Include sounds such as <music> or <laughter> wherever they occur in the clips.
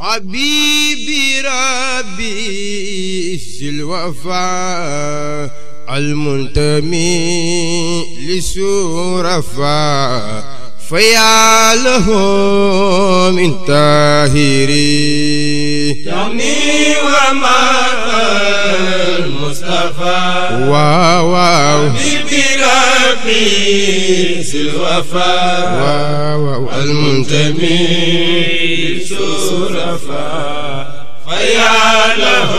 حبيبي ربي في الوفاء المنتمي لسورفا فيا له من طاهري تمني وما المصطفى واو واو حبيبي ربي في الوفاء واو المنتمي شرفاء فيا له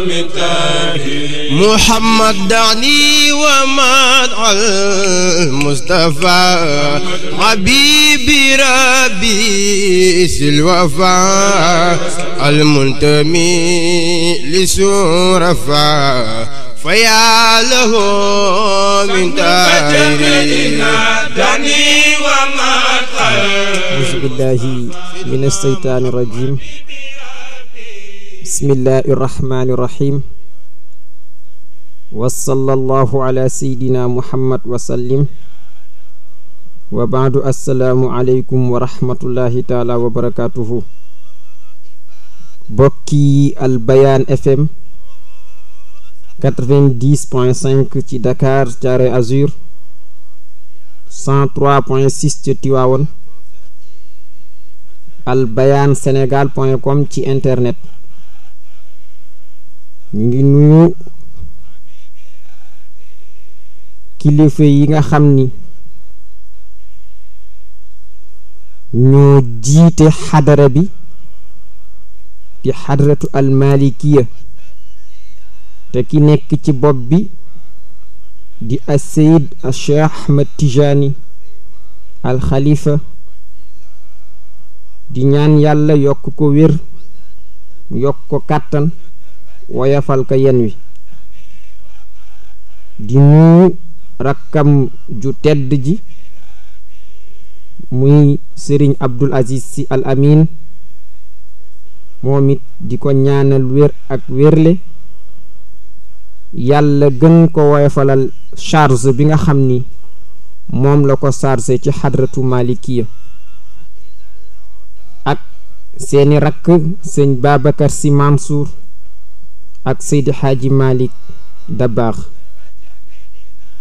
من تاهي محمد دعني وما المصطفى حبيبي ربي الوفاء المنتمي لسورفا فيا له من تاهرين دني ومدخل أعوذ بالله من الشيطان الرجيم بسم الله الرحمن الرحيم وصلى الله على سيدنا محمد وسلم وبعد السلام عليكم ورحمة الله تعالى وبركاته بكي البيان اف ام quatre vingt ci Dakar Thiaroye Azur cent trois point six ci Tivaouane albayaan ci internet ñu ngi nuyu kilifa yi nga xam ni ñoo jiite xadara bi di xadaratu almalikiya te ki nekk ci bopp bi di asseyid cheikh tijaani alxalifa di ñaan yàlla yokk ko wér yokk ko kàttan woyafal ko yen wi di nuyu rakkam ju tedd ji muy sëriñ abdul aziz si al moom it di ko ñaanal wér ak wérle yàlla gën ko woyofalal charge bi nga xam ni moom la ko chargé ci xadratu malikiya ak seeni rakk sëñ Babacar Si Mansour ak Seydi Xaaji Malik Dabaax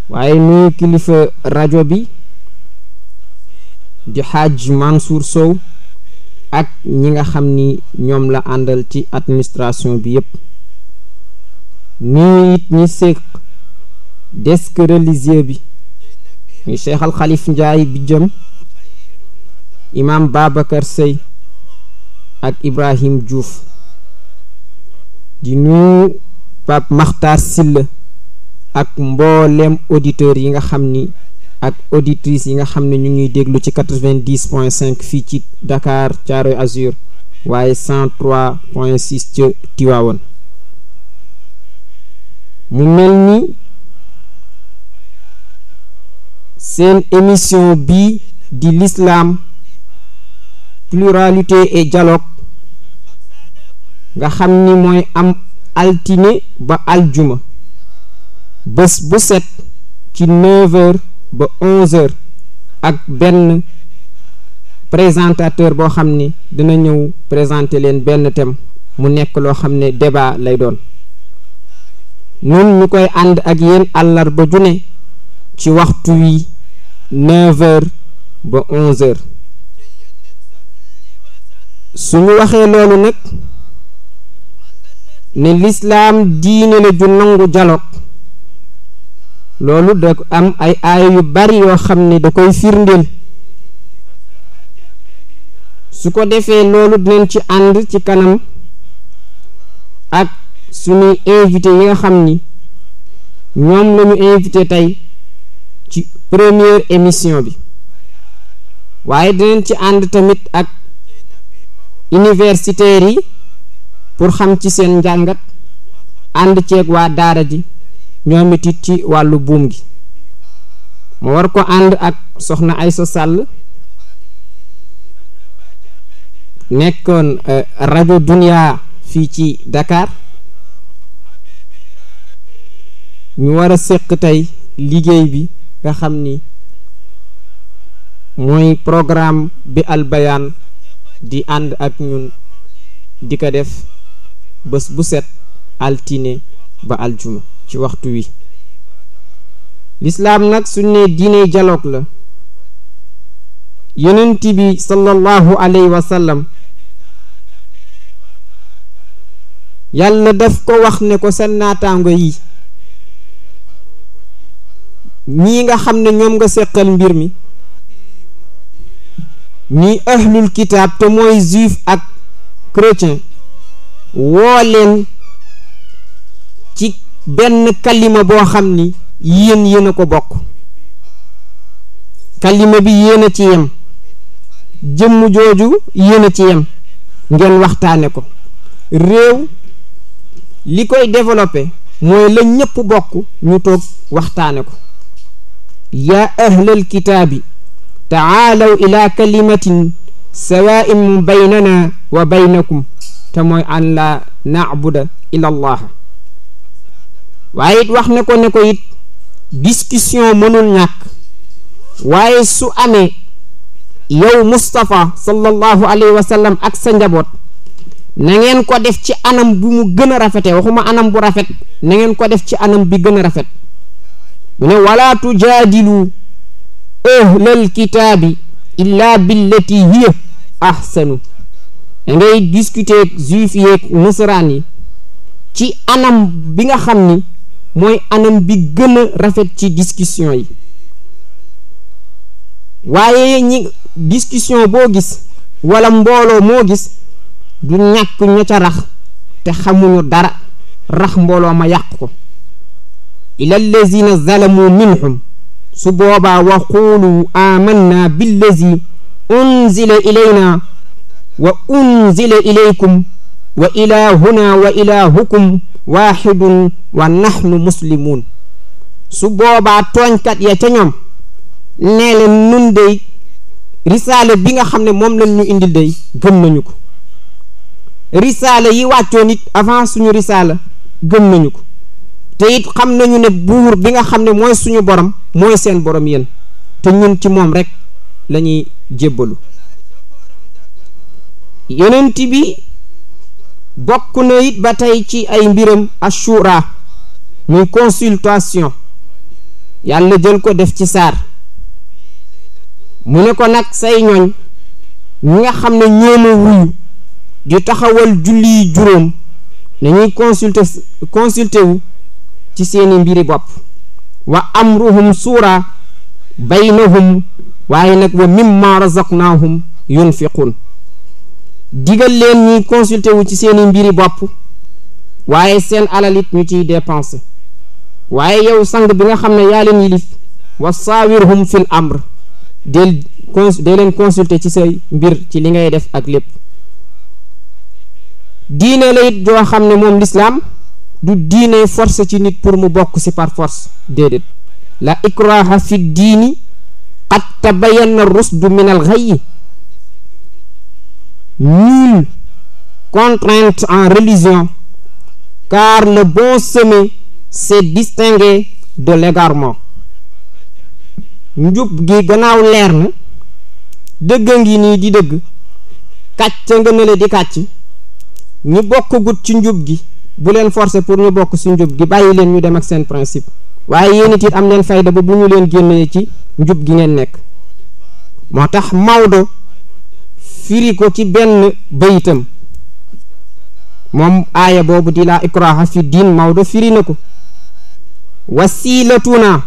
waaye nuyu kilifa rajo bi di Xaaj Mansour Sow ak ñi nga xam ni ñoom la àndal ci administration bi yépp nuyu it ñi séq desk bi muy cheikh xalif njaay bi jëm imaam babacar sëy ak ibrahim diouf di nuyu pape maxtar silla ak mboolem auditeurs yi nga xam ni ak auditrices yi nga xam ne ñu ngiy déglu ci quatre point cinq fii ci dakaar Caaroy Azur waaye cent trois point six ca Tiwaawoon mu mel ni seen émission bii di l'islam pluralité et dialogue nga xam ni mooy am altine ba aljuma bés bu set ci 9h ba 11 ak benn présentateur boo xam ni dina ñëw présenter leen benn thème mu nekk loo xam ne débat lay doon nun ñu koy ànd ak yéen àllarba ju ne ci waxtu wi 9h ba 11h suñu waxee loolu nag ne lislaam diine la ju nangu dialogue loolu da am ay aaya yu bari yoo xam ne da koy firndeel su ko defee loolu dinañ ci ànd ci kanam ak suñuy invité yi nga xam ni ñoom lañu ñu invité tey ci première émission bi waaye dinañ ci ànd tamit ak universitaires yi pour xam ci seen njàngat ànd ceeg waa daara ji ñoom it ci wàllu buum gi mu war ko ànd ak soxna Aysa Sàll nekkoon euh, rajo Dunia fii ci dakaar ñu war a séq tey liggéey bi nga xam ni mooy programme bi albayaan di ànd ak ñun di ko def bés bu set altine ba aljuma ci waxtu wi lislaam nag su ne diine dialogue la yonent bi sallallahu alayhi wa sallam yàlla daf ko wax ne ko seen naataango yi ñii nga xam ne ñoom nga seqal mbir mi ñii ahlul kitaab te mooy juif ak chrétien woo leen ci benn kalima boo xam ni yéen yéen ko bokk kalima bi yéen ci yem jëmm jooju yéen a ci yem ngeen waxtaane ko réew li koy développé mooy la ñëpp bokk ñu toog waxtaane ko yaa ahlal kitaabi tacaalaw ilaa kalimatin sawaa'in baynana wa baynakum te mooy an laa nacbuda ila allah waaye it wax na ko ne ko it discussion mënul ñàkk waaye su amee yow Moustapha sallallahu alayhi wa sallam ak sa njaboot na ngeen ko def ci anam bu mu gën a rafete waxuma anam bu rafet na ngeen ko def ci anam bi gën a rafet mu ne walaa tujaadilu ahlal kitaabi illaa billati hiya ahsanu da ngay discuter juif yeeg nasaraan yi ci anam bi nga xam ni mooy anam bi gën a rafet ci discussion yi waaye ñi discussion boo gis walla mbooloo moo gis du ñàkk ña ca rax te xamuñu dara rax mbooloo ma yàq ko ila allazina zalamu minhum su boobaa wa quulu amanna billazi unzila ilayna wa unzila ilaykum wa ilaahuna wa ilaahukum waaxidun wa naxnu muslimuun su boobaa tooñkat ya ca ñoom nee leen nun dey risaale bi nga xam ne moom lañ ñu indi dey gëm nañu ko risaale yi wàccoon it avant suñu risaala gëm nañu ko te it xam nañu ne buur bi nga xam ne mooy suñu borom mooy seen borom yéen te ñun ci moom rek lañuy jébbalu yonent bi bokk na it ba tey ci ay mbiram ashura muy consultation yàlla jël ko def ci saar mu ne ko nag say ñooñ ñi nga xam ne ñoo la di taxawal julli juróom nañuy consulter consulter wu ci seeni mbiri bopp wa amruhum suura baynahum waaye nag wa mimma razaqnaahum yunfiqun digal leen ñuy consulter wu ci seeni mbiri bopp waaye seen alal it ñu ciy dépenser waaye yow sang bi nga xam ne yaa leen yilif wa saawirhum fil amr del cons dee leen consulter ci say mbir ci li ngay def ak lépp diine la it joo xam ne moom lislaam du diine force ci nit pour mu bokk ci par force déedéet la ikraha fi diini qad tabayyana rusdu min al ghayyi nulle contrainte en religion car le bon semé s'est distingué de l'égarement njub gi gannaaw leer na dëgg ngi nii di dëgg kàcc nga ne la di kàcc ñi bokk gut ci njub gi bu leen forcer pour ñu bokk si njub gi bàyyi leen ñu dem ak seen principe waaye yéen it am leen fayda ba bu ñu leen génnee ci njub gi ngeen nekk moo tax Maodo firi ko ci benn bayitam moom aaya boobu di laa ikraha fi diin Maodo firi na ko wasiilatuna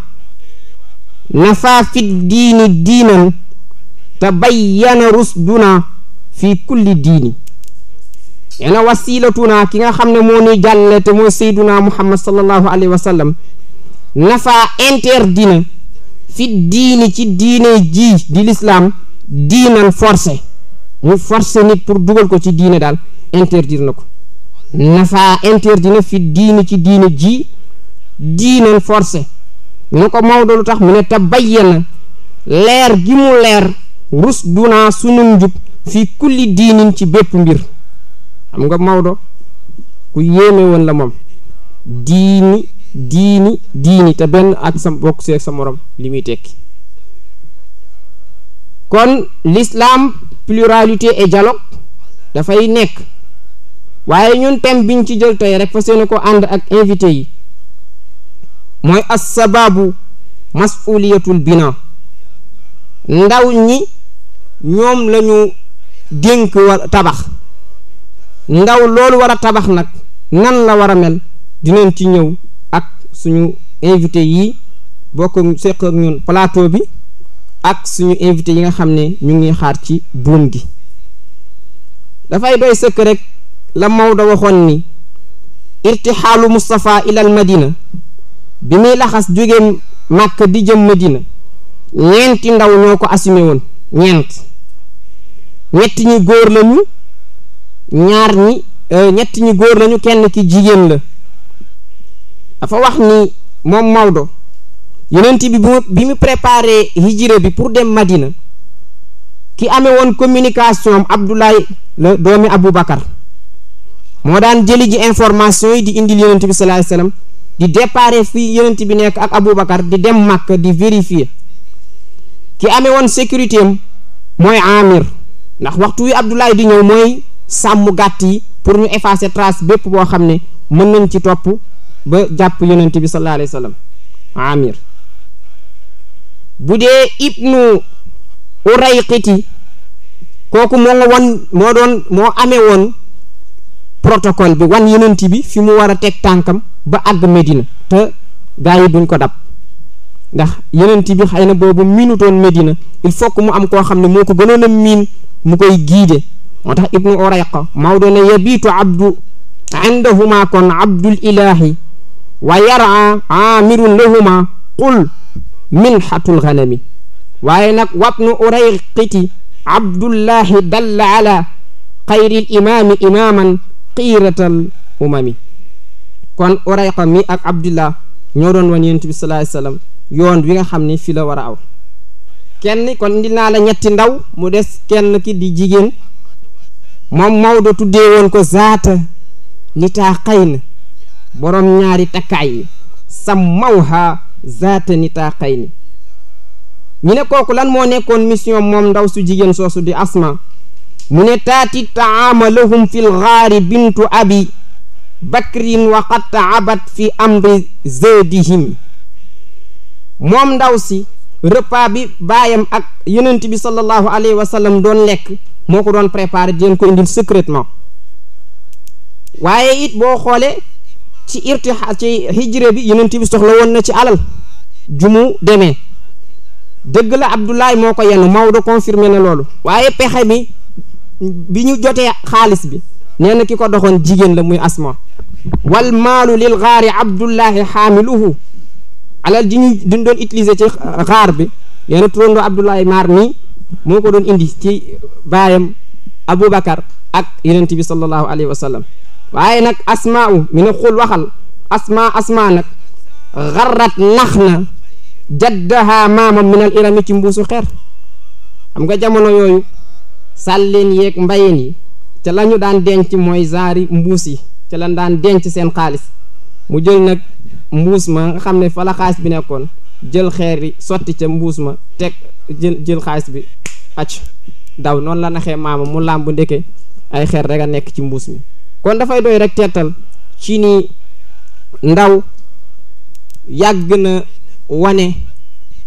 nafa fi diini diinan tabayyana naa fi kulli diini nee na wasilatuna ki nga xam ne moo nuy jàlle te mooy sayduna muhammad sallallahu alayhi wasalam sallam nafa interdina fi diini ci diina ji di lislaam diinan forcé mu forcé pour dugal ko ci diine daal interdire na ko nafa interdina fi diini ci diine ji diinan forcé ñu ko Maodo lu tax mu ne te bayyana leer gi mu leer rus dunaa sunum njub fi kulli diinin ci bépp mbir xam nga Maodo ku yéeme woon la moom diini diini diini te benn ak sa bokk seeg sa morom li muy tekki kon lislaam pluralité et dialogue dafay nekk waaye ñun thème biñ ci jël tey rek fas yéene ko ànd ak invité yi mooy assababu masuliyatul bina ndaw ñi ñoom lañu dénk tabax ndaw loolu war a tabax nag nan la war a mel dinañ ci ñëw ak suñu invité yi bokk seq ak ñun plateau bi ak suñu invité yi nga xam ne ñu ngi xaar ci buum gi dafay doy sëkk rek la Maodo waxoon ni irtixaalu Moustapha ilal Madina bi muy laxas jógee Màkka di jëm Madina ñeenti ndaw ñoo ko assumé woon ñeent ñetti ñi góor lañu ñaar ñi euh, ñett ñi góor lañu kenn ki jigéen la dafa wax ni moom Maodo yenent bi bi mu préparé hijira bi pour dem Madina ki amee woon communication am Abdoulaye la doomi abu Aboubacar moo daan jëli ji information yi di indil yenent bi sallallahu alayhi di déparé fii yenent bi nekk ak abu Aboubacar di dem makk di vérifier ki amee woon sécurité am mooy Amir ndax waxtu wi Abdoulaye di ñëw mooy sàmm gàtt yi pour ñu effacer trace bépp boo xam ne mën nañ ci topp ba jàpp yonent bi sallallahu alayhi wa sallam amir bu dee ibnu urayqiti kooku moo nga won moo doon moo amee woon protocole bi wan yonent bi fi mu war a teg tànkam ba àgg Medina te gaa yi duñ ko dab ndax yonent bi xëy na boobu miinutoon Medina il faut que mu am koo xam ne moo ko gënoon a miin mu koy giide moo tax ibnu urayqa mawdo ne yabiitu abdu indahuma kon abdul ilahi wa yara amirun lahuma qul minhatul ganami waaye nag wabnu urayqiti abdullahi dalla ala xayril imaami imaaman xiiratal umami kon urayqa mi ak abdullah ñoo doon wan yonent bi salaay yoon wi nga xam ni fi la war a aw kenn kon indi naa la ñetti ndaw mu des kenn ki di jigéen moom Maodo tuddee woon ko zaata nitaa xayn borom ñaari takkaay yi maw mawha zaata nitaa xayni ñu ne kooku lan moo nekkoon mission moom ndaw su jigéen soosu di asma mu ne taati taama lahum fi lxaari bintu abi bakrin wa qad taabat fi amri zedihim moom ndaw si repas bi baayam ak yenent bi sallallahu alayhi wa doon lekk moo ko doon préparé di leen ko indil secrètement waaye it boo xoolee ci irtiha ci hijre bi yonent bi soxla won na ci alal ju mu demee dëgg la Abdoulaye moo ko yenn Maodo confirmé na loolu waaye pexe bi bi ñu jotee xaalis bi nee ki ko doxoon jigéen la muy asma wal maalu lil gaari Abdullahi xaamiluhu alal ji ñu duñ doon utiliser ci gaar bi nee na turandoo Abdoulaye maar nii moo ko doon indi ci baayam Aboubacar ak yonent bi sallallahu alayhi wa waaye nag asmaa'u mi ne xul waxal asmaa asmaa nag xarrat nax na jaddahaa maamam minal irami ci mbuusu xeer xam nga jamono yooyu sàlleen yéeg mbayeen yi ca lañu daan denc mooy zaari mbuus yi ca lañ daan denc seen xaalis mu jël nag mbuus ma nga xam ne fa la xaalis bi nekkoon jël xeer yi sotti ca mbuus ma teg jël jël xaalis bi acc daw noonu la naxee maama mu làmb ndeke ay xeer rek a nekk ci mbuus mi kon dafay doy rek teetal ci ni ndaw yàgg na wane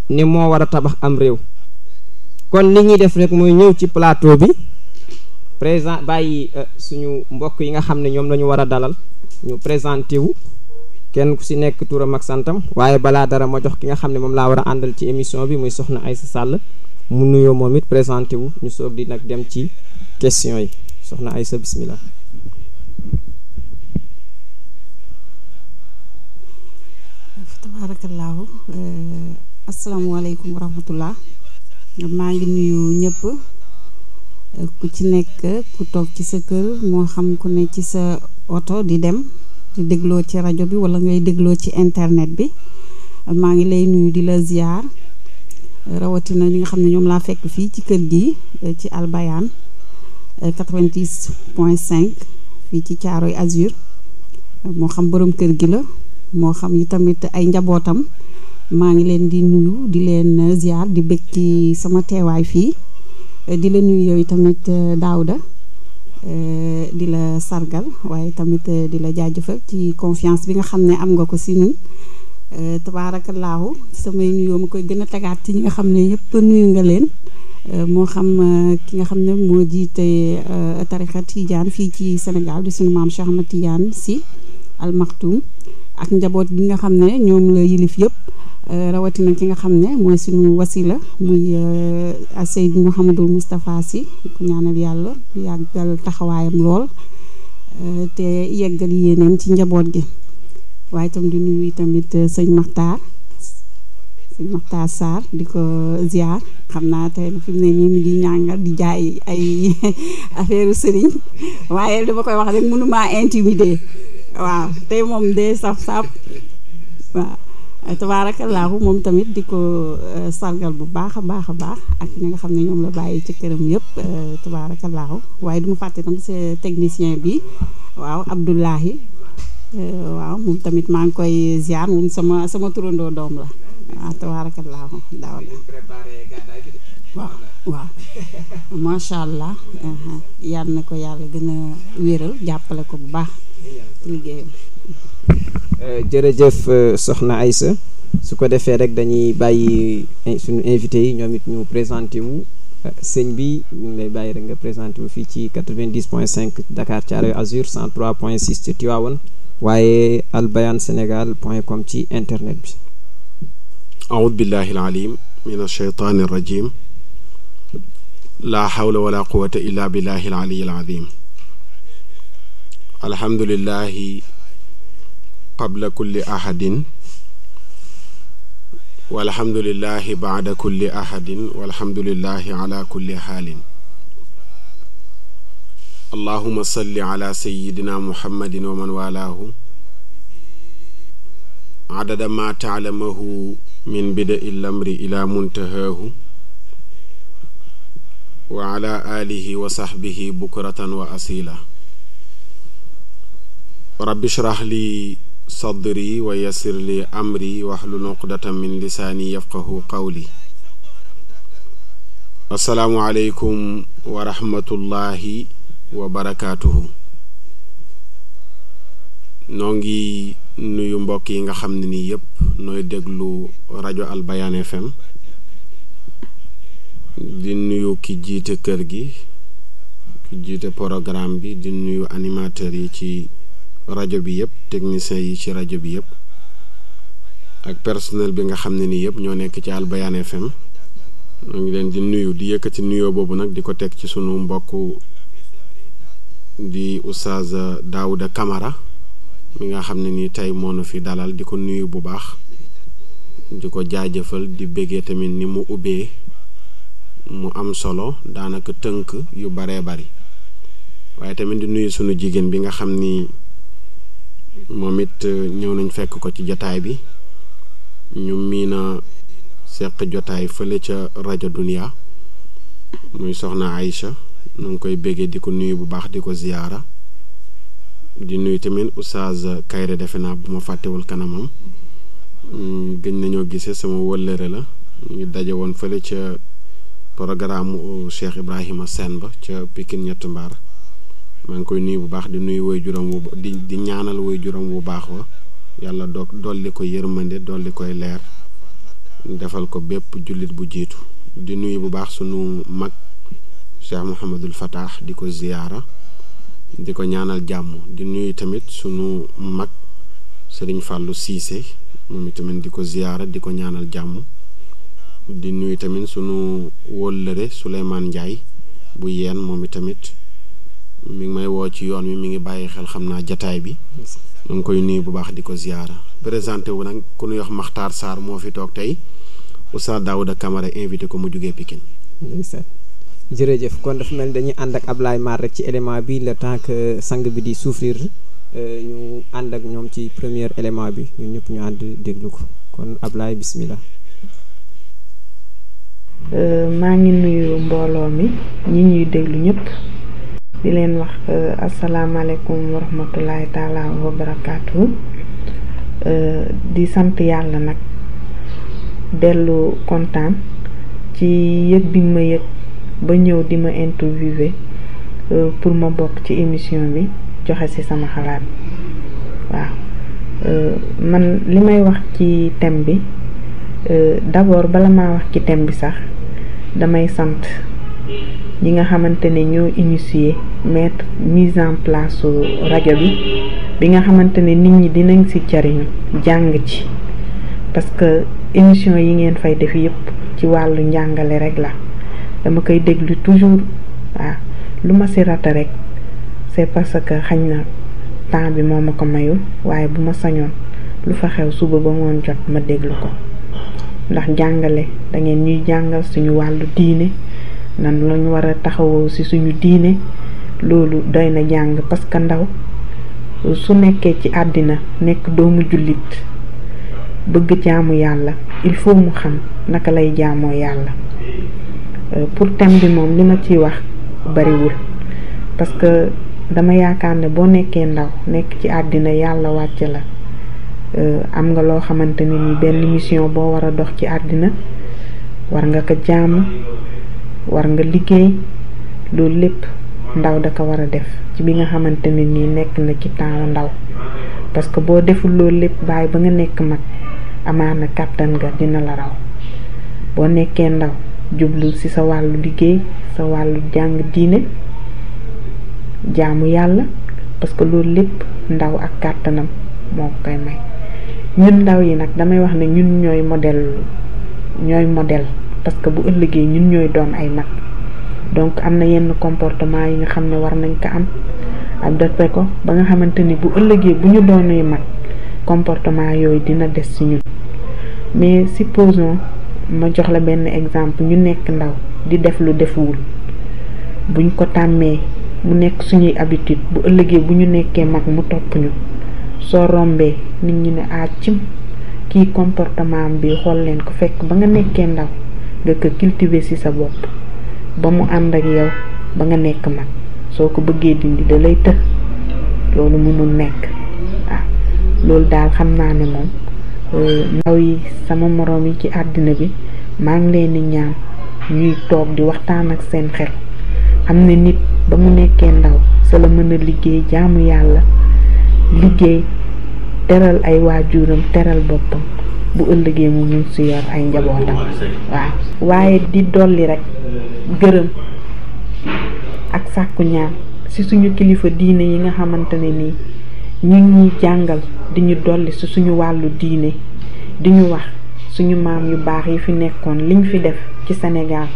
ni moo war a tabax am réew kon li ñuy def rek mooy ñëw ci plateau bi présent bàyyi euh, suñu mbokk yi nga xam ne ñoom lañu war a dalal ñu présenté wu kenn ku si nekk tuuram ak santam waaye balaa dara ma jox ki nga xam ne moom laa war a àndal ci émission bi muy soxna Aïssa Sall mu nuyoo moom it présenté wu ñu soog di nag dem ci question yi soxna ay Aïssa bismillah tabaarakallaahu euh, asalaamaaleykum wa rahmatullah maa ngi nuyu ñëpp ku ci nekk ku toog ci sa kër moo xam ku ne ci sa oto di dem dégloo ci rajo bi wala ngay dégloo ci internet bi maa ngi lay nuyu di la ziar rawatina ñi nga xam ne ñoom laa fekk fii ci kër gi eh, ci Albayaan 90 eh, point 5 fii ci Caaroy Azur moo xam borom kër gi la moo xam yi tamit ay njabootam maa ngi leen di nuyu di leen ziar di bëgg ci sama teewaay fii eh, di la nuyu yooyu tamit Daouda Eh, di la sargal waaye tamit eh, di la jaajëfal ci confiance bi nga xam ne am nga ko si ñun eh, tabaarakallaahu samay nuyoo ma koy gën a tegaat ci ñi nga xam ne yëpp nuyu nga leen moo xam ki nga xam ne moo jiite tarixa Tidiane fii ci Sénégal di suñu maam Cheikh Ahmed Tidiane si almakhtum ak njaboot gi nga xam ne ñoom la yilif yëpp. Euh, rawatina ki nga xam ne mooy suñu wasila muy euh, Seyd Mouhamadul Moustapha Sy ku ñaanal yàlla yàggal taxawaayam lool euh, te yeggal yéeneem ci njaboot gi waaye itam di tamit sëñ Maxtaar sëñ di ko ziar xam naa tey fi mu ne nii mu ngi ñàngal di jaay ay <laughs> affaire sëriñ waaye dama koy wax rek mënuma intimider waaw tey moom de saf saf waaw tabaarakallaahu moom tamit di ko euh, sargal bu baax a baax a baax ak ñi nga xam ne ñoom la bàyyi ci këram yëpp euh, tabaarakallaahu waaye duma fàtte tam sa technicien bi waaw Abdoulahi euh, waaw moom tamit maa ngi koy ziar moom sama sama turandoo doom la waaw ah, tabaarakallaahu daaw la waaw waaw <laughs> allah uh-huh. yal na ko yàlla gën a wéeral jàppale ko bu baax liggéeyam. Euh, jërëjëf euh, soxna Aïssa su ko defee rek dañuy bàyyi suñu invité yi ñoom it ñu présenté wu euh, sëñ bi ñu ngi lay bàyyi rek nga présenté wu fii ci 90 point 5 Dakar Thiaroye Azur 103 point 6 ci Tivaouane waaye albayan sénégal point com ci internet bi aoudu billahi alalim min alcheytaan arrajim laa hawla wala quwata illa billahi alaliy alazim alhamdulilahi qabla kulli ahadin walhamdulillahi baada kulli ahadin walhamdulillahi ala kulli haalin allahuma salli ala sayidina muhammadin wa man walaahu adada ma taalamahu min bidai lamri ila muntahaahu wa ala alihi wa sahbihi bukratan wa asila rabbi shrah li sadri wa yassir li amri wahlul uqdatan min lisaani yafqahu qawli assalaamu aleykum wa rahmatullahi wa barakaatuhu noo ngi nuyu mbokk yi nga xam ne ni yëpp nooy déglu rajo Al Bayaan di nuyu ki jiite kër gi ki jiite programme bi di nuyu animateur yi ci rajo bi yëpp techniciens yi ci rajo bi yëpp ak personnel bi nga xam ne nii yëpp ñoo nekk ci Al Bayaan FM ñoo ngi leen di nuyu di yëkkati nuyoo boobu nag di ko teg ci sunu mbokk di oustaz Daouda kamara mi nga xam ne nii tey moonu fi dalal di ko nuyu bu baax di ko jaajëfal di bëggee tamit ni mu ubbee mu am solo daanaka tënk yu baree bari waaye tamit di nuyu sunu jigéen bi nga xam ni moom it euh, ñëw nañ fekk ko ci jotaay bi ñu miin a seq jotaay fële ca rajo Dunia muy soxna Aïcha nu koy béggee di ko nuyu bu baax di ko ziyaara di nuyu tamit oustaz Kayre defe naa bu ma fàttewul kanamam mm, gëj nañoo gisee sama wëllëre la ñu daje woon fële ca programme Cheikh Ibrahima Sène ba ca pikin ñett mbaar maa ngi koy nuyu bu baax di nuyu woy juróom wu ñaanal woy juróom wu baax wa yàlla doog dolli ko yërmande dolli koy leer defal ko bépp jullit bu jiitu di nuyu bu baax sunu mag Cheikh Mouhamadul Fatah di ko ziyaara di ko ñaanal jàmm di nuyu tamit sunu mag Serigne Fallou Cissé moom di ko ziyaara di ko ñaanal jàmm di nuyu tamit sunu wóllëre Souleymane Ndiaye bu yeen moom itamit mi ngi may woo ci yoon wi mu ngi bàyyi xel xam na jataay bi ñu ngi koy nuyu bu baax di ko ziyaara présenté wu nag ku ñuy wax Makhtar Sarr moo fi toog tey Oustaz Daouda Camara invité ko mu jugee Pikine jërëjëf kon dafa mel dañuy ànd ak Ablaye Mar rek ci élément bi le temps que sang bi di souffrir euh, ñu ànd ak ñoom ci premier élément bi ñëpp ñu ànd déglu ko kon Ablaye bismillah euh, maa ngi nuyu mbooloo mi ñi ñuy déglu ñëpp di leen wax euh, asalaamaaleykum wa rahmatulahi taala wa euh, di sant yàlla nag dellu kontaan ci yëg bi ma yëg ba ñëw di ma interviewé euh, pour ma bokk ci émission bi joxe ci sama xalaat waaw man li may wax ci thème bi d'abord bala maa wax ci thème bi sax damay sant ñi nga xamante ne ñoo initier mettre mise en place su rajo bi bi nga xamante ne nit ñi dinañ ci jariñu jàng ci parce que émission yi ngeen fay def yëpp ci wàllu njàngale rek la dama koy déglu toujours waaw lu ma ci rata rek c'est parce que xañ na temps bi moom ma ko mayul waaye bu ma sañoon lu fa xew suba ba ngoon jot ma déglu ko ndax jàngale da ngeen ñuy jàngal suñu wàllu diine nan lañu war a taxawoo ci suñu diine loolu doy na jàng parce que ndaw su nekkee ci àddina nekk doomu jullit bëgg jaamu yàlla il faut mu xam naka lay jaamoo yàlla euh, pour thème bi moom li ma ciy wax bariwul parce que dama yaakaar ne boo nekkee ndaw nekk ci àddina yàlla wàcc la euh, am nga loo xamante ne ni benn mission boo war a dox ci àddina war nga ko jaamu war nga liggéey loolu lépp ndaw da ko war a def ci bi nga xamante ne nii nekk na ci temps ndaw parce que boo deful loolu lépp bàyyi ba nga nekk mag amaana kàttan nga dina la raw boo nekkee ndaw jublu ci sa wàllu liggéey sa wàllu jàng diine jaamu yàlla parce que loolu lépp ndaw ak kàttanam moo koy may ñun ndaw yi nag damay wax ne ñun ñooy modèle ñooy model parce que bu ëllëgee ñun ñooy doon ay mag donc am na yenn comportement yi nga xam ne war nañ ko am adopté ko ba nga xamante ni bu ëllëgee bu ñu doon doonee mag comportement yooyu dina des ci ñun mais supposons ma jox la benn exemple ñu nekk ndaw di def lu defuwul buñ ko tàmmee mu nekk suñuy habitude bu ëllëgee bu ñu nekkee mag mu topp ñu soo rombee nit ñi ne aacim ah, kii comportement bi xool leen ko fekk ba nga nekkee ndaw nga ko cultiver ci sa bopp ba mu ànd ak yow ba nga nekk mag soo ko bëggee dindi da lay të loolu mënul nekk waaw ah, loolu daal xam naa ne moom euh, ndaw yi sama moroom yi ci àddina bi maa ngi leen di ñuy toog di waxtaan ak seen xel xam ne nit ba mu nekkee ndaw sa la mën a liggéey jaamu yàlla liggéey teral ay waajuram teral boppam bu ëllëgee mu mun si yor ay njabootam waaw waaye di dolli rekk gërëm ak sàkku ñaan si suñu kilifa diine yi nga xamante ne nii ñu ñuy jàngal di ñu dolli si suñu wàllu diine di ñu wax suñu maam yu baax yi fi nekkoon liñ fi def ci senegaal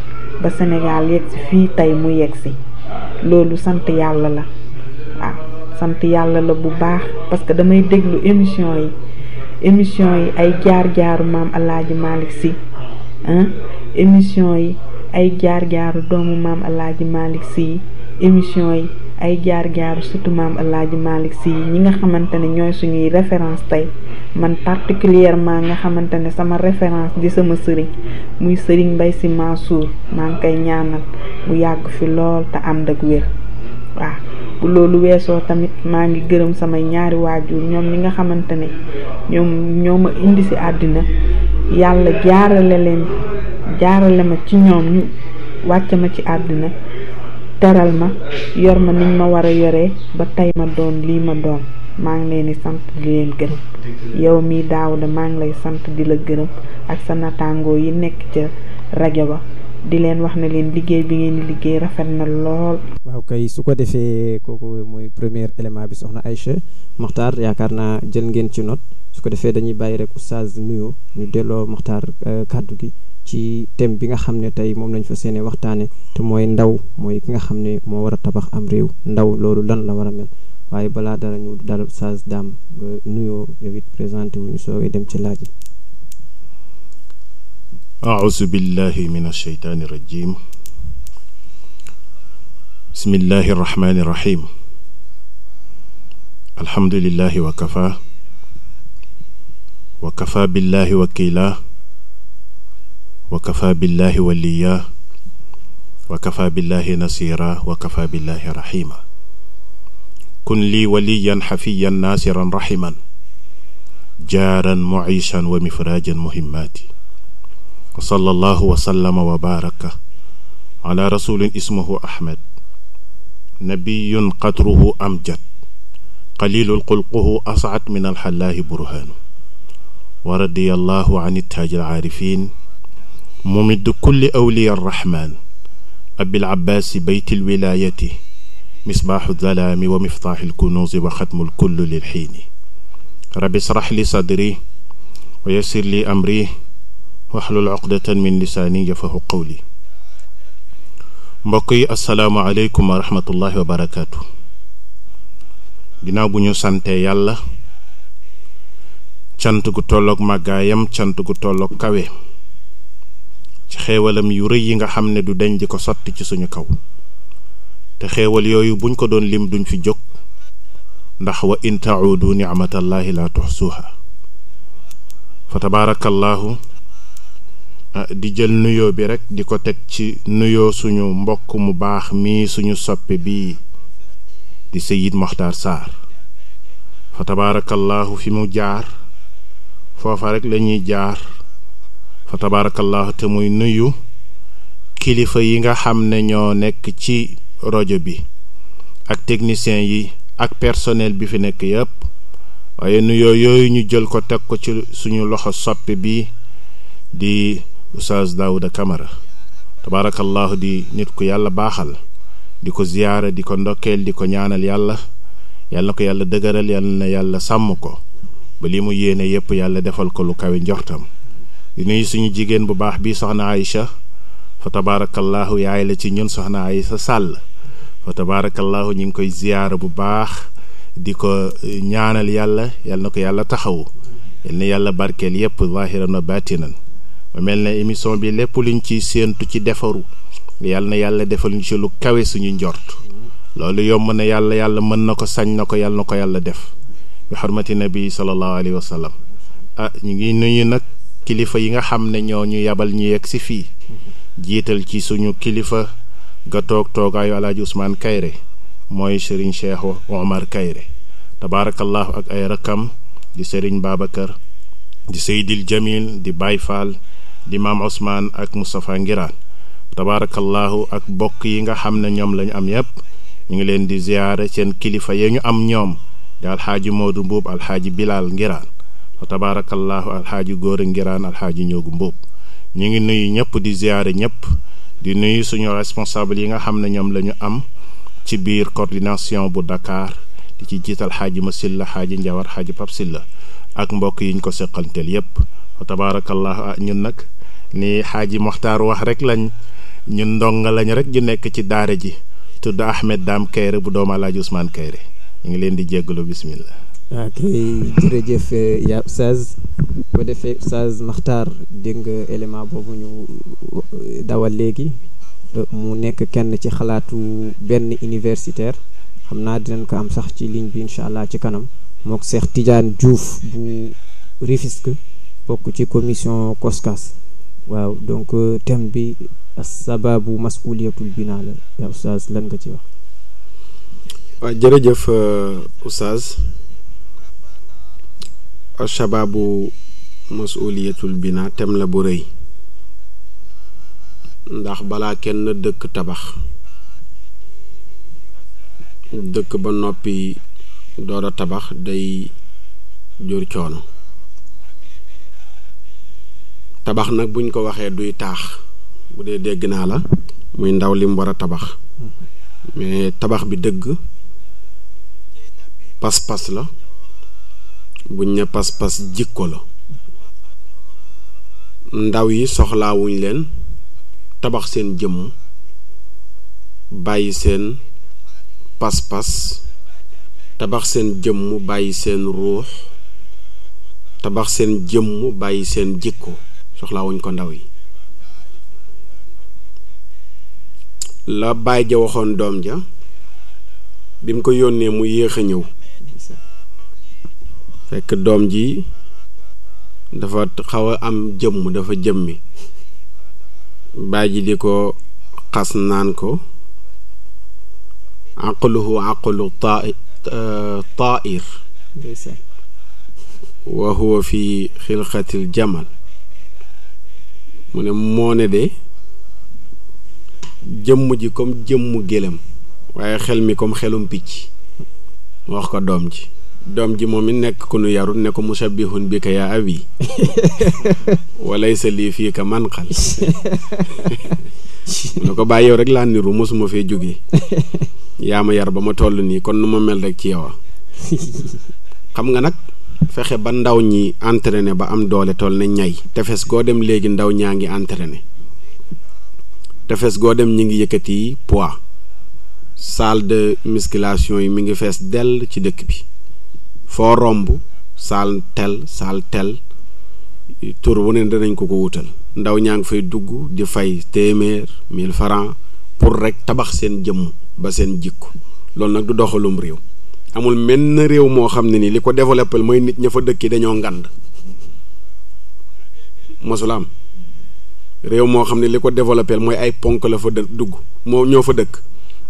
ba Sénégal yegg fii tey mu yegg si loolu sant yàlla la waaw sant yàlla la bu baax parce que damay déglu émission yi émission yi ay jaar-jaaru maam Alaaji Malick Sy émission yi ay jaar-jaaru doomu maam Alaaji Malick Sy émission yi ay jaar-jaaru surtout maam Alaaji Malick Sy ñi nga xamante ne ñooy suñuy référence tey man particulièrement nga xamante ne sama référence di sama sëriñ muy sëriñ Mbaye Sy Mansour maa ngi koy ñaanal mu yàgg fi lool te ànd ak wér waaw bu loolu weesoo tamit maa ngi gërëm samay ñaari waajur ñoom ñi nga xamante ne ñoom ñoo ma indi si àddina yàlla jaarale leen jaarale ma ci ñoom ñu wàcc ma ci àddina teral ma yor ma niñ ma war a yore ba tey ma doon lii ma doon maa ngi leen di sant di leen gërëm yow mii daaw de maa ngi lay sant di la gërëm ak sa nattangoo yi nekk ca rajo ba di leen wax na leen liggéey bi ngeen liggéey rafet na lool. waaw kay su ko defee kooku mooy première élément bi soxna ay che maxtar yaakaar naa jël ngeen ci note su ko defee dañuy bàyyi rek oustaz nuyoo ñu delloo Maxtaar euh, kàddu gi ci thème bi nga xam ne tey moom lañ fa seenee waxtaanee te mooy ndaw mooy ki nga xam ne moo war a tabax am réew ndaw loolu lan la war a mel waaye balaa dara ñu dal oustaz daam nga nuyoo yow it présenté wu ñu soogee dem ci laaj yi. أعوذ بالله من الشيطان الرجيم بسم الله الرحمن الرحيم الحمد لله وكفى وكفى بالله وكيلا وكفى بالله وليا وكفى بالله نصيرا وكفى بالله رحيما كن لي وليا حفيا ناصرا رحما جارا معيشا ومفراجا مهماتي wa sallallahu wa sallama wa baaraka ala rasulin ismuhu ahmed nabiyun qadruhu amjad qalilun xulquhu asaat min alxallaahi burhaanu wa radiyallahu an ittaaji alcaarifin mumid kulli awliya arrahman abilcabaasi beyti alwilaayati misbaaxu dalaami wa miftaaxi alkunuusi wa xatmu lkullu lilxiini rabi israx li sadri wa yassir li amri waxlul uqdatan min lisaani yafahu qawli mbokk yi asalaamaaleykum wa rahmatullahi wa barakaatu ginnaaw bu ñu santee yàlla cant gu tolloog màggaayam cant gu tolloog kawe ci xeewalam yu rëy yi nga xam ne du deñ di ko sotti ci suñu kaw te xeewal yooyu buñ ko doon lim duñ fi jóg ndax wa in taudu nicmatallahi laa tuxsuuha fa tabaarakallaahu Ah, di jël nuyoo bi rekk di ko teg ci nuyoo suñu mbokk mu baax mii suñu soppe bii di Seyid Moxtaar Sarr fa tabaarakallaahu fi mu jaar foofa rekk lañuy jaar fa tabaarakallaahu te muy nuyu kilifa yi nga xam ne ñoo nekk ci rajo bi ak technicien yi ak personnel bi fi nekk yépp waaye nuyoo yooyu ñu jël ko teg ko ci suñu loxo soppe bi di oustaz Daouda Camara tabaarakallaahu di nit ku yàlla baaxal di ko ziyaara di ko ndokkeel di ko ñaanal yàlla yàlla ko yàlla dëgëral yàlla yàlla sàmm ko ba li mu yéene yépp yàlla defal ko lu kawe njortam di nuyu suñu jigéen bu baax bi soxna Aïcha fa tabaarakallaahu yaay la ci ñun soxna Aïcha Sàll fa tabaarakallaahu ñu ngi koy ziyaara bu baax di ko eh, ñaanal yàlla yàlla na ko yàlla taxawu yàlla na yàlla barkeel yépp zaahiran na baatinan mel na émission bi lépp luñ ci séentu ci defaru yàlla na yàlla defal ñu ci lu kawe suñu njort loolu yomb na yàlla yàlla mën na ko sañ na ko yàlla na ko yàlla def bi xormati nabi sallallahu alayhi ah ñu ngi nuyu nag kilifa yi nga xam ne ñoo ñu yabal ñu yegg si fii jiital ci suñu kilifa ga toog toogaayu alaaji Ousmane Kayre mooy Serigne Cheikh Omar Kayre tabaarakallahu ak ay rakkam di Serigne Babacar di Seydil Jamil di Baye di maam osmaan ak Moustapha Ngiraan tabaarakallaahu ak bokk yi nga xam ne ñoom la ñu am yépp ñu ngi leen di ziyaare seen kilifa ya ñu am ñoom di alxaaji Moodu Mbuub alxaaji Bilaal Ngiraan tabaarakallaahu alxaaji Góora Ngiraan alxaaji Ñoogu Mbuub ñu ngi nuyu ñëpp di ziyaare ñëpp di nuyu suñu responsable yi nga xam ne ñoom la ñu am ci biir coordination bu Dakar di ci jiital xaaji Masilla xaaji Njawar xaaji Pap Silla ak mbokk yi ñu ko seqanteel yépp fa ah, ñun nag ni xaaji Moxtaar wax rek lañ ñun ndonga lañ rek ju nekk ci daare ji tudd Ahmed Dame Kayre bu doomu Alaaji Ousmane Kayre ñu ngi leen di jéggalu bismillah ok jërëjëf eh, yaa Oustaz bu defee Oustaz Maxtaar dégg nga élément boobu ñu eh, dawal léegi mu nekk kenn ci xalaatu benn universitaire xam naa dinañ ko am sax ci ligne bi incha allah ci kanam mook Cheikh Tidiane Diouf bu Rufisque bokk ci commission COSCAS waaw donc euh, thème bi sababu masuliyatul binaa la yaa lan nga ci wax waaw jërëjëf euh, oustaz sababu masuliyatul binaa thème la bu rëy ndax balaa kenn dëkk tabax dëkk ba noppi door tabax day jur coono tabax nag buñ ko waxee duy taax bu dee dégg naa la muy ndaw lim war a tabax mais tabax bi dëgg pas-pas la buñ ne pas-pas jikko la ndaw yi soxlaawuñ leen tabax seen jëmm bàyyi seen pas-pas tabax seen jëmm bàyyi seen ruux tabax seen jëmm bàyyi seen jikko soxlaawuñ ko ndaw yi la baay ja waxoon doom ja bi mu ko yónnee mu yéex a ñëw fekk doom ji dafa xaw a am jëmm dafa jëmmi baay ji di ko xas naan ko aqluhu aqlu taa'ir wa huwa fi xilqatil jamal mu ne moo ne de jëmm ji comme jëmmu gélem waaye xel mi comme xelum picc mu wax ko doom ji doom ji moom it nekk ku nu yarul ne ko musabbihun bi ka yaa abi <laughs> walaysa lii fii ka man xal <laughs> mu ne ko bàyyi yow rek laa niru mosuma fee jóge <laughs> yaa ma yar ba ma toll nii kon nu ma mel rek ci yow xam nga nag fexe ba ndaw ñi entraîné ba am doole toll ne ñay tefes goo dem léegi ndaw ñaa ngi entraîné tefes goo dem ñi ngi yëkkati poids salle de musculation yi mi ngi fees dell ci dëkk bi foo romb saal tel saal tel tur wu ne danañ ko ko wutal ndaw ñaa ngi fay dugg di fay téeméer mille farans pour rek tabax seen jëmm ba seen jikko loolu nag du doxalum réew amul menn réew moo xam ne ni li ko développé mooy nit ña fa dëkki dañoo ngand mosula am réew moo xam ne li ko développé mooy ay ponk la fa dugg moo ñoo fa dëkk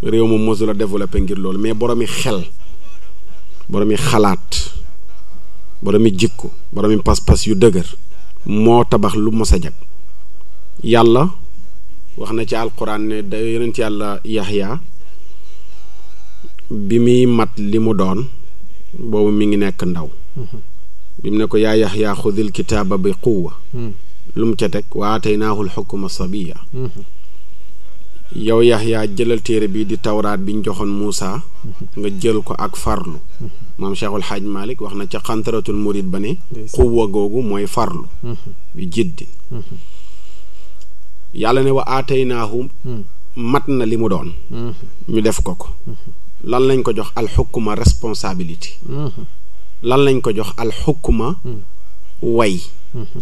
réew moom mosula développé ngir loolu mais boromi xel boroomi xalaat boroomi jikko boroomi pas-pas yu dëgër moo tabax lu mos a jag yàlla wax na ci alquran ne da yonent yàlla yaxya bi muy mat li mu doon boobu mi ngi nekk ndaw bi mu ne ko yaa yaxyaa xudil kitaaba bi quwa lu mu ca teg wa ataynaahul xukuma sabiya yow yaxya jëlal téere bi di tawraat bi ñu joxoon Muusa nga jël ko ak farlu moom Cheikhul Xaaj Malik wax na ca xantaratul murid ba ne quwa googu mooy farlu bi jiddi yàlla ne wa naaxu hmm. mat na li mu doon hmm. ñu def ko ko lan lañ ko jox alxukuma responsabilité mm-hmm. lan lañ ko jox alxukuma mm-hmm. way mm-hmm.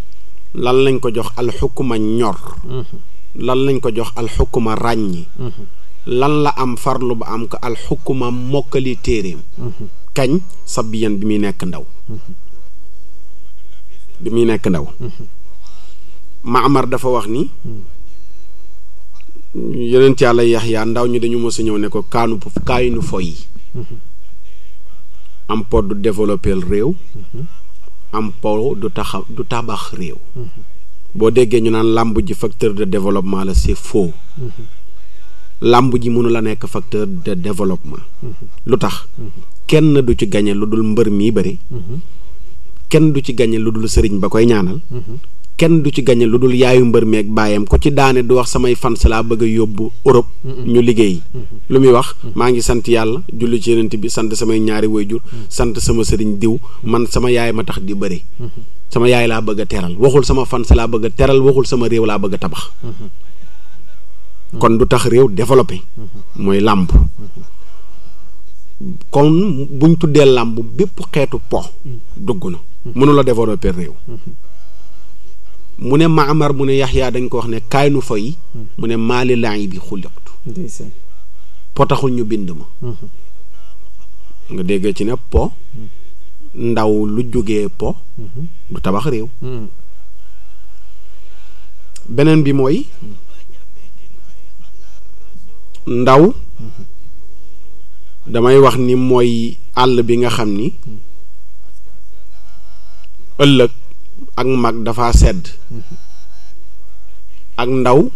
lan lañ ko jox alxukuma ñor lan lañ ko jox alxukuma ràññi lan la am farlu ba am ko alxukuma mokkali téeréem kañ sabiyan bi muy nekk ndaw bi muy nekk ndaw maamar dafa wax ni yeneen yonent yàlla Yaxya ndaw ñi dañu mos ñëw ne ko kaanu kaayinu foy mm-hmm. am po du développé réew mm-hmm. am po du taxa du tabax réew mm-hmm. boo déggee ñu naan làmb ji facteur de développement la c'est foo làmb ji mënula nekk facteur de développement lu tax kenn du ci gañe lu dul mbër mii bëri kenn du ci gañe lu dul sëriñ ba koy ñaanal kenn du ci gañe lu dul yaayu mbër meeg baayam ko ci daane du wax samay fans laa bëgg a yóbbu Europe. ñu liggéey. lu muy wax maa ngi sant yàlla julli ci yenent bi sant samay ñaari wayjur sant sama sëriñ diw man sama yaay ma tax di bëri. sama yaay laa bëgg a teral waxul sama fans laa bëgg teral waxul sama réew laa bëgg tabax. kon du tax réew développé. mooy làmb. kon buñ tuddee làmb bépp xeetu po. dugg na mënula développer réew. mu ne maamar mu ne yaxyaa dañ ko wax ne kaay nu fay mu ne maali laay bi xuliqtu potaxul ñu bind ma mhm. nga dégg ci ne po ndaw lu jógee po mhm. du tabax réew mhm. beneen bi mooy ndaw damay wax ni mooy àll bi nga xam ni ëllëg ak mag dafa sedd ak ndaw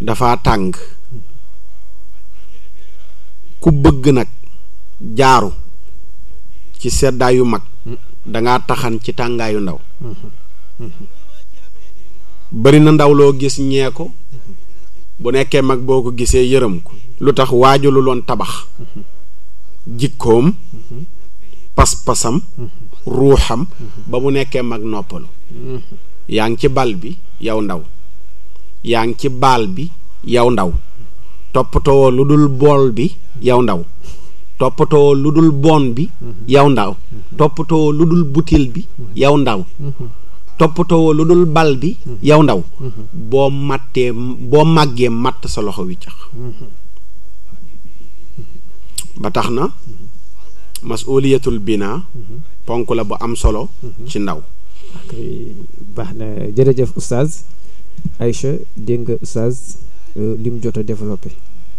dafa tàng ku bëgg nag jaaru ci seddaayu mag dangaa taxan ci tàngaayu ndaw bari na ndaw loo gis ñee ko bu nekkee mag boo ko gisee yërëm ko lu tax waaju lu loon tabax jikkoom pas-pasam ruuxam ba mu nekkee mag noppalu yaa ngi ci bal bi yow ndaw yaa ngi ci bal bi yow ndaw toppatoo lu dul bool bi yow ndaw toppatoo lu dul boon bi yow ndaw toppatoo lu bi yow ndaw toppatoo lu dul bal bi yow ndaw boo mattee boo màggee màtt sa loxo wi cax ba tax na masuliyatul bina ponk la bu am solo. Mhm. ci ndaw. baax na jërëjëf oustaz Aïcha dégg nga oustaz euh, li mu jot a développé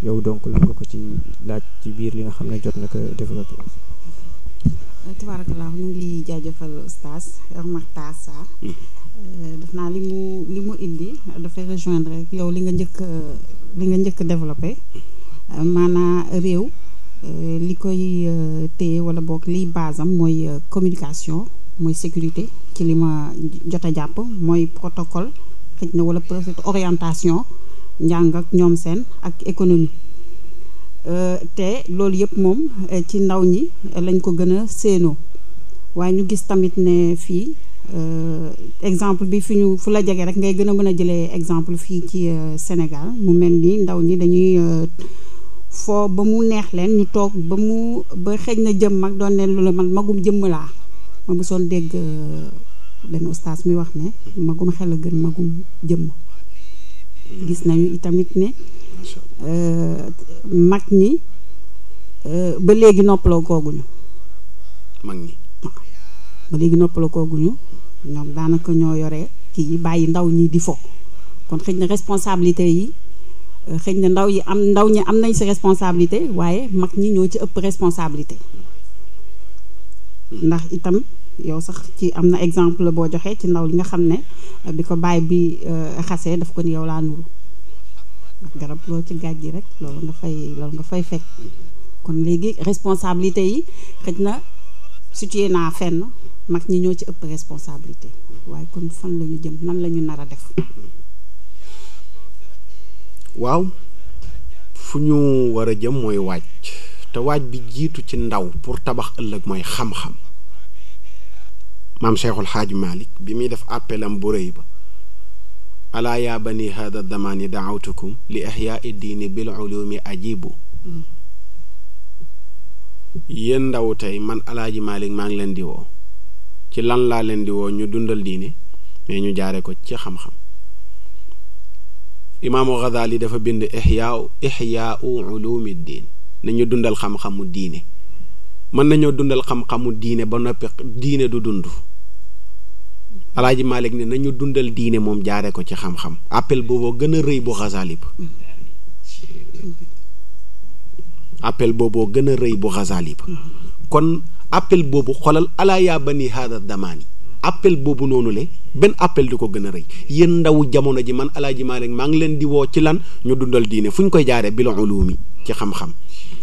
yow donc lan nga ko ci laaj ci biir li nga xam ne jot na ko développé. Euh, tabarakallah ñu ngi jaajëfal oustaz Makhtar Sarr mhm. euh, def naa li mu li mu indi dafay rejoindre rek yow li nga njëkk li nga njëkk développé maanaa réew. Euh, li koy euh, téye wala boog liy basam mooy euh, communication mooy sécurité ci li ma jot jàpp mooy protocole xëj na wala peut-être orientation njàng ak ñoom seen ak économie te loolu yëpp moom ci ndaw ñi lañ ko gën a séenoo waaye ñu gis tamit ne fii exemple bi fi ñu fu la jege rek ngay gën a mën a jëlee exemple fii ci Sénégal mu mel ni ndaw ñi dañuy foo ba mu neex leen ñu toog ba mu ba xëj na jëm mag doon leen lu la man magum jëmm laa ma mosoon dégg euh, benn ustaas mi wax ne magum xel a gën magum jëm gis nañu itamit ne euh, mag ñi euh, ba léegi noppaloo kooguñu mag ñi ba léegi noppaloo kooguñu ñoom daanaka ñoo yore kii yi bàyyi ndaw ñi di fo kon xëj na responsabilité yi xëy na ndaw yi am ndaw ñi am nañ si responsabilité waaye mag ñi ñoo ci ëpp responsabilité hmm. ndax itam yow sax ci am na exemple boo joxee ci ndaw li nga xam ne euh, bi ko baay bi euh, xasee daf ko ni yow laa nuru ak garab loo ci gàj ji rek loolu nga fay loolu nga fay fekk kon léegi responsabilité yi xëj na situé naa fenn mag ñi ñoo ci ëpp responsabilité waaye kon fan lañu jëm nan lañu ñu nar a def waaw fu ñu war a jëm mooy waaj te waaj bi jiitu ci ndaw pour tabax ëllëg mooy xam-xam maam cheikhul xaaj malik bi muy def appelam bu rëy ba alaa yaa bani hada damaani daawtukum li ihyaai diini bil ulumi ajibu yéen ndaw tey man alaaji malik maa ngi leen di woo ci lan laa leen di woo ñu dundal diini mais ñu jaare ko ci xam-xam imaamu Ghazali dafa bind ixyaau ixyaau ulumi diin nañu dundal xam-xamu diine mën nañoo dundal xam-xamu diine ba noppi diine du dund alaaji Malik ne nañu dundal diine moom jaare ko ci xam-xam appel booboo gën a rëy bu Ghazali ba appel booboo gën a rëy bu Ghazali ba kon appel boobu xolal alaa yaa bani haada damaani appel boobu noonu le benn appel du ko gën a rëy yéen ndawu jamono ji man alaaji Maalik maa ngi leen di woo ci lan ñu dundal diine fu ñu koy jaaree bil ulumi ci xam-xam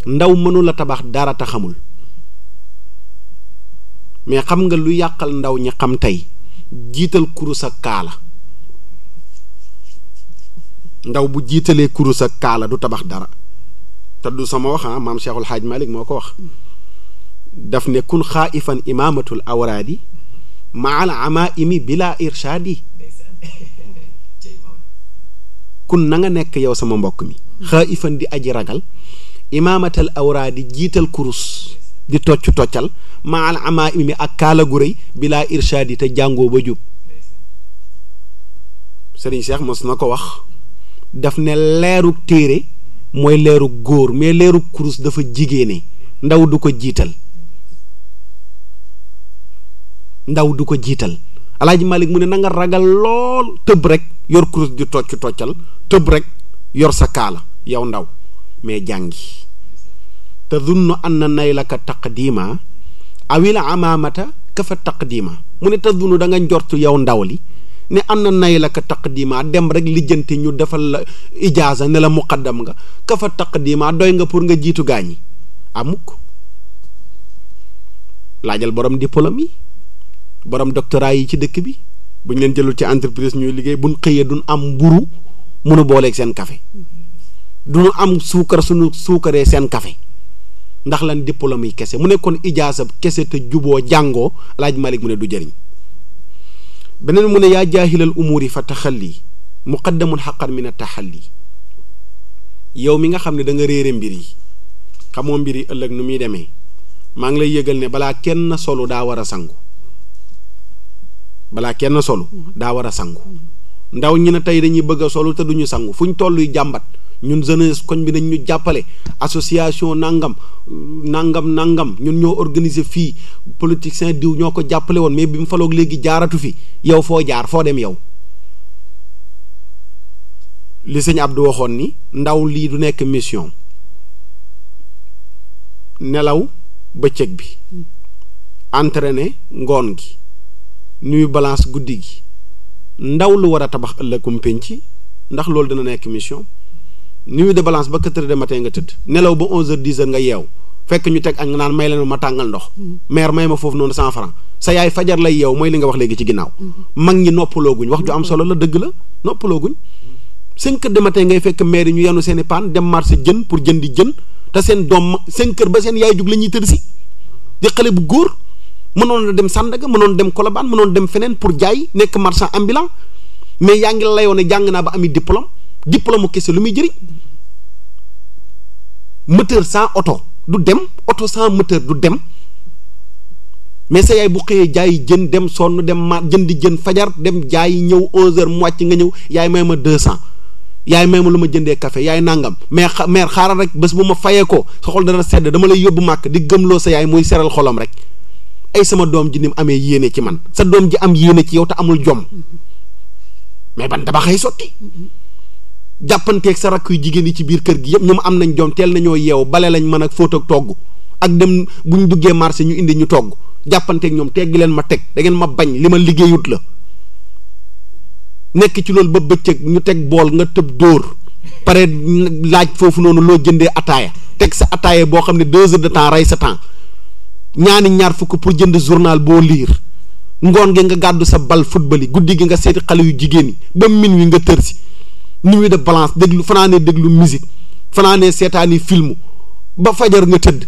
ndaw mënula tabax dara ta xamul mais xam nga lu yàqal ndaw ñi xam tey jiital kurus ak kaala ndaw bu jiitalee kurus ak kaala du tabax dara te du sama wax ah maam Cheikhul Xaaj Malik moo ko wax daf ne kun xaaifan imaamatul awraadi maal amaimi bila irshaadi kun na nga nekk yow sama mbokk mi xaaifan di aji ragal imaamatal awraadi jiital kurus di tocc toccal maal amaimi ak kaala gu rëy bila irshaadi te jàngoo ba jub sëriñ Cheikh mos na ko wax daf ne leerug téere mooy leerug góor mais leerug kurus dafa jigéene ndaw du ko jiital ndaw du ko jiital alaaji malik mu ne nanga ragal lool tëb rek yor kurus di tocc toccal tëb rek yor sa kaala yow ndaw mais jàngi te zunnu anna naylaka taqdima awil amaamata kafa taq diima mu ne te zunnu da nga njortu yow ndaw li ne am na nay anna taq taqdima dem rek lijjanti ñu defal la ijaaza ne la muqaddam nga kafa taq taqdima doy nga pour nga jiitu gaañi amuk laajal borom diplôme yi borom doctorat yi ci dëkk bi bu buñ leen jëlul ci entreprise ñuy liggéey buñ xëyee duñ am mburu munu booleeg seen café duñu am suukar suñu suukaree seen kafe ndax lan diplôme yi kese mu nekkoon ijaasa kese te juboo jàngoo alaaj malik mu ne du jariñ beneen mu ne yaa jaahilal umuuri fa taxalli muqaddamun xaqan ne taxal taxalli yow mi nga xam ne danga réer réere mbir yi xamoo mbir yi ëllëg nu muy demee maa ngi lay yëgal ne balaa kenn solu daa war a sangu balaa kenn solu daa war a sangu ndaw ñi ne tey dañuy bëgg a solu te duñu sangu fu ñu tolluy jàmbat ñun jeunesse koñ bi nañ ñu jàppale association nangam nangam nangam ñun ñoo organiser fii politicien diw ñoo ko jàppale woon mais bi mu faloog léegi jaaratu fi yow foo jaar foo dem yow li sëñ Abdou waxoon ni ndaw lii du nekk mission nelaw bëccëg bi entraîner ngoon gi nuyu balance guddi gi ndaw lu war a tabax ëllëgum ci ndax loolu dina nekk mission nuyu de balance ba quatre heures de matin nga tëdd nelaw ba onze heures dix heures nga yeew fekk ñu teg añ naan may leen ma tàngal ndox maire may ma foofu noonu cent franc sa yaay fajar lay yeew mooy li nga wax léegi ci ginnaaw mag ñi noppalooguñ wax ju am solo la dëgg la noppalooguñ cinq heures de matin ngay fekk maire ñu yanu seen i paan dem marché jën pour jën di jën te seen doom cinq heures ba seen yaay jug la ñuy tëdd si di bu góor mënoon na dem Sandaga mënoon dem Colobane mënoon dem feneen pour jaay nekk marchand ambulant mais yaa ngi layoo ne jàng naa ba ami diplôme diplôme kese lu muy jëriñ moteur sans oto du dem oto sans moteur du dem mais sa yaay bu xëyee jaay jën dem sonn dem ma jëndi jën fajar dem jaay ñëw 11h mu wàcc nga ñëw yaay may ma 200 yaay may ma lu ma jëndee kafe yaay nangam mais xa mère xaaral rek bés bu ma fayee ko sa xol dana sedd dama lay yóbbu màkk di gëmloo sa yaay muy seral xolam rek. ay sama doom ji ni mu amee yéene ci man sa doom ji am yéene ci yow te amul jom mais ban dama xëy sotti jàppanteeg sa rakk yu jigéen yi ci biir kër gi yëpp ñu am nañ jom teel nañoo yeew bale lañ mën a fóot ak togg ak dem bu ñu duggee marché ñu indi ñu togg jàppanteek ñoom teggi leen ma teg dangeen ma bañ li ma liggéeyut la nekk ci loolu ba bëccëg ñu teg bool nga tëb dóor pare laaj foofu noonu loo jëndee ataaya teg sa ataaya boo xam ne deux heures de sa temps ñaani ñaar fukk pour jënd journal boo liir ngoon gi nga gàddu sa bal football yi guddi gi nga seeti xale yu jigéen yi ba min wi nga tër si nuit de balance déglu fanaanee déglu musique fanaanee seetaani film ba fajar nga tëdd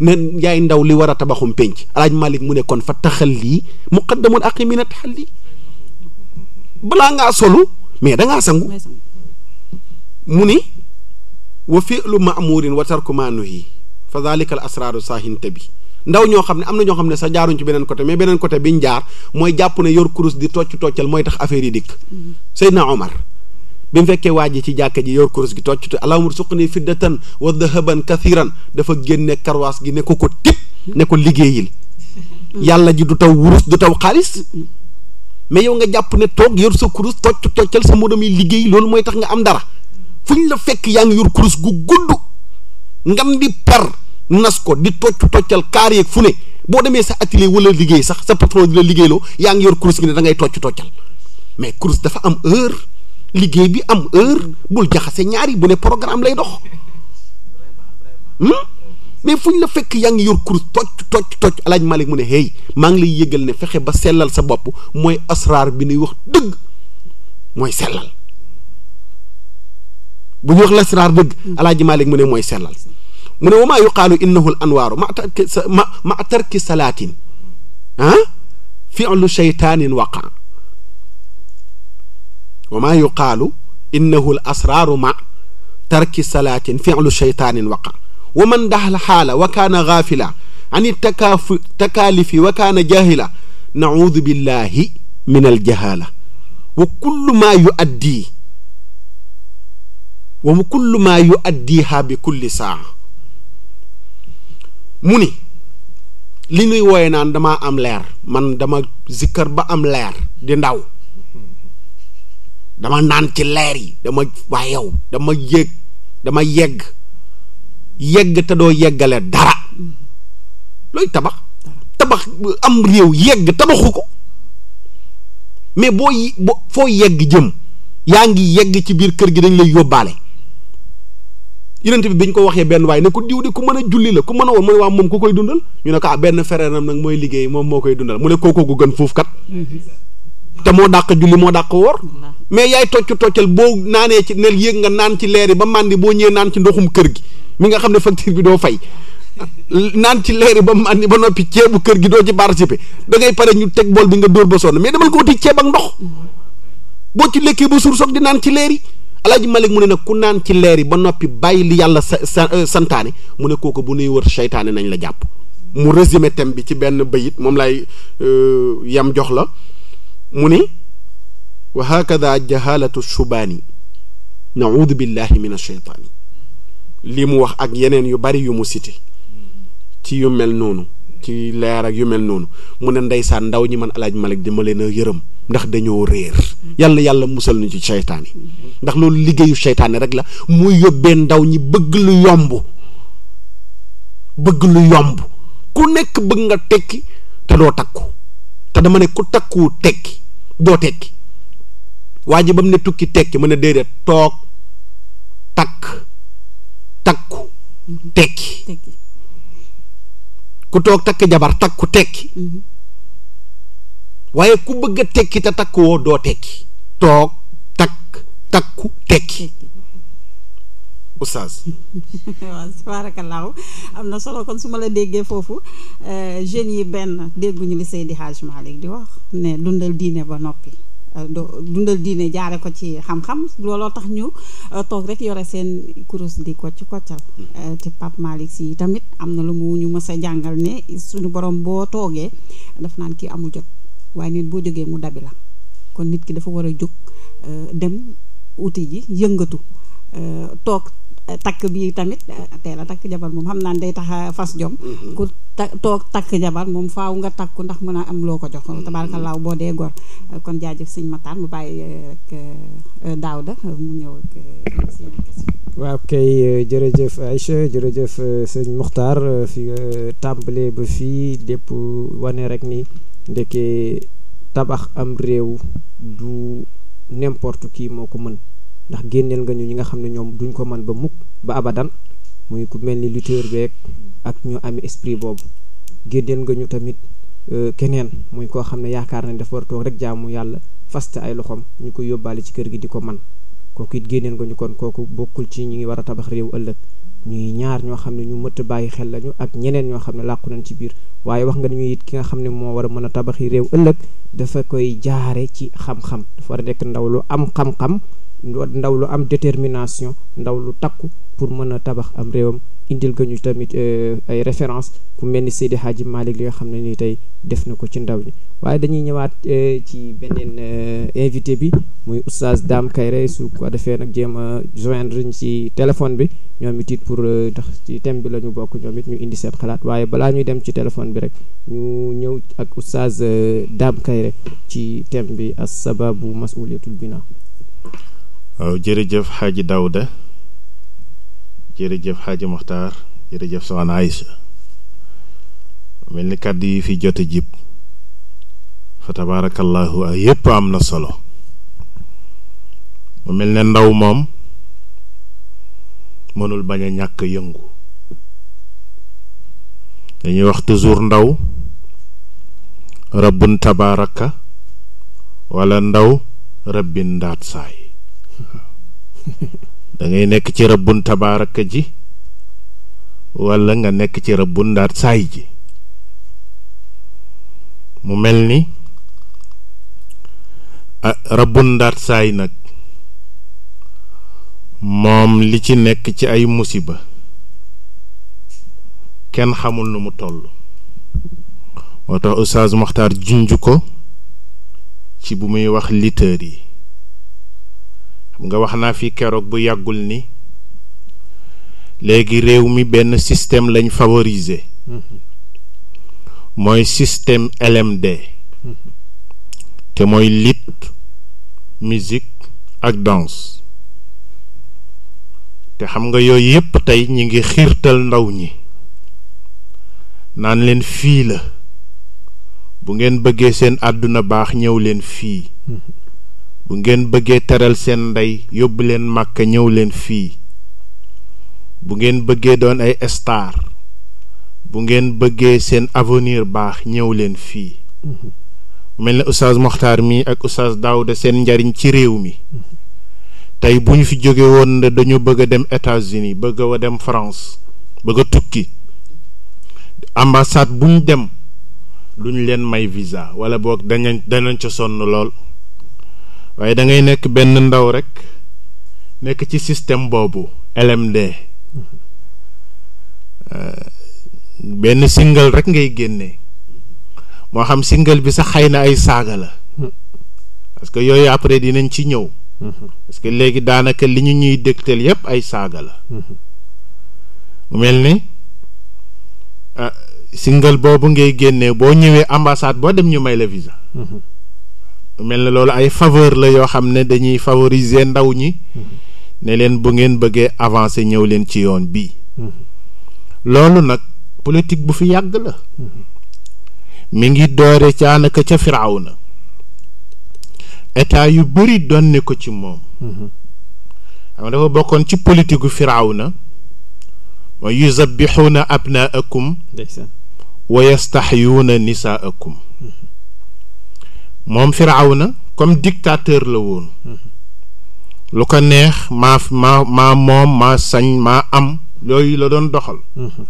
ne yaay ndaw li war a tabaxum penc alaaj malik mu ne kon fa taxal lii muqaddamun aqi mina taxal lii balaa ngaa solu mais dangaa sangu mu ni wa fi'lu ma'murin wa tarku maa yi fa dalika al asraaru saahinta bi ndaw ñoo xam ne am na ñoo xam ne sa jaaruñ ci beneen côté mais beneen côté biñ jaar mooy jàpp ne yor kurus di tocc toccal mooy tax affaire yi dikk mm-hmm. Seydina Omar bi mu fekkee waa ji ci jàkka ji yor kurus gi tocc te allahumma suqni fiddatan wa dahaban kathiran dafa génne karwaas gi ne ko ko tip ne mm-hmm. yàlla ji du taw wurus du taw xaalis mm-hmm. mais yow nga jàpp ne toog yor sa kurus tocc toccal sa modom yi liggéey loolu mooy tax nga am dara fu ñu la fekk yaa ngi yor kurus gu gudd ngam di per nas ko di tocc toccal kaar yeeg fu ne boo demee sa atelier wala liggéey sax sa patron di la liggéeyloo yaa ngi yor kurus gi ne da ngay tocc toccal mais kurus dafa am heure liggéey bi am heure bul jaxasee ñaari bu ne programme lay dox hmm? mais fu ñu la fekk yaa ngi yor kurus tocc tocc tocc alaaj Malik mu ne hey maa ngi lay yëgal ne fexe ba sellal sa bopp mooy asraar bi nuy wax dëgg mooy sellal bu ñuy wax lasraar dëgg alaaji Malik mu ne mooy sellal mu ne wa maa yuqaalu innahu l anwaaru ma tarki sa ma ma tarki salaatin ah filu cheytaanin waqa wa maa yuqaalu innahu l asraaru ma tarki salaatin filu cheytaanin waqa wa man daxal xaala wa kaana gaafila ani takaafu takaalifi wa kaana jahila naudu billahi min aljahaala wa kullu maa yu addii wa kullu maa yu addiihaa bi kulli saa mu ni li ñuy wooye naan damaa am leer man dama zikkar ba am leer di ndaw dama naan ci leer yi dama waa dama yéeg dama yegg yegg te doo yeggale dara looy tabax tabax am réew yegg tabaxu ko mais boo foo yegg jëm yaa ngi yegg ci biir kër gi dañ lay yóbbaale yonent bi biñ ko waxee benn waay ne ko diw de ku mën a julli la ku mën a woon mu ne waa moom ku koy dundal ñu ne ko ah benn fereeram na mooy liggéey moom moo koy dundal mu ne kooku ko gën foofu kat te moo dàq julli moo dàq woor mais yaay tocc toccal boo naanee ci ne yéeg nga naan ci leeri ba màndi boo ñëwee naan ci ndoxum kër gi mi nga xam ne facture bi doo fay naan ci leeri ba màndi ba noppi ceebu kër gi doo ci participer da ngay pare ñu teg bool bi nga dóor ba sonn mais demal ko wuti ceeb ak ndox boo ci lekkee ba suur soog di naan ci leeri alaaji malik mu ne nag ku naan ci leer yi ba noppi bàyyi li yàlla sa euh, santaane mu ne kooku bu nuy wër seytaane nañ la jàpp mu résumé thème bi ci benn bayit moom laay euh, yam jox la mu ni wa hakada jahalatu subaani naudu billahi min asheytaani mu wax ak yeneen yu bari yu mu siti ci yu mel noonu ci leer ak yu mel noonu mu ne ndeysaan ndaw ñi man alaaj malik di ma leen a yërëm ndax dañoo réer yàlla yàlla musal nañu ci seytaane ndax loolu liggéeyu seytaane rek la mu yóbbee ndaw ñi bëgg lu yomb bëgg lu yomb ku nekk bëgg nga tekki te doo takku te dama ne ku takku tekki doo tekki waa ji ba mu ne tukki tekki ma ne déedéet toog takk takku mhm. tekki ku toog takk jabar takku tekki mhm. waaye ku bëgg tekki te takkuwoo doo tekki toog takk takku tekki oustaz <laughs> waaw subaarakallaahu am na solo kon su ma la déggee foofu euh, jeunes yi benn dégguñu li Seydi Hadj Malick di wax ne dundal diine ba noppi euh, dundal diine jaare ko ci xam-xam looloo tax ñu euh, toog rek yore seen kurus di kocc koccal te Pape Malick si tamit am na lu mu ñu mës jàngal ne suñu borom boo toogee daf naan kii amul jot waaye nit boo jógee mu dabi la kon nit ki dafa war a jóg euh, dem wuti ji yëngatu euh, toog euh, takk bii tamit teel a takk jabar moom xam naa day tax fas jom mm-hmm. ku ta toog takk jabar moom faaw nga takku ndax mën a am loo ko jox mm-hmm. tabaarkalaaw boo dee gor kon jaajëf sëñ Matar mu bàyyi rek Daawda mu ñëw waaw kay jërëjëf Aïcha jërëjëf sëñ Muxtaar fi tàmbalee ba fii lépp wane rek nii ndeke tabax am réew du n'importe kii moo ko mën ndax génneel nga ñu ñi nga xam ne ñoom duñ ko mën ba mukk ba abadan muy ku mel ni lutteur beeg ak ñu am esprit boobu génneel nga ñu tamit euh, keneen muy koo xam ne yaakaar nañ dafa war toog rek jaamu yàlla faste ay loxoom ñu ko yóbbaale ci kër gi di ko man kooku it génneel nga ñu kon kooku bokkul ci ñi ngi war a tabax réew ëllëg ñuy ñaar ñoo xam ne ñu mëtt bàyyi xel lañu ak ñeneen ñoo xam ne làqu nañ ci biir waaye wax nga ni ñu it ki nga xam ne moo war a mën a tabaxi réew ëllëg dafa koy jaare ci xam-xam dafa war a nekk ndaw lu am xam-xam ndaw lu am détermination ndaw lu takku pour mën a tabax am réewam indil ga ñu tamit euh, ay référence ku mel ni Seydi Hadji Malick li nga xam ne ni tey def na ko ci ndaw ñi waaye dañuy ñëwaat euh, ci beneen euh, invité bi muy oustaz Dame Kairé su ko defee nag jéem a joindre ñu ci téléphone bi ñoom it pour ndax ci thème bi la ñu bokk ñoom it ñu indi seet xalaat waaye balaa ñuy dem ci téléphone bi rek ñu ñëw ak oustaz Dame Kairé ci thème bi as sababu masuliyatul bina waaw jërëjëf xaaji Daouda jërëjëf xaaji Moxtaar jërëjëf soxna mel ni kàdd yi fi jote jib fa tabaarakallaahu ak yépp am na solo mu mel ni ndaw moom mënul bañ ñàkk yëngu dañuy wax toujours ndaw rabbun tabaaraka wala ndaw rabbin ndaat saay <laughs> dangay nekk ci rëbbun tabaaraka ji walla nga nekk ci rëbbun ndaat saay ji mu mel ni rëbbun ndaat saay nag moom li ci nekk ci ay musiba kenn xamul nu mu toll moo tax Oustaz Maxtaar junj ko ci bu muy wax littër yi xam nga wax naa fi keroog bu yàggul ni léegi réew mi benn système lañ favoriser mooy système LMD te mooy lutte musique ak danse te xam nga yooyu yépp tey ñi ngi xiirtal ndaw ñi naan leen fii la bu ngeen bëggee seen àdduna baax ñëw leen fii bu ngeen bëggee teral seen ndey yóbbu leen màkka ñëw leen fii bu ngeen bëggee doon ay star bu ngeen bëggee seen avenir baax ñëw leen fii mm-hmm. mel na oustaz moxtar mi ak oustaz Daouda seen njariñ ci réew mi mm-hmm. tey bu ñu fi jóge woon ne dañu bëgg dem États-Unis bëgg a dem France bëgga a tukki ambassade bu dem duñ leen may visa wala boog danañ danañ ca sonn lool waaye da ngay nekk benn ndaw rek nekk ci système boobu LMD euh, benn single rek ngay génne moo xam single bi sax xëy na ay saaga la parce que yooyu après dinañ ci ñëw parce que léegi daanaka li ñu ñuy dégtal yépp ay saaga la mu mel ni euh, single boobu ngay génnee boo ñëwee ambassade boo dem ñu may la visa mel na loolu ay faveur la yoo xam ne dañuy favoriser ndaw ñi ne leen bu ngeen bëggee avancé ñëw leen ci yoon bii loolu nag politique bu fi yàgg la mi ngi doore caanaka ca na état yu bari donne ko ci moom xam dafa bokkoon ci firaw na bi politique gu Firawna mooy yuzabbixuuna abnaakum wa yastaxyuuna nisaakum moom na comme dictateur la woon mm-hmm. lu ko neex maa maa maa moom maa sañ maa am yooyu la doon doxal mm-hmm.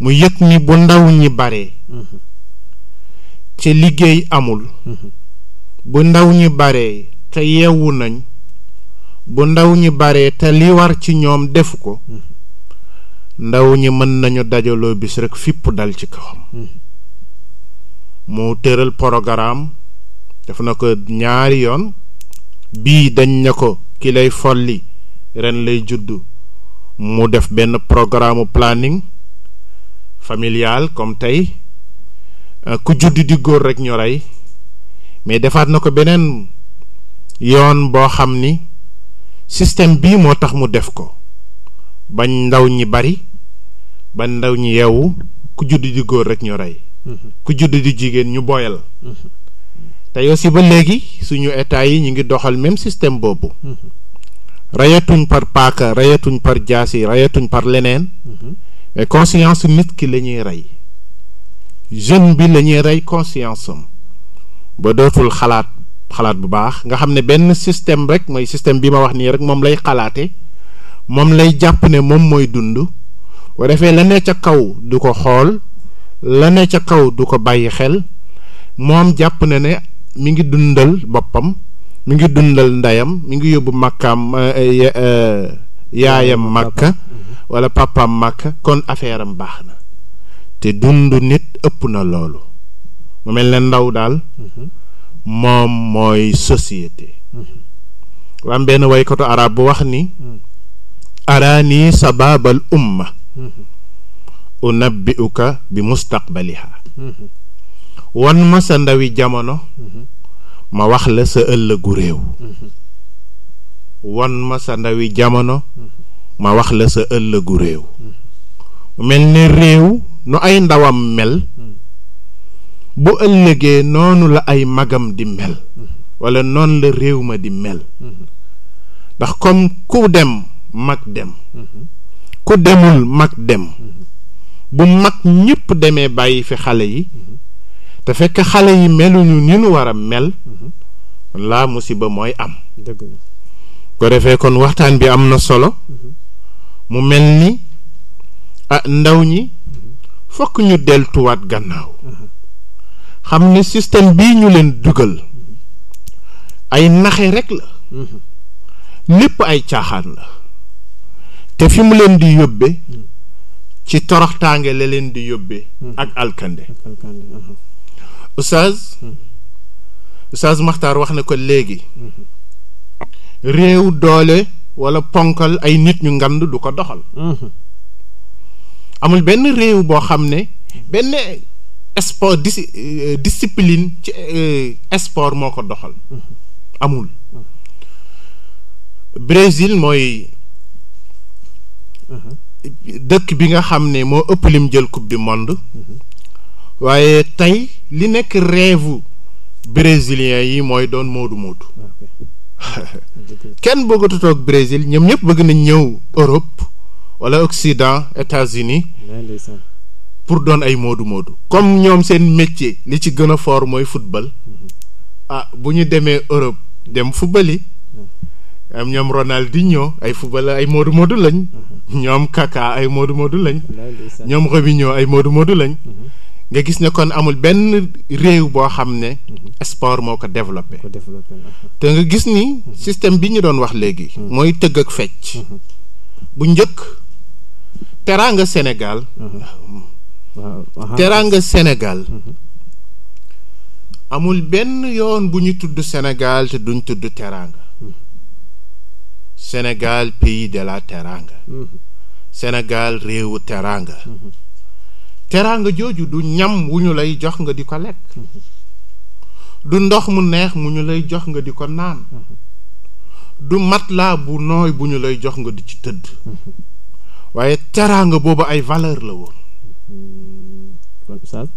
mu yëg ni bu ndaw ñi bare mm-hmm. ci liggéey amul bu ndaw ñi bare te yeewu nañ bu ndaw ñi bare te li war ci ñoom defu ko ndaw ñi mën nañu dajaloo bis rekk fipp dal ci kawam mu tëral programme def na ko ñaari yoon bii dañ na ko ki lay folli ren lay juddu mu def benn programme planning familial comme tey euh, ku juddu di góor rek ñu rey mais defaat na ko beneen yoon boo xam ni système bi moo tax mu def ko ba ndaw ñi bari ba ndaw ñi yeewu ku juddu di góor rek ñu rey ku judd di jigéen ñu booyal tey aussi ba léegi suñu état yi ñu ngi doxal même système boobu rayatuñ par paaka rayatuñ par jaasi rayatuñ par leneen mais conscience nit ki la ñuy rey jeune bi lañuy rey conscience ba dootul xalaat xalaat bu baax nga xam ne benn système rek mooy système bi ma wax nii rek moom lay xalaate moom lay jàpp ne moom mooy dund bu defee la ca kaw du ko xool la ca kaw du ko bàyyi xel moom jàpp na ne mi ngi dundal boppam mu ngi dundal ndeyam mi ngi yóbbu màkkaam eh, eh, eh, yaayam màkka wala papaam màkka kon affaire am baax na te dund nit ëpp na loolu mu mel ne ndaw daal mhm. moom mooy société waa benn waykatu arab bu wax ni mhm. araani sababal umma mhm. unabbi'uka bi mustaqbaliha mhm. wan ma sa ndawi jamono mhm. ma wax la sa ëllëgu réew mhm. jamono ma wax la sa ëllëgu réew mel ni réew nu ay ndawam mel bu ëllëgee noonu la ay magam di mel wala noonu la réew ma di mel ndax comme ku dem mag dem ku demul mag dem bu mag ñëpp demee bàyyi fi xale yi te fekk xale yi meluñu ni ñu war a mel laa musiba mooy am dëgg la ko defee kon waxtaan bi am na solo mu mel ni ah ndaw ñi fokk ñu deltuwaat gannaaw xam ne système bii ñu leen dugal ay naxe rekk la lépp ay caaxaan la te fi mu leen di yóbbe ci toroxtaange la leen di yóbbe hmm. ak alkande oustaz hmm. oustaz maxtar wax na ko léegi hmm. réew doole walla ponkal ay nit ñu ngand du ko doxal amul benn réew boo xam ne benn sport euh, discipline ci euh, sport moo ko doxal amul Brésil mooy dëkk bi nga xam ne moo ëpp lim jël coupe du monde waaye tey li nekk rêve brésilien yi mooy doon moodu moodu <laughs> kenn bëggatu toog Brésil ñoom ñëpp bëgg na ñëw Europe wala Occident États-Unis pour doon ay moodu moodu comme ñoom seen métier li ci gën a fort mooy football mm-hmm. ah bu ñu demee Europe dem football am ñoom Ronaldinho ay footballeur ay moodu moodu lañ mm-hmm. ñoom Kaka ay moodu moodu lañ ñoom Robinho ay moodu moodu lañ mm-hmm. nga gis ne kon amul benn réew boo xam ne mm-hmm. sport moo ko développé te nga gis ni système bi ñu doon wax léegi mooy tëgg ak fecc bu njëkk teraanga Sénégal teraanga Sénégal amul benn yoon bu ñu tudd senegal te duñ tudd teraanga Sénégal pays de la teranga mm-hmm. Sénégal réewu teraanga mm-hmm. teranga jooju du ñam wu ñu lay jox nga di ko lekk mm-hmm. du ndox mu neex mu ñu lay jox nga di ko naan du mat la bu nooy bu ñu lay jox nga di ci tëdd waaye teranga boobu ay valeur la woon kon oustaz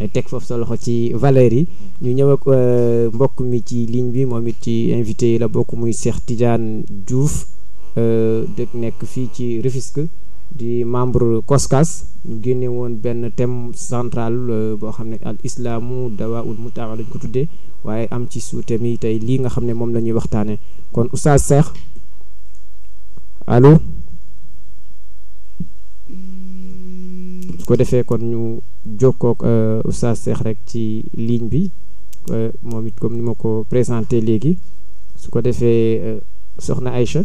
ay teg foofu sa loxo ci valeur yi ñu ñëw ko euh, mbokk mi ci ligne bi moom it ci invité yi la bokk muy seex tijaan juuf dëkk nekk fii ci Rufisque di membre COSCAS ñu génne woon benn thème central euh, boo xam ne al islaamu dawa ul mutaawa lañ ko tuddee waaye am ci sous-thème tey lii nga xam ne moom la ñuy waxtaane kon oustaz Cheikh allo su ko defee kon ñu jokkook euh, oustaz Cheikh rek ci ligne bi euh, moom it comme ni ma ko présenté léegi su ko defee euh, soxna Aïcha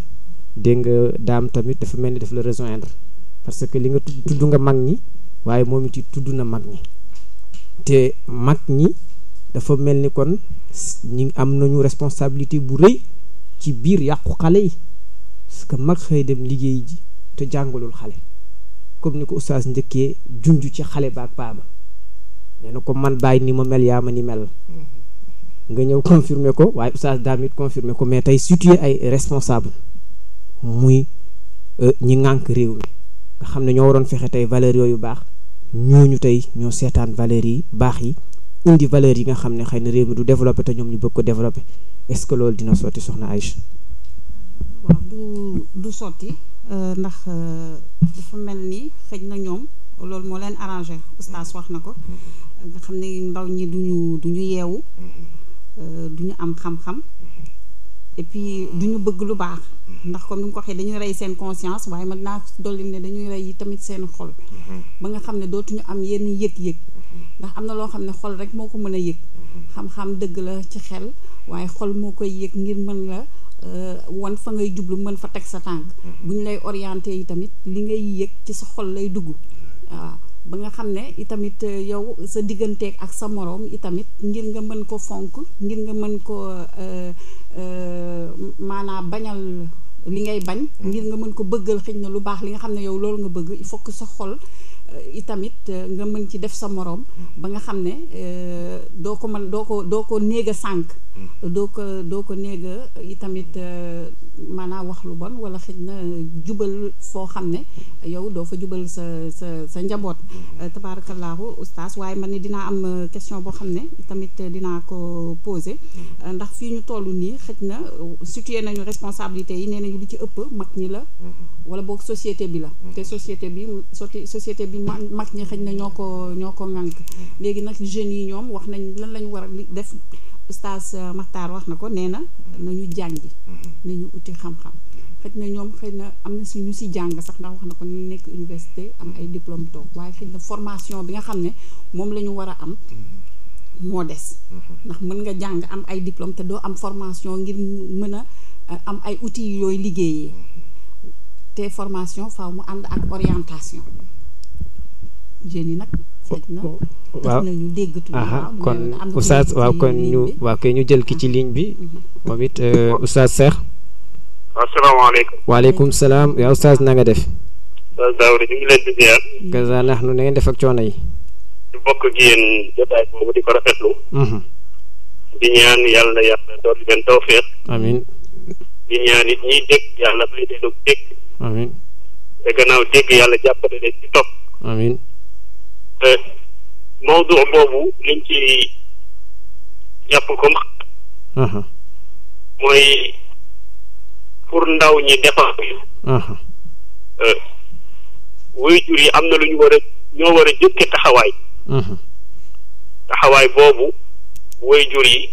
dégg nga daam tamit dafa mel ni daf la rejoindre parce que li nga tudd nga mag ñi waaye moom it tudd na mag ñi te mag ñi dafa mel ni kon ñi am nañu responsabilité bu rëy ci biir yàqu xale yi parce que mag xëy dem liggéey ji te jàngalul xale comme ni ko oustaz njëkkee junj ci xale baak paaba nee na ko man bàyyi ni ma mel yaa ma ni mel nga ñëw confirmer ko waaye oustaz damit confirmer ko mais tey situé ay responsable muy euh, ñi ŋànk réew mi nga xam ne ñoo waroon fexe tey valeurs yooyu baax ñooñu tey ñoo seetaan valeurs yi baax yi indi valeurs yi nga xam ne xëy na réew mi du développé te ñoom ñu bëgg ko développé est-ce que loolu dina sotti soxna Aïcha waaw Euh, ndax euh, dafa mel nii xëj na ñoom loolu moo leen arrangé oustaz wax na ko nga xam ne ndaw ñi duñu duñu yeewu euh, duñu am xam-xam et puis duñu bëgg lu baax ndax comme ni mu ko dañuy rey seen conscience waaye mën naa dolli ne dañuy rey yi tamit seen xol ba nga xam ne dootuñu am yenn yëg-yëg ndax am na loo xam ne xol rek moo ko mën a yëg xam-xam dëgg la ci xel waaye xol moo koy yëg ngir mën la Euh, wan fa ngay jublu mën fa teg sa tànk mm-hmm. bu ñu lay orienté yi tamit li ngay yëg ci sa xol lay dugg mm-hmm. waaw ba nga xam ne itamit euh, yow sa digganteeg ak sa moroom itamit ngir nga mën ko fonk ngir nga mën ko euh, maanaa bañal li ngay bañ mm-hmm. ngir nga mën ko bëggal xëñ na lu baax li nga xam ne yow loolu nga bëgg il faut que sa xol Euh, itamit euh, nga mën ci def sa moroom ba nga xam ne euh, doo ko man doo ko doo ko néeg a sànq mm. doo ko doo ko néeg a itamit maanaam wax lu bon wala xëj na jubal foo xam ne yow doo fa jubal sa sa sa njaboot mm. tabaarakallaahu oustaz waaye man ne dinaa am question boo xam ne tamit dinaa ko posé mm. ndax fii ñu toll nii xëj na situé nañu responsabilité yi nee nañu li ci ëpp mag ñi la mm-hmm. wala boog société bi la mm-hmm. te société bi société bi mag ñi xëy na ñoo ko ñoo ko ŋànk léegi nag jeunes yi ñoom wax nañ lan lañu war a def oustaz euh, Makhtar wax na ko nee na nañu jàngi mhm. nañu uti xam-xam xëj na ñoom xëy na am na si ñu si jàng sax ndax wax na ko ñu nekk université am ay diplôme toog waaye xëy na formation bi nga xam ne moom la ñu war a am mhm. moo des mhm. ndax mën nga jàng am ay diplôme te doo am formation ngir mën a euh, am ay outils yooyu liggéeyee te formation faw mu ànd ak orientation jeunes oh, oh, waaw aha kon oustaz waaw kon ñu waaw kay ñu jël ki ci ah. ligne bi mhm. moom it euh, oustaz Cheikh. asalaamaaleykum. waaleykum salaam yaa oustaz na nga def. oustaz Daouda ñu ngi leen di ziar. Gaza mhm. nu na ngeen def ak coono yi. ñu bokk ak yéen jotaay boobu di ko rafetlu. Mhm. di ñaan yàlla na yàlla dolli leen tawféex. amiin. di ñaan it ñiy dégg yàlla may leen dégg. mawdu boobu liñ ci jàpp comme. mooy pour ndaw ñi defar. Euh, waajur yi am na lu ñu war ñoo war a jëkke taxawaay. taxawaay boobu jur yi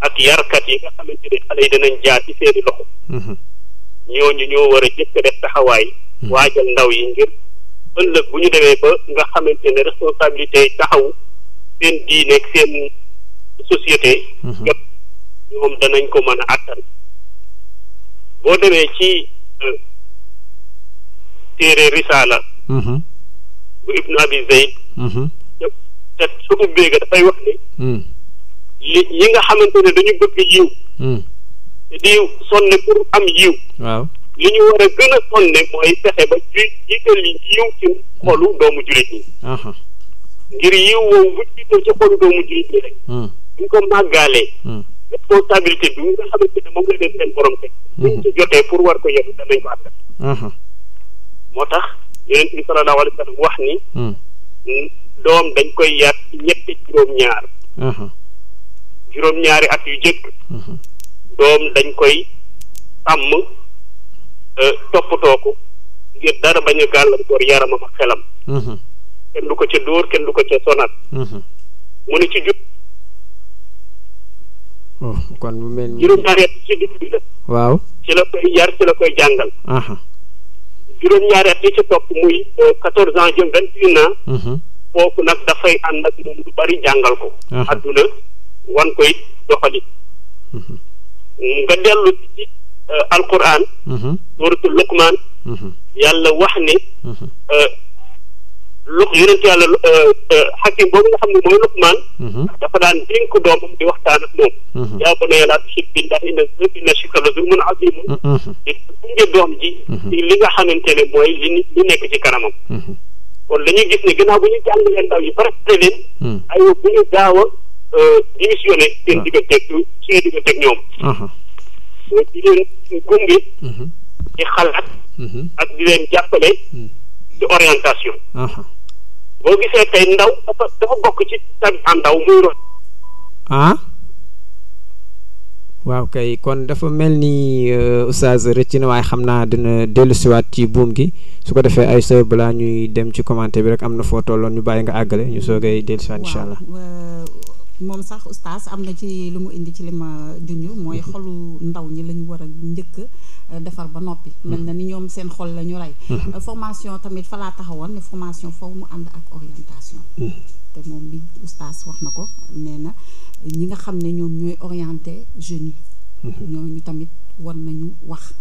ak yarkat yi xamante ne xale yi danañ jaar ci seeni loxo. ñooñu ñoo war a jëkk def taxawaay. waajal ndaw yi ngir. ëllëg bu ñu demee ba nga xamante ne responsabilité yi taxaw seen diine ak seen société mhm. yëpp ñoom danañ ko mën a àttan boo demee ci euh, téere risaala mhm. bu ibnu abi zeyd mhm. te su ubbee ga dafay wax ni mm. li yi nga xamante ne dañu bëgg yiw mm. te di sonne pour am yiw waaw li ñu war a gën a sonne mooy fexe ba ji jiital yiw ci xolu doomu jullit ñi ngir yiw woowu bu jiital ci xolu doomu jullit ñi rek hmm. duñ ko màggaalee hmm. responsabilité bi nga hmm. jotee pour war ko yem danañ ko àttan moo tax yonent bi sallallahu alayhi wa sallam wax ni doom dañ koy yaat ci ñetti juróom-ñaar juróom-ñaari at yu jëkk doom dañ koy sàmm Euh, toppatoo ko ngir dara bañ a gàllankoor yaramam a xelam. Mm-hmm. kenn du ko ca dóor kenn du ko ca sonal. Mm-hmm. mu ne ci jur. Oh, kon mu mel ni juróom-ñaari at ci digg bi la. waaw ci la koy yar ci la koy jàngal. juróom-ñaari yi ci topp muy euh, quatorze ans jëm foofu mm-hmm. nag dafay ànd ak moom lu bari jàngal ko. adduna wan koy doxali. nga dellu ci. Euh, alquran mm-hmm. suratul luqmaan mm-hmm. yàlla wax ne mm-hmm. euh, lu yonent yàlla xakim euh, boobu nga xam ne mooy luqmaan dafa daan dénk doomam di waxtaan ak moom yaa bunayya laa tushrik billaah inna shirka la zulmun aziim di gunge li nga xamante ne mooy li nekk ci kanamam kon dañuy gis ne gannaaw bu ñu jàngalee ndaw yi préparé leen mm. aywa bu ñu gaaw a démissionné seen ah. digganteeg suñu digganteeg ñoom uh-huh. nga di leen gunge. Mhm. Mhm. Mhm. ci boo gisee tey ndaw dafa bokk ci tabi'a ndaw muy roy. ah. waaw kay kon dafa mel ni euh, oustaz ci na waaye xam naa dina dellusiwaat ci buum gi su ko defee ay sa balaa ñuy dem ci commenté bi rek am na foo tolloon ñu bàyyi nga àggale ñu soogay dellusiwaat incha allah. moom sax oustaz am na ci lu mu indi ci li ma junj mooy mhm. xolu ndaw ñi la ñu war a njëkk euh, defar ba noppi mhm. mel na ni ñoom seen xol la ñu rey mhm. euh, formation tamit fa laa taxawoon ne formation foofu mu ànd ak orientation te moom bi oustaz wax na ko nee na ñi nga xam ne ñoom ñooy orienté jeunes yi ñooñu tamit war nañu wax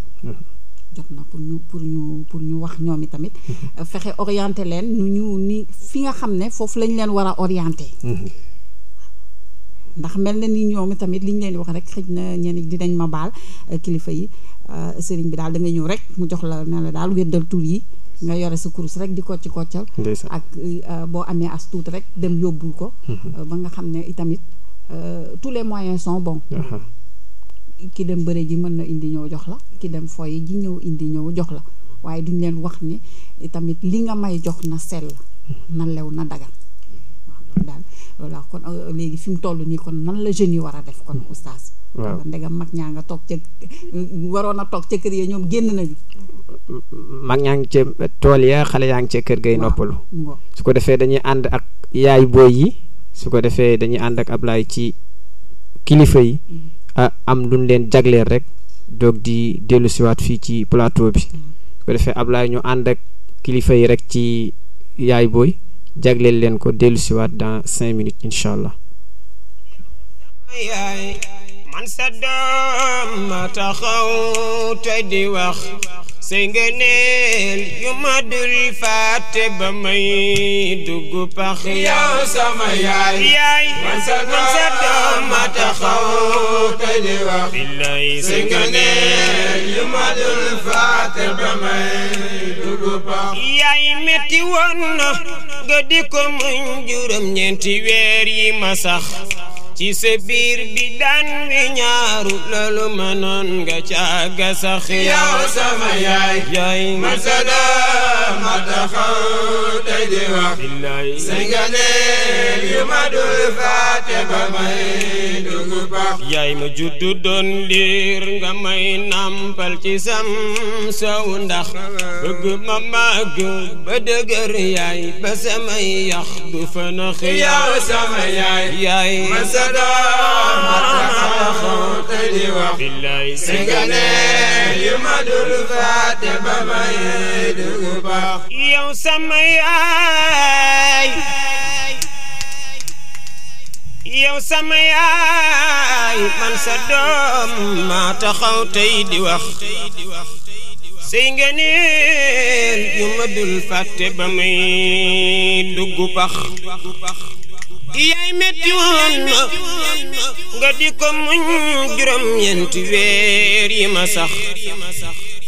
jot na pour ñu pour ñu pour ñu wax ñoom i tamit euh, fexe orienté leen ñu ni fi nga xam ne foofu lañ leen war a orienté ndax mel na ni ñoom tamit li ñu leen di wax rek xëj na ñeen ñenn dinañ ma baal eh, kilifa yi eh, sëriñ bi daal da ñëw rek mu jox la ne la daal weddal tur yi nga yore sa kurus rek di kocci koccal ak eh, boo amee as tuut rek dem yóbbul ko mm-hmm. ba nga xam ne itamit tous les moyens son bons uh-huh. ki dem bëre ji mën na indi ñëw jox la ki dem foy ji ñëw indi ñëw jox la waaye duñ leen wax ni tamit li nga may jox na sell mm-hmm. na lew na dagan waaw voilà kon euh, léegi fi mu nii kon nan la jeunes yi war a def kon oustaz. waaw ndegam mag ñaa nga toog ca euh, waroon a toog ca kër ya ñoom génn nañu. mag ñaa ngi ca tool ya xale yaa ngi ca kër gay noppalu. su ko defee dañuy ànd ak yaay booy yi su ko defee dañuy ànd ak Ablaye ci kilifa yi. Mm-hmm. Ah, am luñ leen jagleel rek doog di dellu siwaat fii ci plateau bi. Mm-hmm. su ko defee Ablaye ñu ànd ak kilifa yi rek ci yaay booy. jagleel leen ko dellusiwaat dans cinq minutes incha allah. man sa doom ma taxaw te di yu ma dul fàtte ba may dugg pax yaay yaay man sa doom ko muñ juróom ñeenti weer yi ci sa biir bi daan nga ñaaru loolu mënoon nga caaga sax yow sama yaay yaay ma sada ma di wax billaay si yu ma dul faate ba may dugg pax yaay doon liir nga may nampal ci sam saw ndax bëgg ma màgg ba dëgër ba samay yax du fa nax sama yaay abada xaw te di si nga yu ma dul fàtte ba ba may dugg pax yaay metti woon nga di ko muñ juróom ñeenti weer yi ma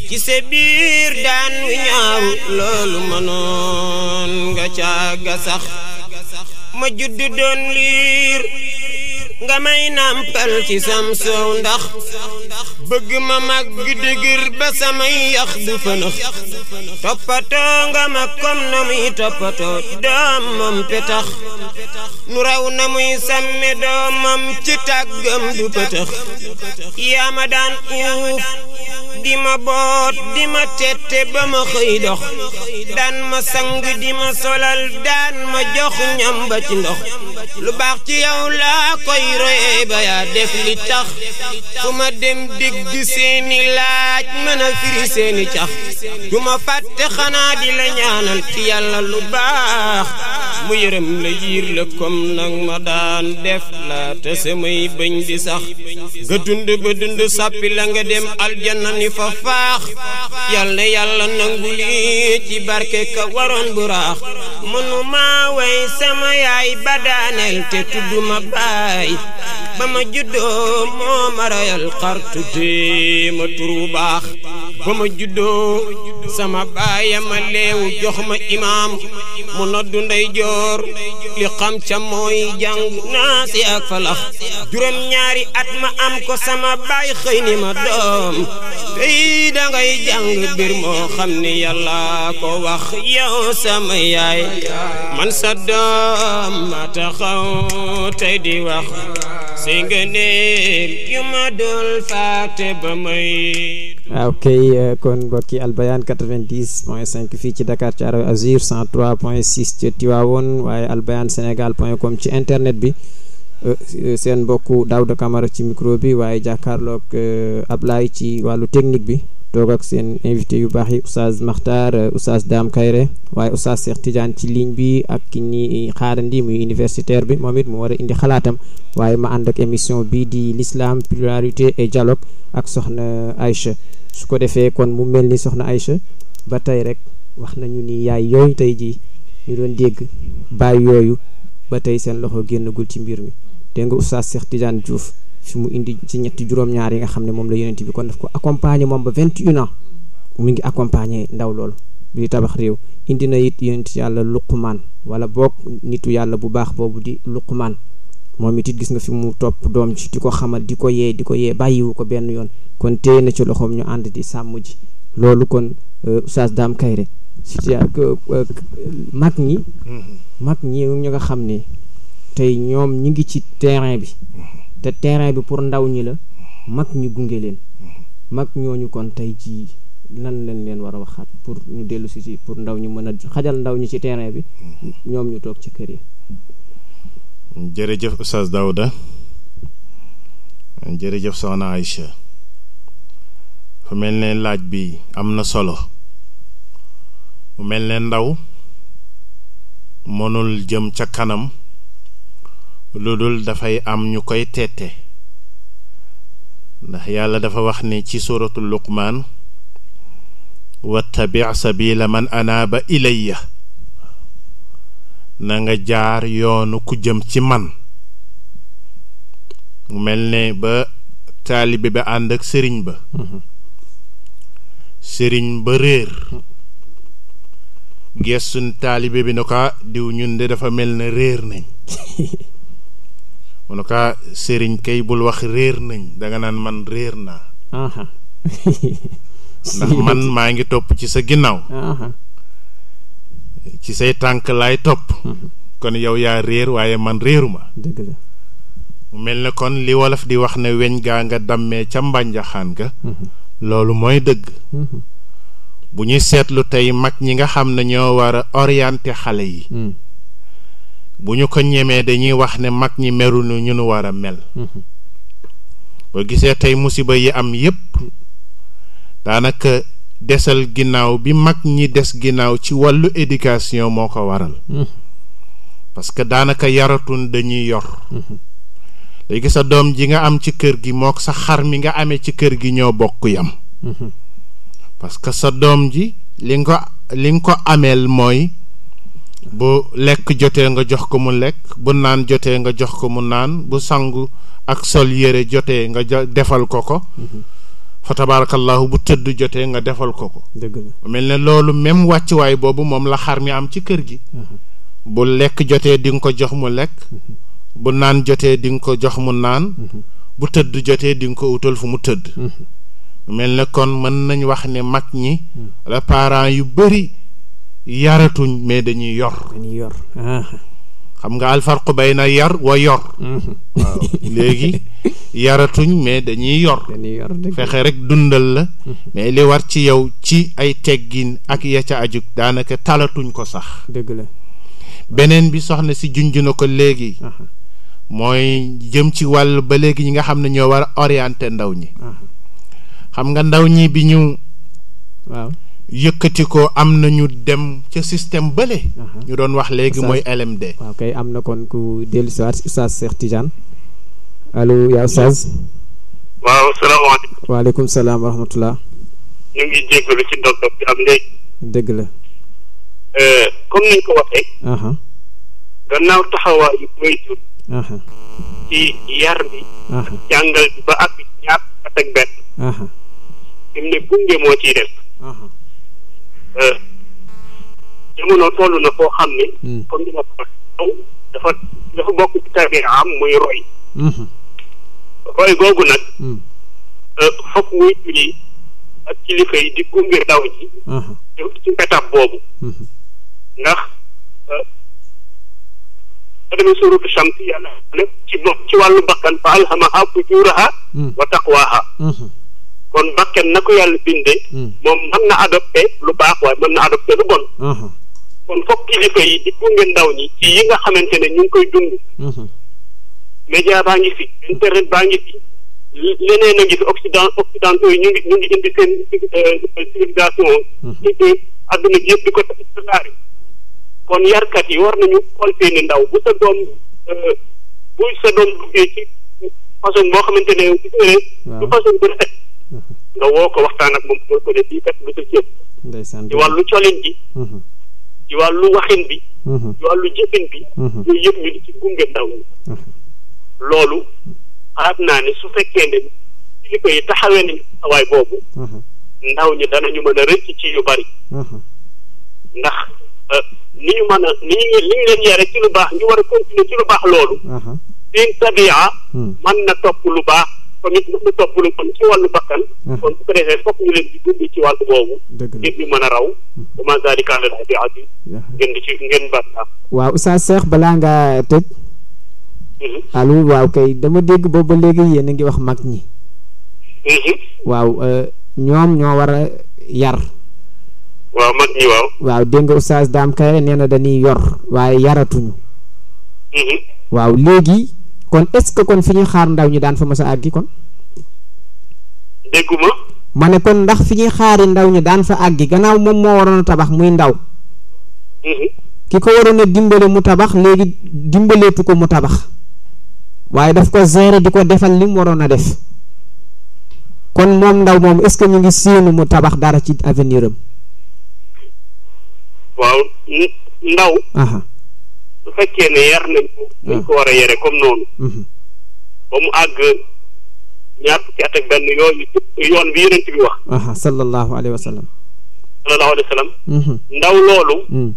ci sa biir daan wi ñaaru loolu mënoon nga caaga sax ma judd liir nga may nampal ci sam soow ndax bëgg ma mag gi ba samay yax du fënax toppatoo nga ma kom na muy toppatoo doomam petax nu raw na muy sàmme doomam ci tàggam du pëtax yaa ma daan uuf di ma boot di ma tette ba ma xëy dox daan ma sang di ma solal daan ma jox ñam ci ndox lu baax ci yow laa koy royee ba yaa def li tax fu ma dem dégg seeni laaj mën a firi seeni cax du ma fàtte xanaa di la ñaanal ci yàlla lu baax mu yërëm la yiir la comme nag ma daan def laata samay bañ di sax nga dund ba dund sàppi la nga dem aljanna ni fa faax yàlla yàlla nangu lii ci barke ka waroon bu raax mënu sama yaay ba daaneel te tudduma baay ba ma juddoo moo ma rayal xartu tee ma turu baax ba ma juddoo sama baaya ma leewu jox ma imaam mu noddu ndey joor li xam ca mooy jàng naasi ak falax juróom ñaari at ma am ko sama baay xëy ni ma doom tey dangay jàng bir moo xam ni yàlla ko wax yow sama yaay man sa doom ma taxaw tey di wax si nga neel yu ma dul fàtte ba may waaw ah, kay euh, kon mbokki albayaan fii ci Dakar ci Arabie Azur 103 point 6 ci waaye albayaan sénégal point ci internet bi euh, euh, seen mbokku Daouda Camara ci micro bi waaye jàkkaarloog Ablaye ci wàllu technique bi toog ak seen invité yu baax yi oustaz Makhtar euh, oustaz Dame Kayre waaye oustaz Cheikh Tidiane ci ligne bi ak ki ñi xaarandi muy universitaire bi moom it mu war a indi xalaatam waaye ma ànd ak émission bii di lislaam pluralité et dialogue ak soxna Aïcha su ko defee kon mu mel ni soxna Aïcha ba tey rek wax nañu ni yaay yooyu tey jii ñu doon dégg baay yooyu ba tey seen loxo génnagul ci mbir mi dégg nga oustaz Cheikh Tidiane su mu indi ci ñetti juróom-ñaar yi nga xam ne moom la yonent bi kon daf ko accompagner moom ba 21 ans mu ngi accompagner ndaw loolu bi tabax réew indi na it yonent yàlla luqumaan wala boog nitu yàlla bu baax boobu di luqumaan moom it it gis nga fi mu topp doom ci di ko xamal di ko yee di ko yee bàyyiwu ko benn yoon kon téye na ci loxoom ñu ànd di sàmm ji loolu kon euh, Oustaz Dame Kairé euh, euh, mag ñi mm-hmm. mag ñi ñu nga xam ne tey ñoom ñi ngi ci terrain bi mm-hmm. te terrain bi pour ndaw ñi la mag ñu gunge leen mag ñooñu kon tey ci lan lañ leen war a waxaat pour ñu dellusi ci pour ndaw ñi mën a xajal ndaw ñi ci terrain bi ñoom ñu toog ci kër yi. jërëjëf Oustaz Daouda jërëjëf Soxna Aïcha fu mel ne laaj bi am na solo mu mel ne ndaw mënul jëm ca kanam lu dul dafay am ñu koy teete ndax yàlla dafa wax ni ci suuratu luqmaan wattabi sabila man ba ilayya na nga jaar yoonu ku jëm ci man mu mel ne ba taalibe ba ànd ak sëriñ ba mhm. sëriñ ba réer geesun taalibe bi na ah, diw ñun de dafa mel ne réer nañ <laughs> mu ah, sëriñ kay bul wax réer nañ danga naan man réer naa <laughs> ndax man maa ngi topp ci sa ginnaaw ci say tànk laay topp mhm. kon yow yaa réer waaye man réeruma mu mel ne kon li wolof di wax ne weñ gaa nga dammee ca mbànjaxaan ga mhm. loolu mooy dëgg mhm. bu ñuy seetlu tey mag ñi nga xam ne ñoo war a orienté xale yi mm. bu ñu ko ñemee dañuy wax ne mag ñi merul ñu nu war a mel mhm. boo gisee tey musiba yi am yépp daanaka desal ginnaaw bi mag ñi des ginnaaw ci wàllu éducation moo ko waral mhm. parce que daanaka yaratun dañuy yor mhm. léegi sa doom ji nga am ci kër gi mook sa xar mi nga amee ci kër gi ñoo bokk yam parce que sa doom ji ko li nga ko ameel mooy bu lekk jotee nga jox ko mu lekk bu naan jotee nga jox ko mu naan bu sangu ak sol yére jotee nga defal ko ko mhm. fa tabaarakallaahu bu tëdd jotee nga defal ko ko mel ne loolu même wàccuwaay boobu moom la xar mi am ci kër gi mhm. bu lekk jotee di nga ko jox mu lekk mhm. bu naan jotee di nga ko jox mu naan bu tëdd jotee di nga ko wutal fu mu tëdd mel ne kon mën nañ wax ne mag ñi la yu bëri yaratuñ mais dañuy yor. dañuy yor ah. xam nga alfarqu bay na yar wa yor. Mhm. léegi yaratuñ mais dañuy yor. dañuy fexe rek dundal la. Mhm. mais li war ci yow ci ay teggin ak ya ca ajug daanaka talatuñ ko sax. dëgg beneen bi soxna si junj na ko léegi. mooy jëm ci wàll ba léegi ñi nga xam ne ñoo war a orienté ndaw ñi. xam nga ndaw ñi bi ñu. yëkkatikoo am na ñu dem ca système bële. Uh-huh. ñu doon wax léegi mooy LMD. waaw ah, am na kon ku dellu si waat Oustaz Cheikh Tidiane allo yaa Oustaz. waaw salaamaaleykum. waaleykum salaam wa rahmatulah. ñu ngi jégalu ci ndog bi am léegi. dëgg la. Eh, comme ni ko waxee. Uh-huh. gannaaw taxawaayu mooy jur. Uh-huh. ci yar bi. jàngal bi ba at ñaar at ak benn. fi ne gunge moo ciy def. Euh, jamono toll na foo xam ni hmm. dafa dafa bokk ci tabi'am muy roy. Hmm. roy googu nag. Hmm. Euh, foog muy julli ak kilifa yi di gunge ndaw ji. ci étape boobu. ndax euh, da demee suuratu Shams yàlla ci bopp ci wàllu bakkan fa alhamaha fujuraha wa taqwaha kon bakken na ko yàlla bindee. Hmm. moom mën na adopté lu baax waaye mën na adopté lu bon. Hmm. kon foog kilifa yi di gunge ndaw ñi ci yi nga xamante ne ñu ngi koy dund. Hmm. média baa ngi fi internet baa ngi fi leneen a ngi fi occident occidentaux yi ñu ngi indi seen euh, civilisation. ci àdduna yëpp di ko tasaare. kon yarkat yi war na ñu xool seeni ndaw bu sa doom euh, bu sa doom duggee ci façon boo xamante ne du façon bu rafet. nga woo ko waxtaan ak moom boo ko ne fii kat du sa cër. ndeysaan ci wàllu colin bi. Mhm. ci wàllu waxin bi. Mhm. ci wàllu jëfin bi. Mhm. yooyu yëpp ñu di ci gunge ndaw ñi. loolu xalaat naa ni su fekkee ne kilifa yi taxawee nañu taxawaay boobu. ndaw ñi danañu mën a rëcc ci yu bari. ndax euh, ni ñu mën a ni ñu li leen yare ci lu baax ñu war a continuer ci lu baax loolu. seen tabia mën na topp lu baax. kon nit ñi topp hmm. la kon a raw. bu ma waaw Oustaz Cheikh balaa ngaa tëj. Hmm. allo waaw kay dama dégg boobu léegi yéen a ngi wax mag ñi. Hmm. waaw euh, ñoom ñoo war a yar. waaw mag ñi waaw. waaw dégg nga Oustaz Dame Kairé nee na dañuy yor waaye yaratuñu. waaw léegi. kon est-ce que kon fi ñuy xaar ndaw ñi daan fa mës a kon. dégguma. ma ne kon ndax fi ñuy xaari ndaw ñi daan fa àggi gannaaw moom moo waroon a tabax muy ndaw. Mm-hmm. ki ko waroon a dimbale mu tabax léegi dimbaleetu ko mu tabax. waaye daf ko gérer di ko defal li mu waroon a def. kon moom ndaw moom est-ce que ñu ngi séenu mu tabax dara ci avenir am. waaw ndaw. su fekkee ne yar nañ ko ko war a yare comme noonu mm-hmm. ba mu àgg ñaar fukki at ak benn yooyu yoon bi yonent bi wax sallallahu alayhi wa sallam sallallahu mm-hmm. ndaw loolu mm.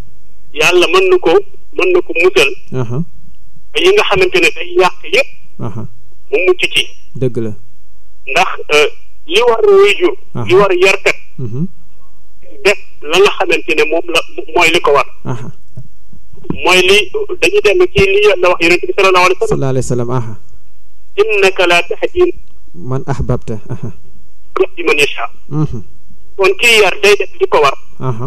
yàlla mën na ko mën na ko musal yi nga xamante ne day yàq yëpp mu mucc ci dëgg la ndax euh, li war wéyjur li war yarkat mm-hmm. def la nga xamante ne moom la mooy li ko war mooy li dañuy dellu ci li yàlla wax yonent bi sallallahu alayhi wa sallam sallallahu alayhi wa sallam aha innaka la tahdi man ahbabta aha rahdi man yasha kon kii yar day def li ko war aha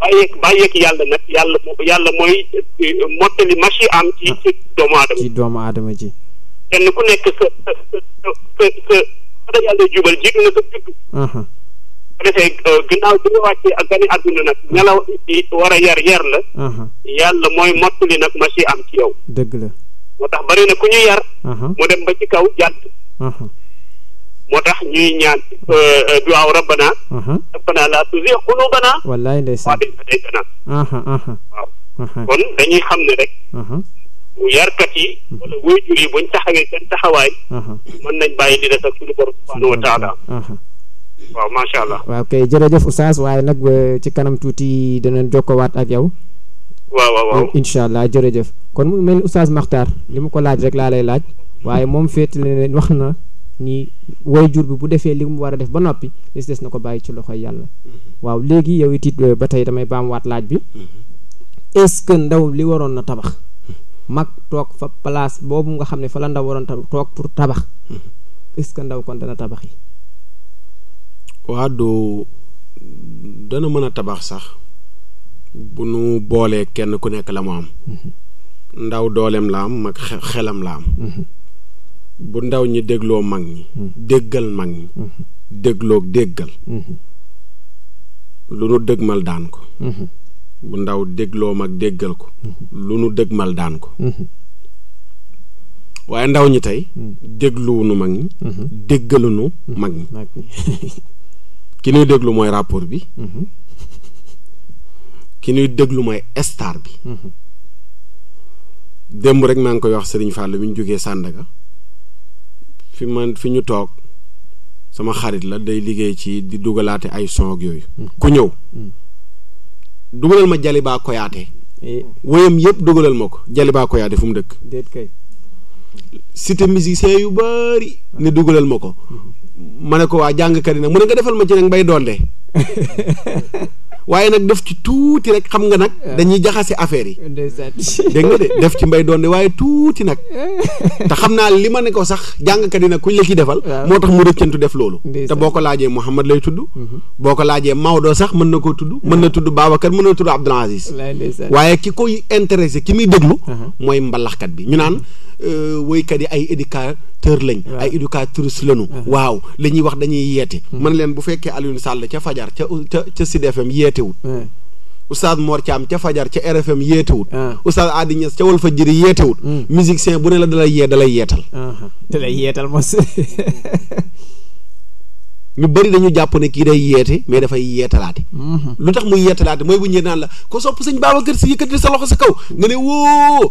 bàyyeeg bàyyeeg yàlla nag yàlla yàlla mooy mottali machi am ci ci doomu aadama ci doomu aadama ji kenn ku nekk sa sa sa sa sa yàlla jubal jiitu na sa juddu defee euh, ginnaaw bi nga wàccee ak gane àdduna nag ña la war a yar yar la yàlla mooy mottali nag ma ci am ci yow dëgg la moo tax bari na ku ñu yar mu dem ba ci kaw jàdd moo tax ñuy ñaan euh, euh, duwaaw rabbana rabbana laa ba qulubana wallaay de waaw kon dañuy xam ne rek yarkat yi wala wéyjur yi buñ taxawee seen taxawaay mën nañ bàyyi li des ak suñu borom subhaanahu wa taala waaw macha allah. waaw kay jërëjëf oustaz waaye nag ci kanam tuuti danañ jokkowaat ak yow. waaw waaw waaw incha allah jërëjëf. kon mu mel ni oustaz li mu ko laaj rek laa lay laaj waaye moom féetale wax na ni jur bi bu defee li mu war a def ba noppi li des na ko bàyyi ci loxo yàlla. Mm-hmm. waaw léegi yow it ba tey damay baamuwaat laaj bi. Mm-hmm. est ndaw li waroon na tabax. mag toog fa place boobu nga xam ne fa la ndaw waroon toog pour tabax. Mm-hmm. est ndaw kon dana tabax yi. waa doo dana mën a tabax sax bu nu boolee kenn ku nekk la mu am mm-hmm. ndaw dooleem la am mag xelam la am mm-hmm. bu ndaw ñi dégloo mag ñi mm-hmm. déggal mag ñi dégloo déggal lu nu dëgmal daan ko bu ndaw dégloo mag déggal ko lu nu dëgmal daan ko waaye ndaw ñi tey dégluwunu mag ñi nu mag ñi <laughs> ki ñuy déglu mooy rapport bi mhm. ki nuy déglu mooy star bi mhm. démb rek maa ngi koy wax seriñ Fallou bi ñu jógee Sandaga fi man fi ñu toog sama xarit la day liggéey ci di dugalaate ay son ak yooyu mhm. ku ñëw dugalal ma Jalibaa Koyaate e. woyam yëpp dugalal ma ko Jalibaa Koyaate fu mu dëkk déet kay musicien yu bari ne ah. dugalal ma ko ma ne ko waa jàngkat yi nag mu ne nga defal ma ci nag mbay doonde <laughs> waaye nag def ci tuuti rek xam nga nag dañuy jaxase affaire yi dégg nga de def ci mbay doonde waaye tuuti nag <laughs> te xam naa li ma ne ko sax jàngkat yi nag kuñ la ci defal moo tax mu rëccantu def loolu te boo ko laajee Mouhamad lay tudd mm-hmm. boo ko laajee Maodo sax mën na koo tudd mën na tudd Babacar mën na tudd Abdoul Aziz waaye ki koy intéressé ki muy déglu uh-huh. mooy mbalaxkat bi ñu naan mm-hmm. Euh, woykat yi ay éducateur lañ ay éducatrice lañu uh-huh. waaw la ñuy wax dañuy yeete uh-huh. man leen bu fekkee Alioune Sall ca fajar ca ca ca Sud FM yeetewut uh-huh. oustaz Mor Thiam ca fajar ca RFM yeetewut oustaz Adi Niass ca Walfadjri yeetewut musicien bu ne la dalay yee dalay yeetal dalay yeetal mos <laughs> ñu bëri dañu jàpp ne kii day yeete mais dafay yeetalaate lu tax muy yeetalaate mooy bu naan la ko sopp sëñ Babacar si yëkkati sa loxo sa kaw nga ne woo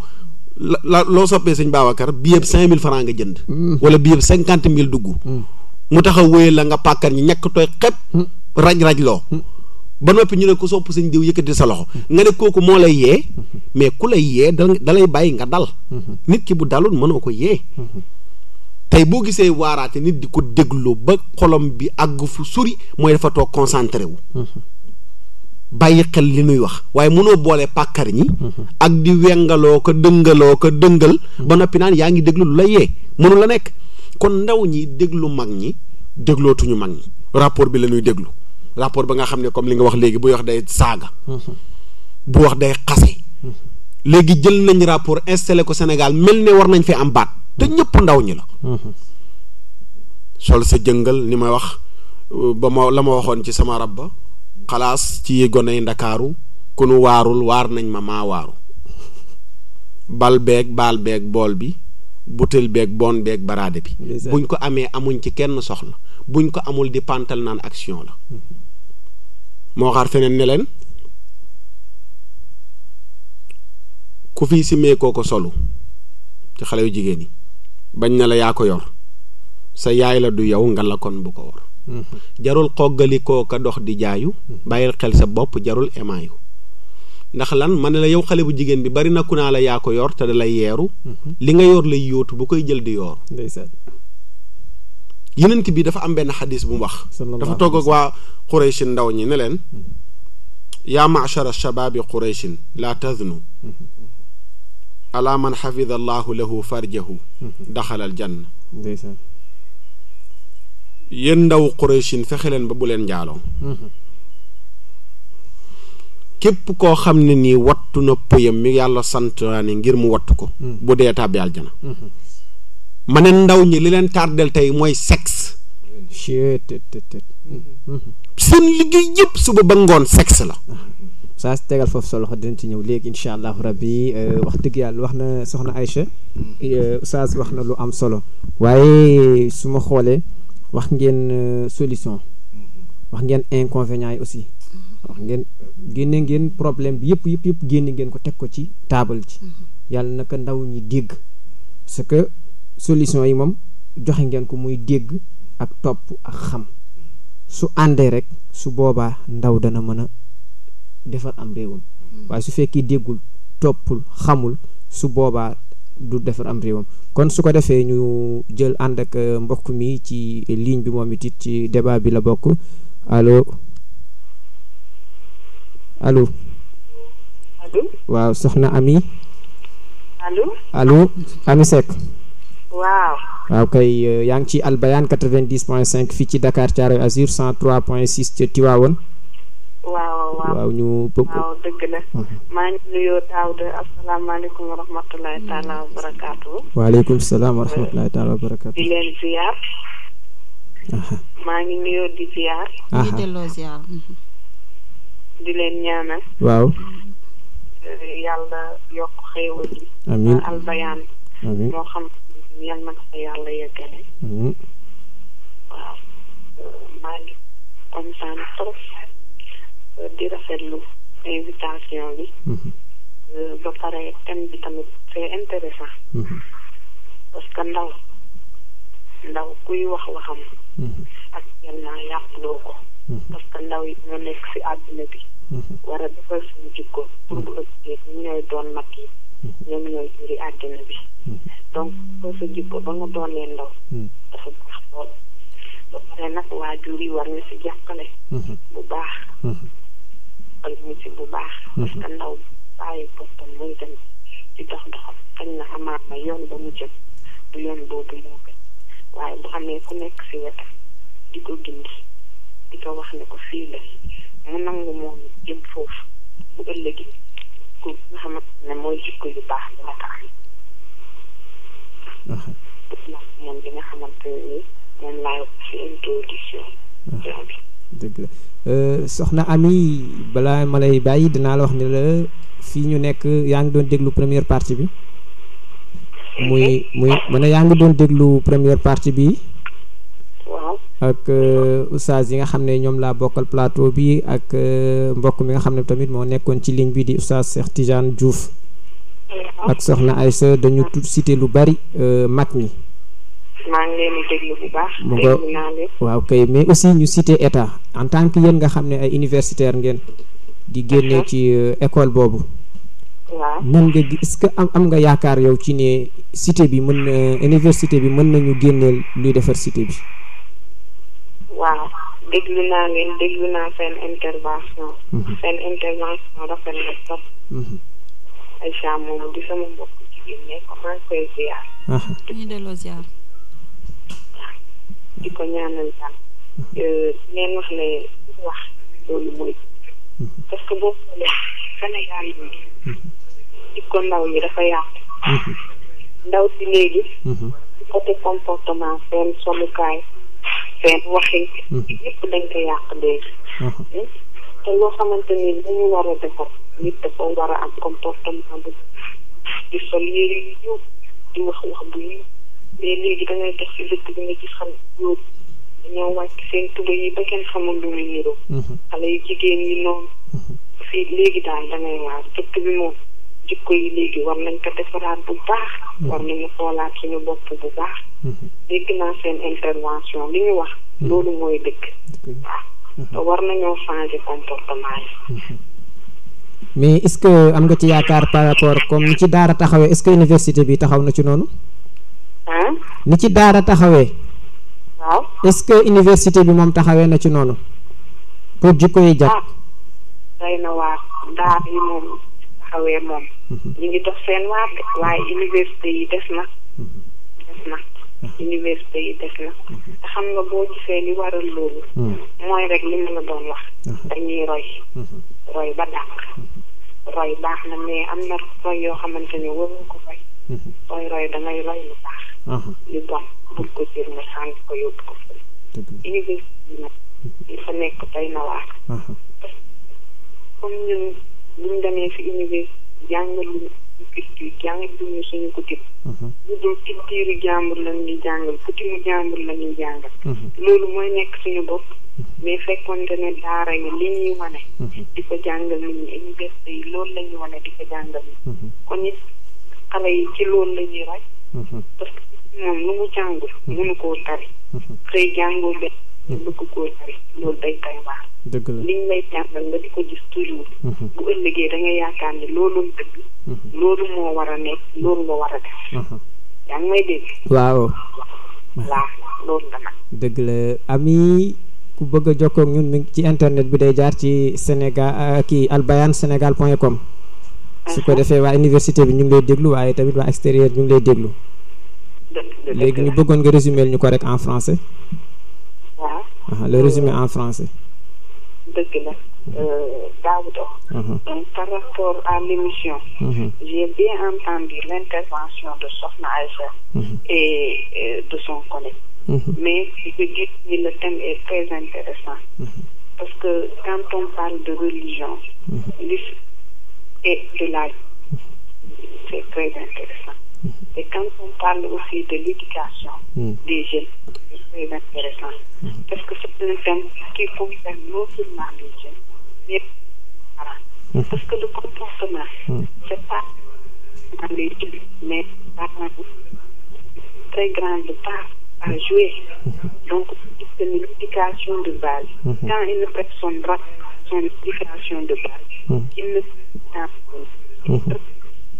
la loo soppee sëñ bi billet cinq mille franc nga jënd. Mm. wala billet cinquante mille dugg. Mm. mu taxaw wéyal la nga pàkkar ñi ñàkk tooy xepp. Mm. raj raj loo. ba noppi ñu ne ko sopp sëñ diw yëkkati sa loxo nga ne kooku moo la yee mm-hmm. mais ku lay yee da dalay bàyyi nga dal mm-hmm. nit ki bu dalul mënoo ko yee mm-hmm. tey boo gisee waaraate nit di ko déglu ba xolom bi ak fu sori mooy dafa toog concentré wu bàyyi xel li nuy wax waaye mënoo boole pàkkar ñi ak di wengaloo ko dëngaloo ko dëngal ba noppi naan yaa ngi déglu lu la yee mënu la nekk kon ndaw ñi déglu mag ñi déglootuñu mag ñi rapport bi la ñuy déglu rapport ba nga xam ne comme li nga wax léegi buy wax day saaga bu wax day xase léegi jël nañ rapport installé ko Sénégal mel ne war nañ fi am baat te ñëpp ndaw ñi la sol sa jëngal ni may wax ba ma la ma waxoon ci sama rab ba xalaas ci goney ndakaaru ku waarul waar nañ ma maa waaru bal beeg baal beeg bool bi butel beeg bon beeg baraade bi buñ ko amee amuñ ci kenn soxla buñ ko amul di pantal naan action la mm-hmm. moo xaar feneen ne leen ku fi simee koo ko solu ci xale yu jigéen yi bañ na la yaa ko yor sa yaay la du yow nga la kon bu ko war jarul xoggalikoo dox di jaayu bàyyil xel sa bopp jarul emaayu ndax lan ma ne la yow xale bu jigéen bi bari na ku naa la yaa ko yor te da lay yeeru mhm. li nga yor lay yóotu bu koy jël di yoor yenent bi dafa am benn xadis bu mu wax dafa togg ak waa qurayshin ndaw ñi ne leen mhm. yaa maachara shababi qurayshin laa taznu mhm. ala man xafida allahu lahu farjahu daxala aljanna yéen ndaw Qurayshin fexe leen ba bu leen njaaloo mhm. képp koo xam ne nii wattu na pëyam mi yàlla santaane ngir mu wattu ko mhm. bu dee tàbbi aljana mhm. ma ndaw ñi li leen tardel tey mooy sexe seen liggéey yëpp suba ba ngoon sexe la ah. saa si tegal foofu sa loxo dinañ ci ñëw léegi incha allahu rabbi euh, wax dëgg yàlla wax na soxna Aïcha euh, oustaz wax na lu am solo waaye su ma xoolee wax ngeen euh, solution mm-hmm. wax ngeen inconvénients yi aussi mm-hmm. wax ngeen génne ngeen problème bi yëpp yëpp yëpp génne ngeen ko teg ko ci taabal ji mm-hmm. yàlla naka ndaw ñi dégg parce que solution yi moom joxe ngeen ko muy dégg ak topp ak xam su àndee rek su boobaa ndaw dana mën a defar am réewam waaye su fekkee déggul toppul xamul su boobaa du defar am réewam kon su ko defee ñu jël ànd ak euh, mbokk mi ci ligne bi moom it ci débat bi la bokk alo allo. waaw soxna Ami. allo allo Ami Seck. waaw. waaw kay euh, yaa ngi ci Al Bayane 90 point 5 fii ci Dakar Thiaroye Azur 103 point 6 ca Tivaouane. waaw waaw ñu. waaw dëgg la. Mhm. maa ngi nuyoo Daouda asalaamaaleykum wa rahmatulahi taala wa barakaatu. waaleykum salaam wa rahmatulahi wa barakaatu. di leen ziar. maa ngi nuyoo di ziar. di delloo ziar. Mhm. di leen ñaanal. waaw. yàlla yokk xéewal yi. amiin albayaan. amiin xam yal na ko waaw maa ngi kontaan trop. di rafetlu invitation bi. Mm-hmm. ba pare thème bi tamit c'est intéressant mm-hmm. parce que ndaw ndaw kuy wax waxam mm-hmm. actuellement yàqloo ko parce que ndaw yi ñoo nekk ci àdduna bi war a defar suñu jikko àddina bi donc defar jikko ba nga doonee ndaw dafa baax lool ba pare nag waajur yi war ñu ci jàppale bu baax jàppale bu baax. Mhm. parce que ndaw bàyyi boppam muy dem di dox doxam xañ na xamaat na yoon ba mu jëm bu yoon boobu moo waaye bu amee ku nekk si di ko gindi di ko wax ne ko fii la mu nangu moom jëm foofu bu ëllëgi ku nga xamante ne mooy jikko yu baax dina tax. Mhm. moom bi nga xamante ne moom laay wax si introduction. Mhm. dëgg la euh, soxna ami balaa ma lay bàyyi dinaa la wax ne la fii ñu nekk yaa ngi doon déglu première partie bi muy muy ma ne yaa ngi doon déglu première partie bi waaw ak euh, oustaz yi nga xam ne ñoom laa bokkal plateau bi ak euh, mbokk mi nga xam ne tamit moo nekkoon ci ligne bi di oustaz Cheikh Tidiane Diouf eh, ak soxna Aïssa dañu ah. cité lu bari mag ñi maa ngi déglu bu baax. déglu naa waaw kay mais aussi ñu cité état en tant que yéen nga xam ne ay universitaire ngeen. di génne mhm. ci euh, école boobu. waaw nan nga est-ce que am nga yaakaar yow ci ne cité bi mën na université bi mën nañu génneel luy defar cité bi. waaw déglu di ko ñaanal daal. leen euh, wax ne wax loolu mooy. Mm-hmm. parce que boo xoolee Sénégal yi. Mm-hmm. ko ndaw ñi dafa yàq mm-hmm. ndaw si léegi. côté comportement seen solukaay seen waxin. lépp dañ ko yàq léegi. te loo xamante ni li ñu war a nit dafa war am comportement bu di sol yére yu di wax wax bu yiw mais léegi da ngay def ci dëkk bi nga gis xam góor ñoo wàcc seen tuba yi ba kenn xamul lu muy niru mhm. xale yu jigéen yi noonu mhm. fii léegi daal da waar jikko yi léegi war nañ ko defaraat bu baax mhm. war nañu xoolaat suñu bopp bu baax dégg naa seen intervention li ñu wax loolu mooy dëkk waaw war nañoo changer comportement yi mais est-ce am nga ci yaakaar par rapport comme ni ci daara taxawee est-ce que université bi taxaw na ci noonu Hmm? ni ci daara taxawee. waaw est-ce que université bi moom taxawee na ci noonu. pour jikko yi jàpp. Ah, day na waar daara yi moom taxawee moom. Hmm. ñu ngi dox seen waar de waaye université yi des na. Hmm. des na. université yi des na. te xam nga boo gisee li waral loolu. mooy rek li ma la doon wax. dañuy roy. roy ba dàq. roy baax na mais am na roy yoo xamante ni waruñu ko roy. roy roy roy lu baax. lu bon buñ ko nga sànni ko yóbbu ko fële. université nag li fa nekk tey na waar. parce que comme ñun buñ fi université jàngaluñu culture jàngaluñu suñu coutume. bu dul culture jàmbur la ñuy jàngal coutume jàmbur lañuy ñuy jàngal. loolu mooy nekk suñu bopp. mais fekkonte ne daara yi li ñuy wane. di ko jàngal nit ñi université yi loolu la ñuy wane di jàngal nit kon it xale yi ci loolu la ñuy moom lu mu jàngul mënu koo tari xëy jàngul benn hmm. bëgg koo tari loolu day tay waar liñ hmm. hmm. loolu moo war a nekk loolu nga war a def yaa may dégg waaw dëgg la ami ku bëgg a ñun mi ci internet bi day jaar ci Sénégal euh, kii albayaan sénégal point com su ko uh-huh. defee waa université bi ñu ngi lay déglu waaye tamit waa extérieur ñu ngi lay déglu léegi ñu bëggoon nga résumer ñu ko rek en français. waaw le résumé en français. dëgg la euh, Daouda. par rapport à l'émission. j'ai bien entendu l'intervention de Sokhna Aïcha. et de son collègue. mais je dis que le thème est très intéressant. parce que quand on parle de religion. l'islam et de la. c'est très intéressant. Et quand on parle aussi de l'éducation hmm. des jeunes, c'est très intéressant. Hmm. Parce que c'est un thème qui concerne non seulement les jeunes, hmm. Parce que le comportement, c'est pas dans les jeunes, mais dans très grande part à jouer. Donc, c'est une éducation de base. Quand une personne rate son éducation de base, il ne peut pas.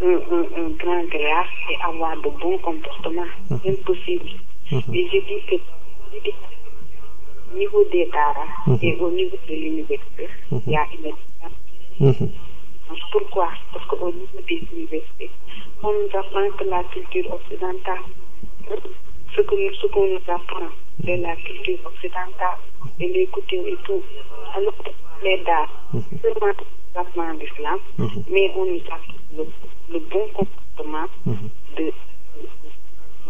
un, grand grâce et avoir de bons comportements. Impossible. niveau des parents et au niveau de l'université, il y a une étudiante. Pourquoi Parce qu'au niveau des universités, on nous que la culture occidentale, ce qu'on ce de la culture occidentale, et les coutumes tout, alors les dards, comportement de l'islam, mhm. mais on y passe le, bon comportement de, mhm. de,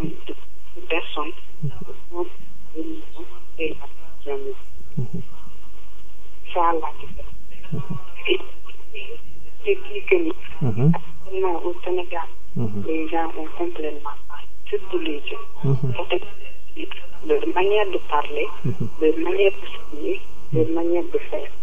de, de, personnes Ça a la C'est qui que mhm. actuellement au Sénégal, les gens ont complètement surtout les jeunes. Leur manière de parler, leur manière de signer, leur manière de faire.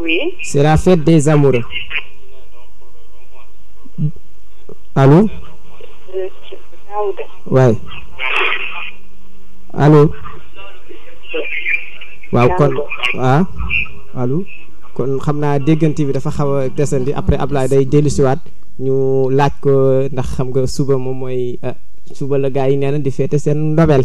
Oui. la fête des amoureux. Allô? waay allo waaw kon ah allo kon xam naa déggante bi dafa xaw a desandi après Ablaye day dellusiwaat ñu laaj ko ndax xam nga suba moom mooy ah, suba la gars yi nee di féete seen ndobel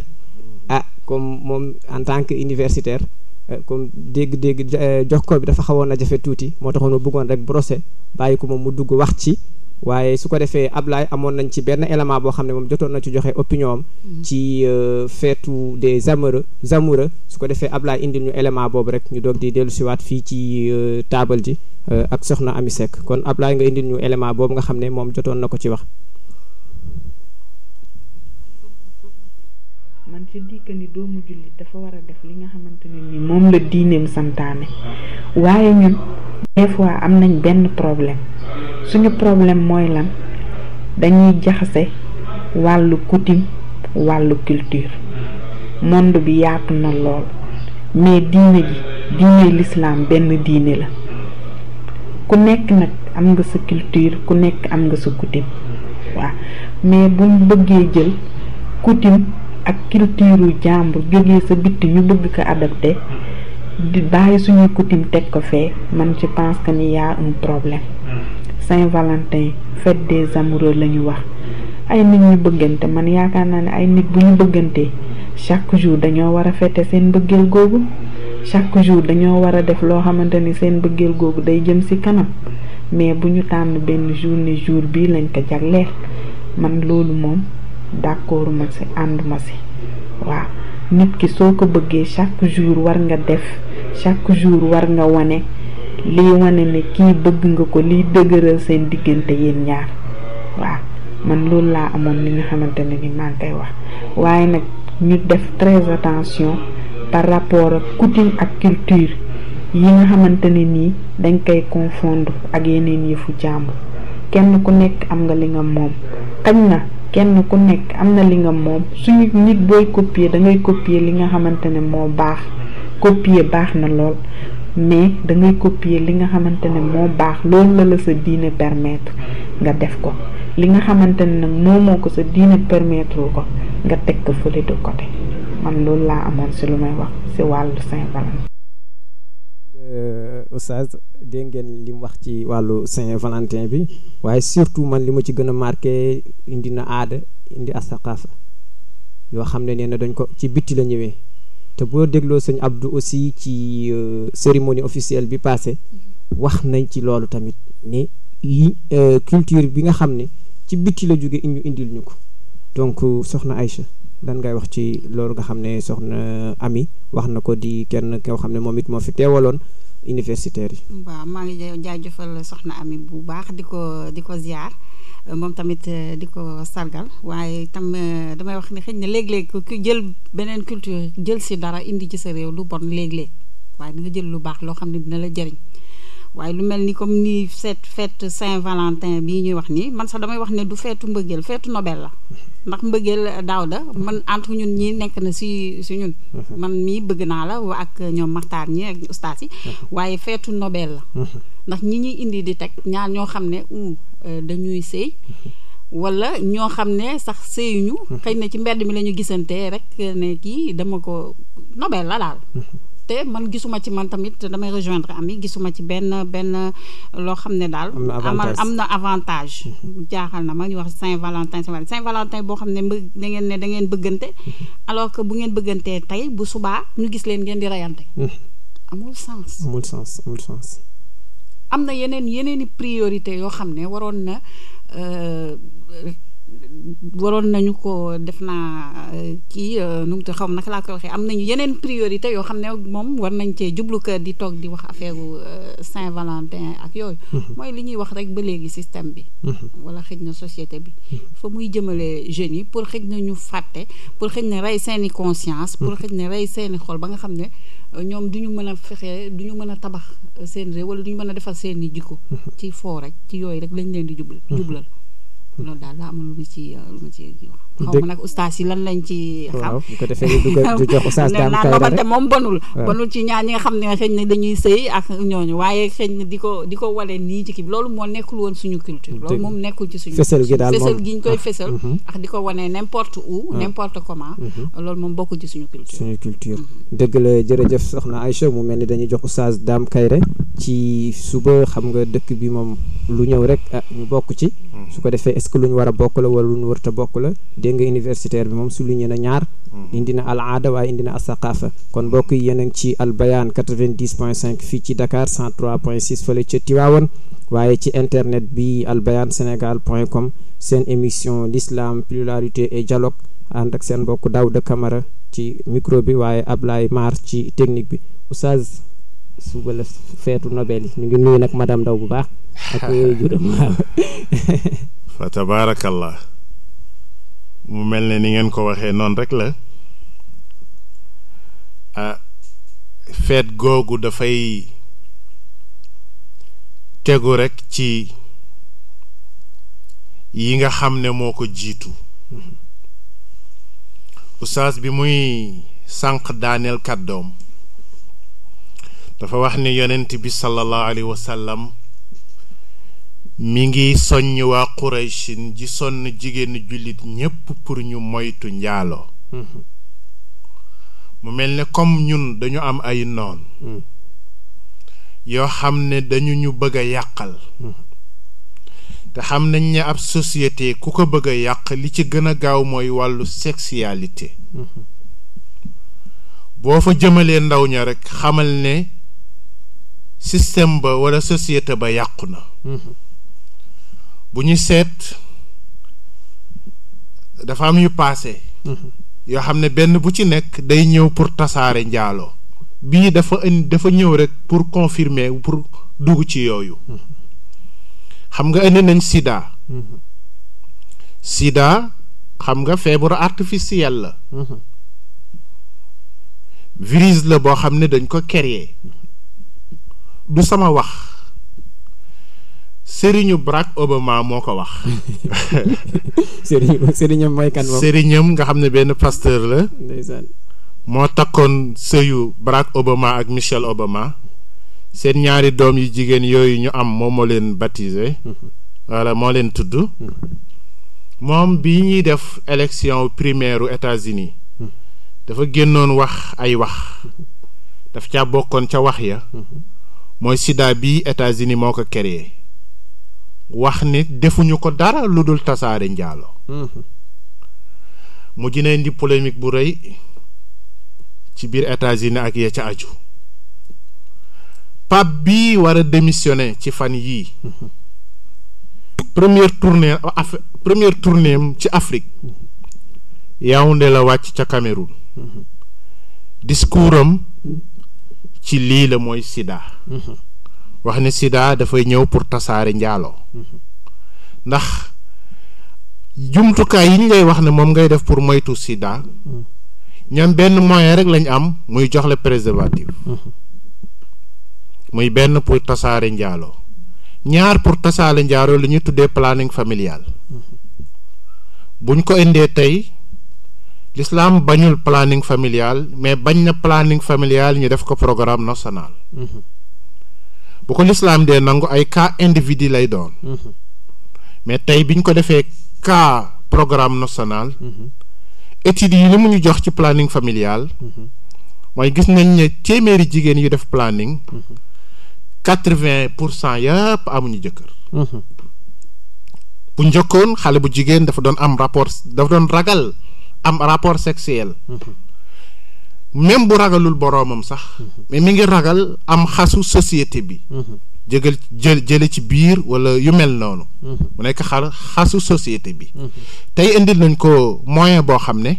ah comme moom en tant que universitaire Eh, kon dégg-dégg jox eh, jokkoo bi dafa xawoon na jafe tuuti moo taxoon ma bëggoon rek brosser bàyyi ko moom mu dugg wax ci waaye su ko defee ab Ablaye amoon nañ ci benn élément boo xam ne moom jotoon na ci joxe opinion am mm-hmm. ci euh, feetu des amoureux amoureux su ko defee Ablaye indil ñu élément boobu rek ñu doog di dellu siwaat fii ci euh, taabal ji euh, ak soxna ami Seck kon Ablaye nga indi ñu élément boobu nga xam ne moom jotoon na ko ci wax man ci di ni doomu jullit dafa war a def li nga xamante ne ni moom la diineem santaane waaye ñun des fois am nañ benn problème suñu problème mooy lan dañuy jaxase wàllu coutume wàllu culture monde bi yaatu na lool mais diine ji diine lislaam benn diine la ku nekk nag am nga sa culture ku nekk am nga sa coutume waaw mais buñ bëggee jël coutume ak culture jàmbur jógee sa bitti ñu bëgg ko adopté di bàyyi suñuy coutume teg ko fee man ci panse que ni yaa a un problème Saint-Valentin fête des amoureux la ñu wax ay nit ñu bëggante man yaakaar naa ne ay nit bu ñu bëggantee chaque jour dañoo war a fête seen bëggeel googu chaque jour dañoo war a def loo xamante ni seen bëggeel googu day jëm ci kanam mais bu ñu tànn benn journée jour bii lañ ko jagleel man loolu moom d'accord ma si ànd ma si waaw nit ki soo ko bëggee chaque jour war nga def chaque jour war nga wane lii wane ne kii bëgg nga ko liy dëgëral seen diggante yéen ñaar waa man loolu laa amoon li nga xamante ne ni maa ngi koy wax waaye nag ñu def très attention par rapport ak coutume ak culture yi nga xamante ne nii dañ koy confondre ak yeneen yëfu jàmbur kenn ku nekk am nga li nga moom xañ na kenn ku nekk am na li nga moom suñu nit booy copier da ngay li nga xamante ne moo baax copier baax na lool mais da ngay copier li nga xamante ne moo baax loolu la la sa diine permettre nga def ko li nga xamante ne nag moomoo ko sa diine permettre ko nga teg ko fële de côté man loolu laa amoon si lu may wax si wàllu saint Euh, Oustaz dégg ngeen li wax ci wàllu Saint-Valentin bi waaye surtout man li ma ci gën a marqué indi na aada indi asaqaafa yoo xam ne nee na dañ ko ci bitti la ñëwee te boo dégloo sëñ Abdou aussi ci euh, cérémonie officielle bi passé wax nañ ci loolu tamit ni yi euh, culture bi nga xam ne ci bitti la jóge indi indil ñu ko donc soxna Aïcha lan ngay wax ci loolu nga xam ne soxna Ami wax na ko di kenn koo xam ne moom it moo fi teewaloon universitaire yi. waaw maa ngi jaajëfal soxna Ami bu baax di ko di ko ziar. moom tamit euh, di ko sargal waaye tam euh, damay wax ni xëy na léeg-léeg ki jël beneen culture jël si dara indi ci sa réew du bon léeg-léeg waaye da jël lu baax loo xam ne dina la jariñ waaye lu mel ni comme ni cette fête Saint-Valentin bii ñuy wax nii man sax damay wax ne du feetu mbëggeel feetu Nobel la ndax mbëggeel euh, Daouda man entre ñun ñii nekk na si si ñun mhm. man mii bëgg naa la ak ñoom maxtaar ñi ak ustaas mhm. waaye feetu Nobel la mhm. ndax ñi ñuy indi di teg ñaar ñoo xam ne euh, dañuy sëy wala ñoo xam ne sax sëyuñu xëy na ci mbedd mi lañu gisante rek ne kii dama ko Nobel la daal te man gisuma ci man tamit damay rejoindre ami gisuma ci benn benn loo xam ne daal amal am na avantage mm-hmm. jaaxal na ma ñu wax Saint-Valentin Saint-Valentin boo xam ne mbë da ngeen ne da ngeen bëggante mm-hmm. alors que bu ngeen bëggantee tey bu subaa ñu gis leen ngeen di reyante mm-hmm. amul sens amul sens am na yeneen yeneen i priorité yoo xam ne waroon na euh, waroon nañu ko def naa kii euh, nu mu te xaw naka laa koy waxee am nañu yeneen priorité yoo xam ne moom war nañ cee jublu kër di toog di wax affaire euh, Saint-Valentin ak yooyu. Mm-hmm. mooy li ñuy wax rek ba léegi système bi. Mm-hmm. wala xëj na société bi. Mm-hmm. fa muy jëmale jeunes yi pour xëj na ñu fàtte pour xëj na rey seeni conscience. pour xëj na rey seeni xool ba nga xam ne euh, ñoom du ñu mën a fexe du ñu mën a tabax seen réew wala duñu mën a defal seeni jikko. ci foo rek ci yooyu rek lañ leen di jublu jublal. loolu daal laa amul ci lu ma ci wax. lan lañ ci xam. ko defee du jox ustaas daam kay lobante moom bonul. bonul ci ñaar ñi xam ne xëy na dañuy sëy ak ñooñu waaye xëy na di ko di ko walee nii ci kii loolu moo nekkul woon suñu culture. loolu moom nekkul ci suñu. fësal gi daal fësal ñu koy fësal. di ko wane n'importe où. n'importe comment. moom bokkul ci suñu culture. suñu culture dëgg la jërëjëf soxna ay Aïcha mu mel ni dañuy jox ustaas daam kayre ci suba xam nga dëkk bi moom lu ñëw rek ah eh, bokk ci hmm. su ko defee est-ce que lu ñu war a bokk la wala lu ñu warta bokk la dégg nga bi moom souligné na ñaar mm. indi na al aada waaye indi na asaqaafa kon mbokk yi yéen a ngi ci albayaan 90 point 5 fii ci Dakar 103 point 6 Tiwaawan waaye ci internet bi albayaan sénégal point com seen émission l'islam pluralité et dialogue ànd ak seen mbokk Daouda Camara ci micro bi waaye lay Mar ci technique bi oustaz suba la feetu Nobel yi ñu ngi nuyu nag madame Ndaw bu baax <laughs> <laughs> fa tabaarakallah mu mel ne ni ngeen ko waxee noonu rek la ah, feet googu dafay tegu rekk ci yi nga xam ne moo ko jiitu ustaas bi muy sànq daaneel kàddoom dafa wax ni yonent bi sallallahu alayhi wa sallam mi ngi soññ waa Quraysin ji sonn jigéenu jullit ñépp pour ñu moytu njaaloo mhm. mu mel ni comme ñun dañu am ay noon mhm. yoo xam ne dañu ñu bëgg a yàqal mhm. te xam nañ ni ab société ku ko bëgg a yàq li ci gën a gaaw mooy wàllu sexualité boo fa jëmalee ndaw ña rekk xamal ne système ba walla société ba yàqu na bu ñu seet dafa am yu paase. Mm-hmm. yoo xam ne benn bu ci nekk day ñëw pour tasaare njaaloo bii dafa indi dafa ñëw rek pour confirmer pour dugg ci yooyu mm-hmm. xam nga indi nañ sida mm-hmm. sida xam nga feebaru artificiel la virus la boo xam ne dañ ko créer du sama wax sëriñu Barack moo ko wax. sëriñu <laughs> sëriñam mooy nga xam ne benn pasteur la. moo takkoon sëyu Barack Obama ak Michelle Obama seen ñaari doom yi jigéen yooyu ñu am moom moo leen baptisé. wala moo leen tudd. moom bi ñuy def élection primaire u états dafa génnoon wax ay wax daf ca bokkoon ca wax ya mooy sida bi états moo ko créé. wax ni defuñu ko dara lu dul tasaare njaalo mhm. mu jina indi polémique bu rëy ci biir États-Unis ak ya ca aju pape bii war a ci fan yii mhm. première tournée af première tournée ci Afrique mhm. Yaoundé la wàcc ca Cameroun discours ci lii la mooy Sida. wax ne sida dafay ñëw pour tasaare njaaloo ndax jumtukaay yi ñu lay wax ne moom ngay def pour moytu sida ñam benn moyen rek lañu am muy jox la préservatif muy benn pour tasaare njaaloo ñaar pour tasaare njaaloo lu ñu tuddee planning familial buñ ko indee tey l'islam bañul planning familial mais bañ na planning familial ñu def ko programme national bu ko lislaam dee nangu ay cas individu lay doon mhm. mais tey biñ ko defee cas programme national études yi li mu ñu jox ci planning familial mhm. mooy gis nañ ne téeméeri jigéen yu def planning mhm. quatre-vingt pour cent yëpp amuñu jëkkër bu njëkkoon xale bu jigéen dafa doon am rapport dafa doon ragal am rapport sexuel même bu ragalul boroomam sax mhm. mais mi ngi ragal am xasu société bi mhm. jëgal jël jële ci biir wala yu mel noonu mhm. mu nekk xar xasu société bi tey indil nañ ko moyen boo xam ne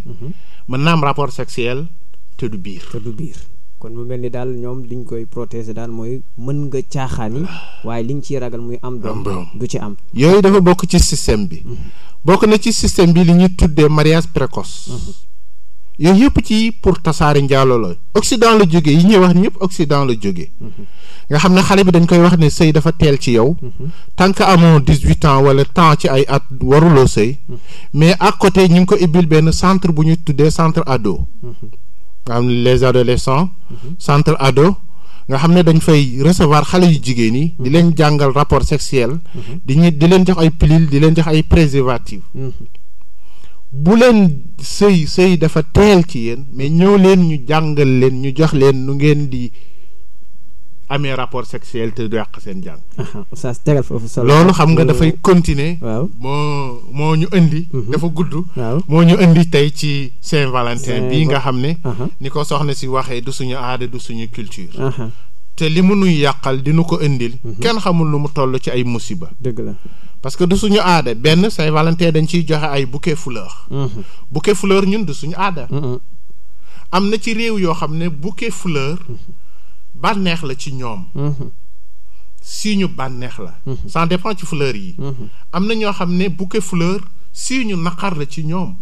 mën naa am rapport sexuel te du biir te du biir kon mu mel ni daal ñoom liñ koy protéger daal mooy mën nga caaxaani ah. waaye liñ ciy ragal muy am doom du ci am yooyu dafa bokk ci système bi bokk na ci système bi li ñuy tuddee mariage précoce yooyu yëpp ci pour tasaare njaalo la Occident la jóge yi ñuy wax ñëpp Occident la jóge mm-hmm. nga xam ne xale bi dañ koy wax ne sëy dafa teel ci yow mm-hmm. tant que amoo dix huit ans wala temps ci ay at waruloo sëy mm-hmm. mais à côté ñu ngi ko ibbil benn centre bu ñu tuddee centre ado nga xam ne les adolescents centre ado nga xam ne dañ fay recevoir xale yu jigéen yi di leen jàngal rapport sexuel di ñu di leen jox ay pilule di leen jox ay préservatif bu leen sëy sëy dafa teel ci yéen mais ñëw leen ñu jàngal leen ñu jox leen nu ngeen di amee rapport sexuel te du yàq seen jàng. saa tegal foofu loolu xam nga dafay euh, continuer. moo moo ñu indi. Mhm. dafa gudd. waaw moo ñu indi tey ci Saint-Valentin bii nga xam ne. ni ko soxna si waxee du suñu aada du suñu culture. te li mu nuy yàqal dinu ko indil. Mhm. kenn xamul lu mu toll ci ay musiba. dëgg la. parce que du suñu aada benn say valentin dañ ciy joxe ay bouquet fleur. Mhm. bouquet fleur ñun du suñu aada. Mhm. am na ci réew yoo xam ne bouquet fuleur mhm. bànneex la ci ñoom. si ñu bànneex la. ça dépend ci fleur yi. am na ñoo xam ne bouquet fleur si ñu naqar la ci ñoom.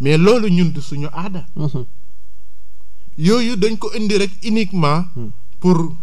mais loolu ñun du suñu aada. yooyu dañ ko indi rek uniquement. pour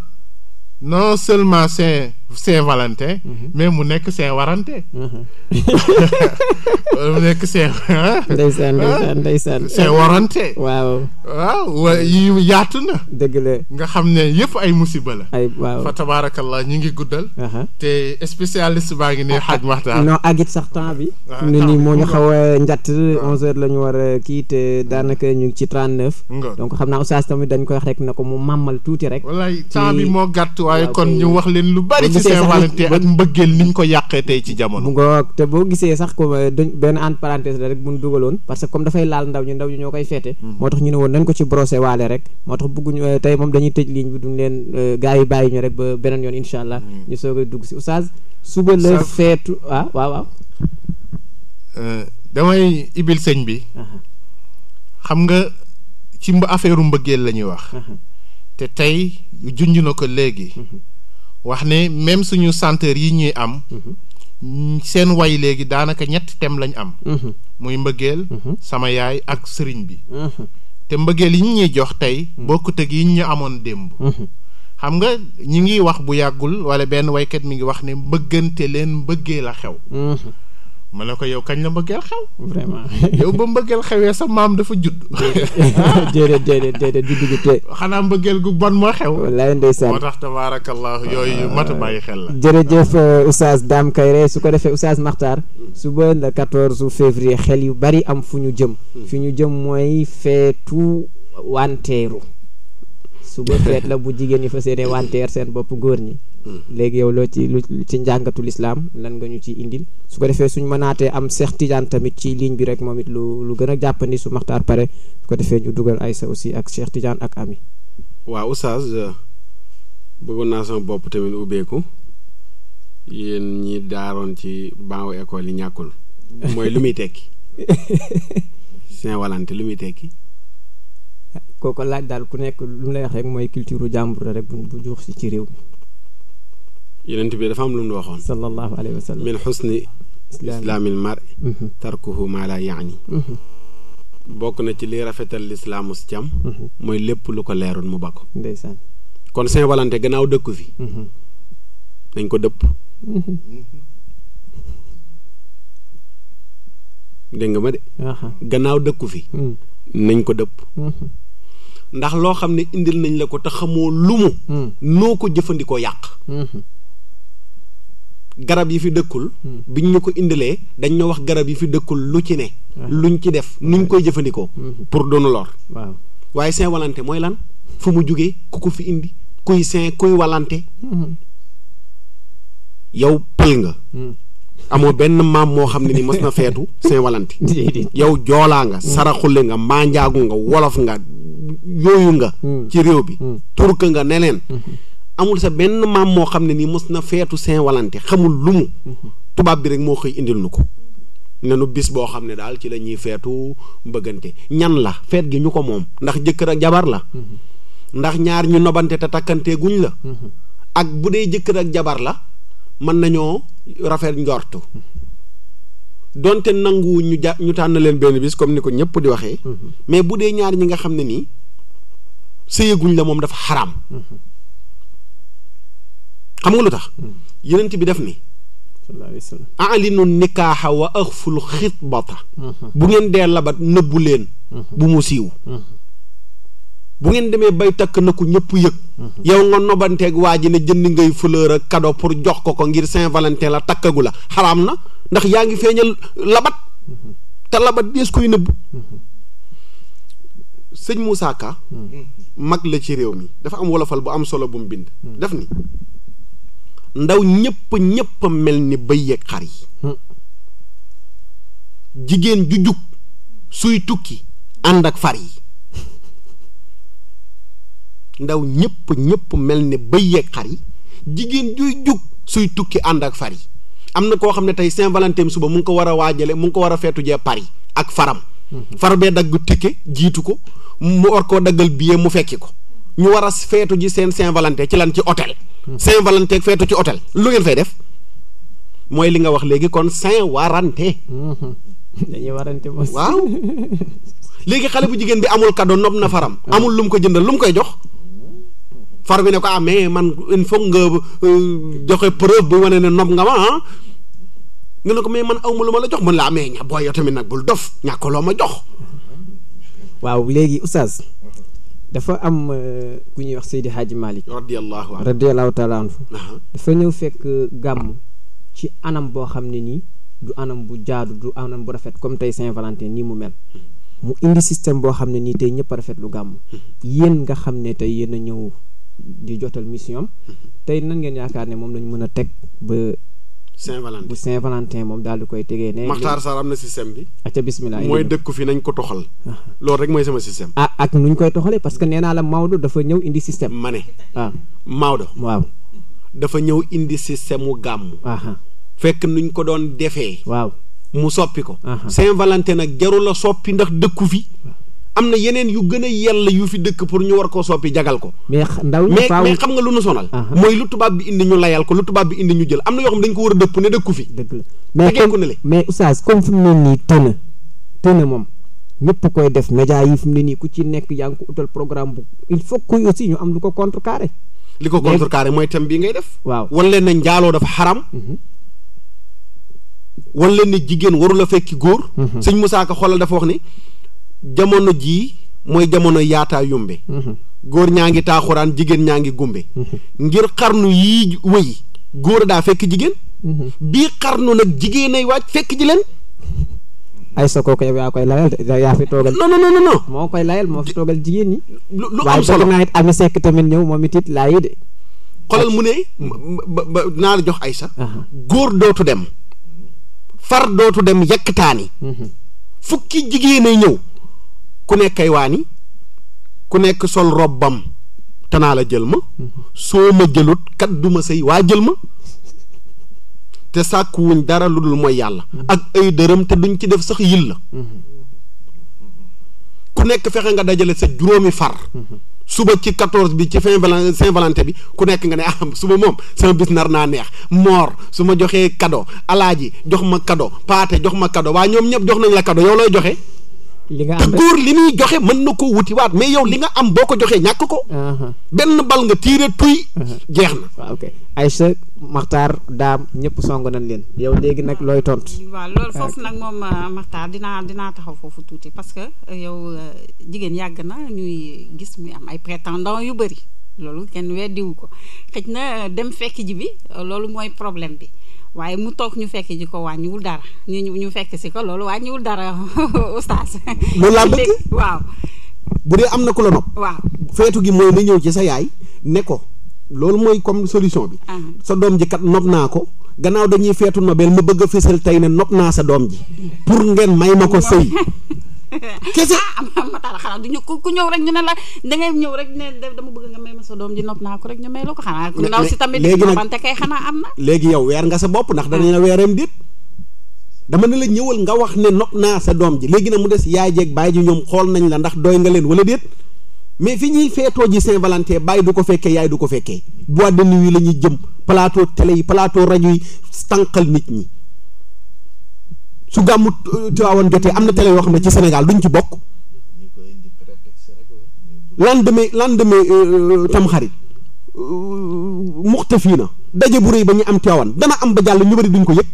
non seulement c'est Saint-Valentin. Mhm. mais mu nekk Saint-Warante. Mhm. <laughs> mu nekk Saint. Ah. ndeysaan ah. ndeysaan ndeysaan. Saint-Warante. waaw. waaw yi yaatu na. dëgg la nga xam ne yëpp ay musiba la. ay waaw fa tabaarakallah ñu ngi guddal. Uh-huh. te spécialiste baa ngi ne xaaj waxtaan. non agit sax temps bi. waaw ah, ni moo ñu xaw a njatt onze la ñu war a kii te daanaka ñu ngi ci trente neuf. donc xam naa oustaz tamit dañ koy wax rek na ko mu màmmal tuuti rek. wallaay temps bi moo gàtt waaye kon ñu wax leen lu bari. bu Saint-Valentin ak mbëggeel niñ ko yàqee tey ci jamono ngoog te boo gisee sax ko euh, dañ benn entre parenthèse la rek buñ dugaloon parce que comme dafay laal ndaw ñu ndaw ñu ñoo koy feete hmm. moo tax ñu ne woon ko ci waale rek moo tax bëgguñu euh, tey moom dañuy tëj ligne bi duñ leen euh, gars yi bàyyi ñu rek ba beneen yoon incha allah hmm. ñu soog a dugg si oustaz suba la feetu ah waaw waaw damay ibil sëñ bi xam nga ci mba affaire mbëggeel lañuy wax te tey junj na ko léegi uhuh. wax ne même suñu chanteur yi ñuy am. Mhm. seen way léegi daanaka ñett thème lañu am. Mhm. muy mbëggeel. Mhm. sama yaay ak sëriñ bi. te mbëggeel yi ñu ñuy jox tey. bokkut ak yi ñu amoon démb. xam nga ñi ngi wax bu yàggul wala benn waykat mi ngi wax ne mbëggante leen mbëggee la xew. ma ne ko yow kañ la mbëggeel xew. vraiment <laughs> ba mbëggeel xewee sa maam dafa judd. Ah, déedéet déedéet déedéet di dugg <laughs> xanaa mbëggeel gu bon moo xew. wallaay ndeysaan moo tax tabaarakallah yooyu ah. mat a bàyyi xel la. jërëjëf euh, Oustaz Dame Kairé su ko defee Oustaz Makhtar. suba le 14 février xel yu bari am fu ñu jëm. Hmm. fu ñu jëm mooy feetu wanteeru. suba feet la bu jigéen ñi fa seenee wanteer seen bopp góor ñi. léegi yow loo ci lu ci njàngatu lislaam lan nga ñu ci indil su ko defee suñ mënaatee am Seex Tijaan tamit ci ligne bi rek moom it lu lu gën a jàppandi su maxtaar pare su ko defee ñu dugal Aïssa aussi ak Seex Tijaan ak Ami waaw oustaz euh, bëggoon naa sama bopp tamit ubbeeku yéen ñi daaroon ci baawu école yi ñàkkul mooy lu muy tekki <laughs> Saint Valentin lu muy tekki kooko laaj daal ku nekk lu mu lay wax rek mooy culture jàmbur la rek bu juux si ci réew mi yenent bi dafa am lu mu waxoon sallallahu alayhi wa sallam min xusni islaamil mar mm-hmm. tarkuhu maa laa mm-hmm. bokk na ci li rafetal lislaamus jam mm-hmm. mooy lépp lu ko leerul mu bakko ko kon Saint Valentin gannaaw dëkku fi ko dëpp dégg gannaaw dëkku fi mm. nañ ko dëpp ndax loo xam ne indil nañ la ko te xamoo lumu mm. noo ko jëfandikoo yàq garab yi fi dëkkul. Hmm. bi ñu ko indilee dañ ñoo wax garab yi fi dëkkul lu ci ne. Ah. luñ ci def nuñ koy jëfandikoo. Hmm. pour doonu lor. waaw waaye Saint Valentin mooy lan fu mu jugee ku ko fi indi kuy Saint kuy walante. Hmm. yow pël nga. amoo benn maam moo xam ne ni mos na feetu <laughs> Saint Valentin. yow joolaa nga. saraxule nga maanjaagu nga wolof nga yooyu nga. ci réew bi turka nga neneen. amul sa benn maam moo xam ne nii mos na feetu Saint-Valentin xamul lu mu mm-hmm. tubaab bi rek moo xëy indil nu ko nenu bis boo xam ne daal ci lañuy feetu bëggante ñan la feet gi ñu ko moom ndax jëkkër ak jabar la mm-hmm. ndax ñaar ñu nobante te takkanteeguñu guñ la mm-hmm. ak bu dee jëkkër ak jabar la mën nañoo rafet njortu donte nangu ñu ja ñu tànn leen benn bis comme ni ko ñëpp di waxee mais bu dee ñaar ñi nga xam ne nii sëyeguñ la moom dafa xaram xam nga lu tax yonent bi def ni aalinu nikaaxa wa axful xitbata mhm. bu ngeen dee labat nëbbu leen mhm. bu mu siiw mhm. bu ngeen demee bay takk na ko ñëpp yëg yow nga nobanteeg waa ji ne jënd ngay fleur ak cadeau pour jox ko ko ngir Saint Valentin la takkagu la xaraam na ndax yaa ngi feeñal labat te labat dees koy nëbbu sëñ Moussa Ka mag la ci réew mi dafa am wolofal bu am solo bu mu bind def ni ndaw ñëpp ñëpp mel ni bëy yeeg xar yi hmm. jigéen ju jug suy tukki ànd ak far yi ndaw ñëpp ñëpp mel ni bëy yeeg xar jigéen juy jug suy tukki ànd ak far am na koo xam ne tey Saint-Valentin suba mu ngi ko war a waajale mu ngi ko war a feetu jee par Paris ak faram hmm. far bee dagg ticket jiitu ko mu or koo daggal billet mu fekki ko ñu war a feetu ji seen Saint-Valentin ci lan ci hôtel Saint-Valentin feetu ci hôtel lu ngeen fay def mooy li nga wax léegi kon Saint-Warante. dañuy warante moom waaw. léegi xale bu jigéen bi amul cadeau nopp na faram. Ah. amul lu mu ko jëndal lu ma koy jox. far bi ne ko ah mais man il faut nga euh, joxe preuve bu wane ne nopp nga ma ah. nga ne ko mais man awma lu ma la jox mën laa amee ah, ña booy yow tamit nag bul dof ñàkk loo ma jox. waaw léegi oustaz dafa am euh, ku ñuy wax Seydi Hadji Malick radiyallahu radiyallahu taala anhu dafa ñëw fekk gàmm ci anam boo xam ne nii du anam bu jaadu du anam bu rafet comme tey Saint-Valentin nii mu mel mu indi système boo xam ne nii tey ñëpp rafet lu gàmm yéen nga xam ne tey yéen a ñëw di jotal mission tey nan ngeen yaakaar ne moom lañu mën a teg ba Saint-Valentin bu Saint-Valentin moom daal di koy tegee ne. Maxtaar Sarr am na système bi. acca bismillah mooy dëkku fi nañ ko toxal. loolu rek mooy sama système. ah ak nuñ koy toxalee parce que nee naa la Maodo dafa ñëw indi système. ma ne. Ah. waaw Maodo. ñëw indi système mu gàmm. fekk nuñ ko doon defee. waaw mu soppi ko. Saint-Valentin nag jarul la soppi ndax dëkku fi. am na yeneen yu gën a yell yu fi dëkk pour ñu war ko soppi jagal ko. mais ndaw mais mais xam nga lu nu sonal. Ah, ah. mooy lu tubaab bi indi ñu layal ko lu tubaab bi indi ñu jël am na yoo xam dañ ko war a dëpp ne dëkku fi. dëgg la mais comme mais oustaz comme fu mu ne nii tënne tënne moom. ñëpp koy def média yi fi mu ne nii ku ci nekk yaa ngi ko utal programme bu il faut que aussi ñu am lu ko contrecarré. li ko contrecarré mooy thème bii ngay def. waaw wan leen ne njaaloo dafa xaram. Mhm. leen ne jigéen warul a fekki góor. Mhm. sëñ Moussa Ka xoolal dafa wax ni. jamono jii mooy jamono yaataa yumbe mm-hmm. góor ñaa ngi taaxuraan jigéen ñaa ngi gumbe mm-hmm. ngir xarnu yii wëy góor daa fekk jigéen mm-hmm. bii xarnu nag jigéen ay waaj fekk ji leen ay sa kooku yow moo koy layal moo fi toogal jigéen ñi. lu am solo waaye it tamit ñëw moom it it laayee de. xoolal mu ne naa jox ay sa. góor dootu dem. far dootu dem yekkitaani. fukki jigéen ñëw. ku nekkay waani ku nekk sol robbam tanaa la jël ma soo ma jëlut kat du ma sëy waa jël ma te wuñ dara lu dul mooy yàlla ak ay dërëm te duñ ci def sax yil la ku nekk fexe nga dajale sa juróomi far suba ci quatorze bi ci Saint-Valentin Saint-Valentin bi ku nekk nga ne ah suba moom sama bis nar naa neex moor su ma joxee kado alaaji jox ma kado paate jox ma kado waa ñoom ñëpp jox nañ la kado yow looy joxe li nga am góor li muy joxe mën na ko wutiwaat mais yow li nga am boo ko joxee ñàkk ko. benn bal nga tiire tuy. jeex na waaw ok Aïcha daam ñëpp song nañ leen. yow léegi nag looy tontu. waaw loolu foofu ah. nag moom euh, Maxtaar dinaa dinaa taxaw foofu tuuti parce que euh, yow euh, jigéen yàgg na ñuy gis muy am ay prétendants yu bëri loolu kenn weddiwu ko xëj na dem fekk ji bi loolu mooy problème bi. waaye mu toog ñu fekk ji ko wàññiwul dara ñu ñu fekk si ko loolu wàññiwul dara <laughs> oustaz. loolu laa bëgg <laughs> waaw. bu dee am na ku la nopp. waaw feetu gi mooy na ñëw ci sa yaay ne ko loolu mooy comme solution bi. Ah. sa doom ji kat nopp naa ko. gannaaw dañuy feetu nobel ma bëgg a fësal tey ne nopp naa sa doom ji. pour ngeen may ma ko sëy <laughs> kese <laughs> ah, matal xanaa du ñu ku ñëw rek ñu ne la da ngay ñëw rek ne dama bëgg nga may ma sa doom ji nopp naa ko rek ñu may la ko xanaa ku ndaw si tamit léegi nag kay xanaa am na léegi yow weer nga sa bopp ndax danañ la weeram déet dama ne la ñëwal nga wax ne nopp naa sa doom ji léegi nag mu des yaay jeeg baay ji ñoom xool nañ la ndax doy nga leen wala déet mais fi ñuy feetoo ji Saint-Valentin bàyyi du ko fekkee yaay du ko fekkee boîte de nuit la ñuy jëm plateau télé yi plateau rajo yi nit ñi su gàmmu euh, Tiwaawan jotee am na télé yoo xam ne ci Sénégal duñ ci bokk lendemain lendemain euh, euh, tamxarit muxte fii na daje bu rëy ba ñu am Tiwaawan dana am ba jàll ñu bari duñ ko yëg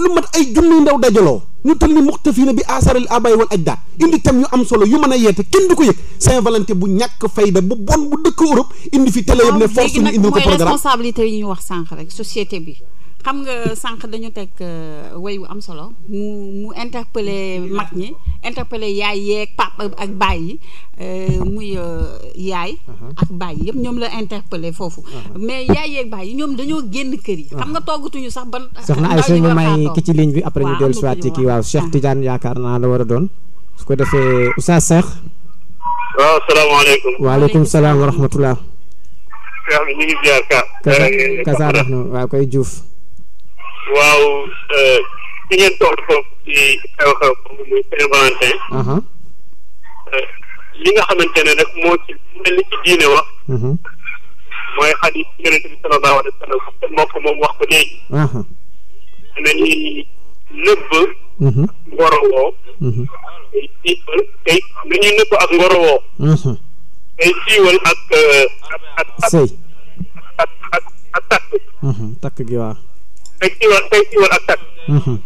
lu mat ay junniy ndaw dajaloo ñu tël ni muxtafiina bi asaral abay wal ajdaat indi tam ñu am solo yu mën a yeete kenn du ko yëg Saint-Valentin bu ñàkk fayda bu bon bu dëkk Europe indi fi télé yëpp ne force ñu indi ko programme léegi nag mooy responsabilité yi ñu wax sànq rek société bi xam nga sànq dañu teg euh, way wu am solo mu mu interpellé mag ñi interpellé yaay yeeg pap ak baay yi euh, muy euh, yaay uh-huh. ak baay yëpp ñoom la interpellé foofu uh-huh. mais yaay yeeg baay yi ñoom dañoo génn kër yi xam nga uh-huh. toggatuñu sax ban soxna ay ñu may ki ci ligne bi après ñu dellu soit ci kii waaw Cheikh Tidiane yaakaar naa la war a doon su ko defee Oustaz Cheikh waaw salaamaaleykum waaleykum salaam waaw koy Diouf waaw euh, fi ngeen toll foofu ci xew-xew boobu muy Saint-Valentin. Uh-huh. Euh, li nga xamante ne nag moo ci mel ci diine wax. Uh-huh. mooy xadis yonente bi sallallahu alayhi wa sallam te mbokk moom wax ko léegi. Uh-huh. nañuy nëbb. ngorowoo. tey siiwal tey nañuy nëbb ak ngorowoo. tey siiwal euh, ak ak ak. sëy ak ak ak takk. takk gi waaw. day siiwal mhm.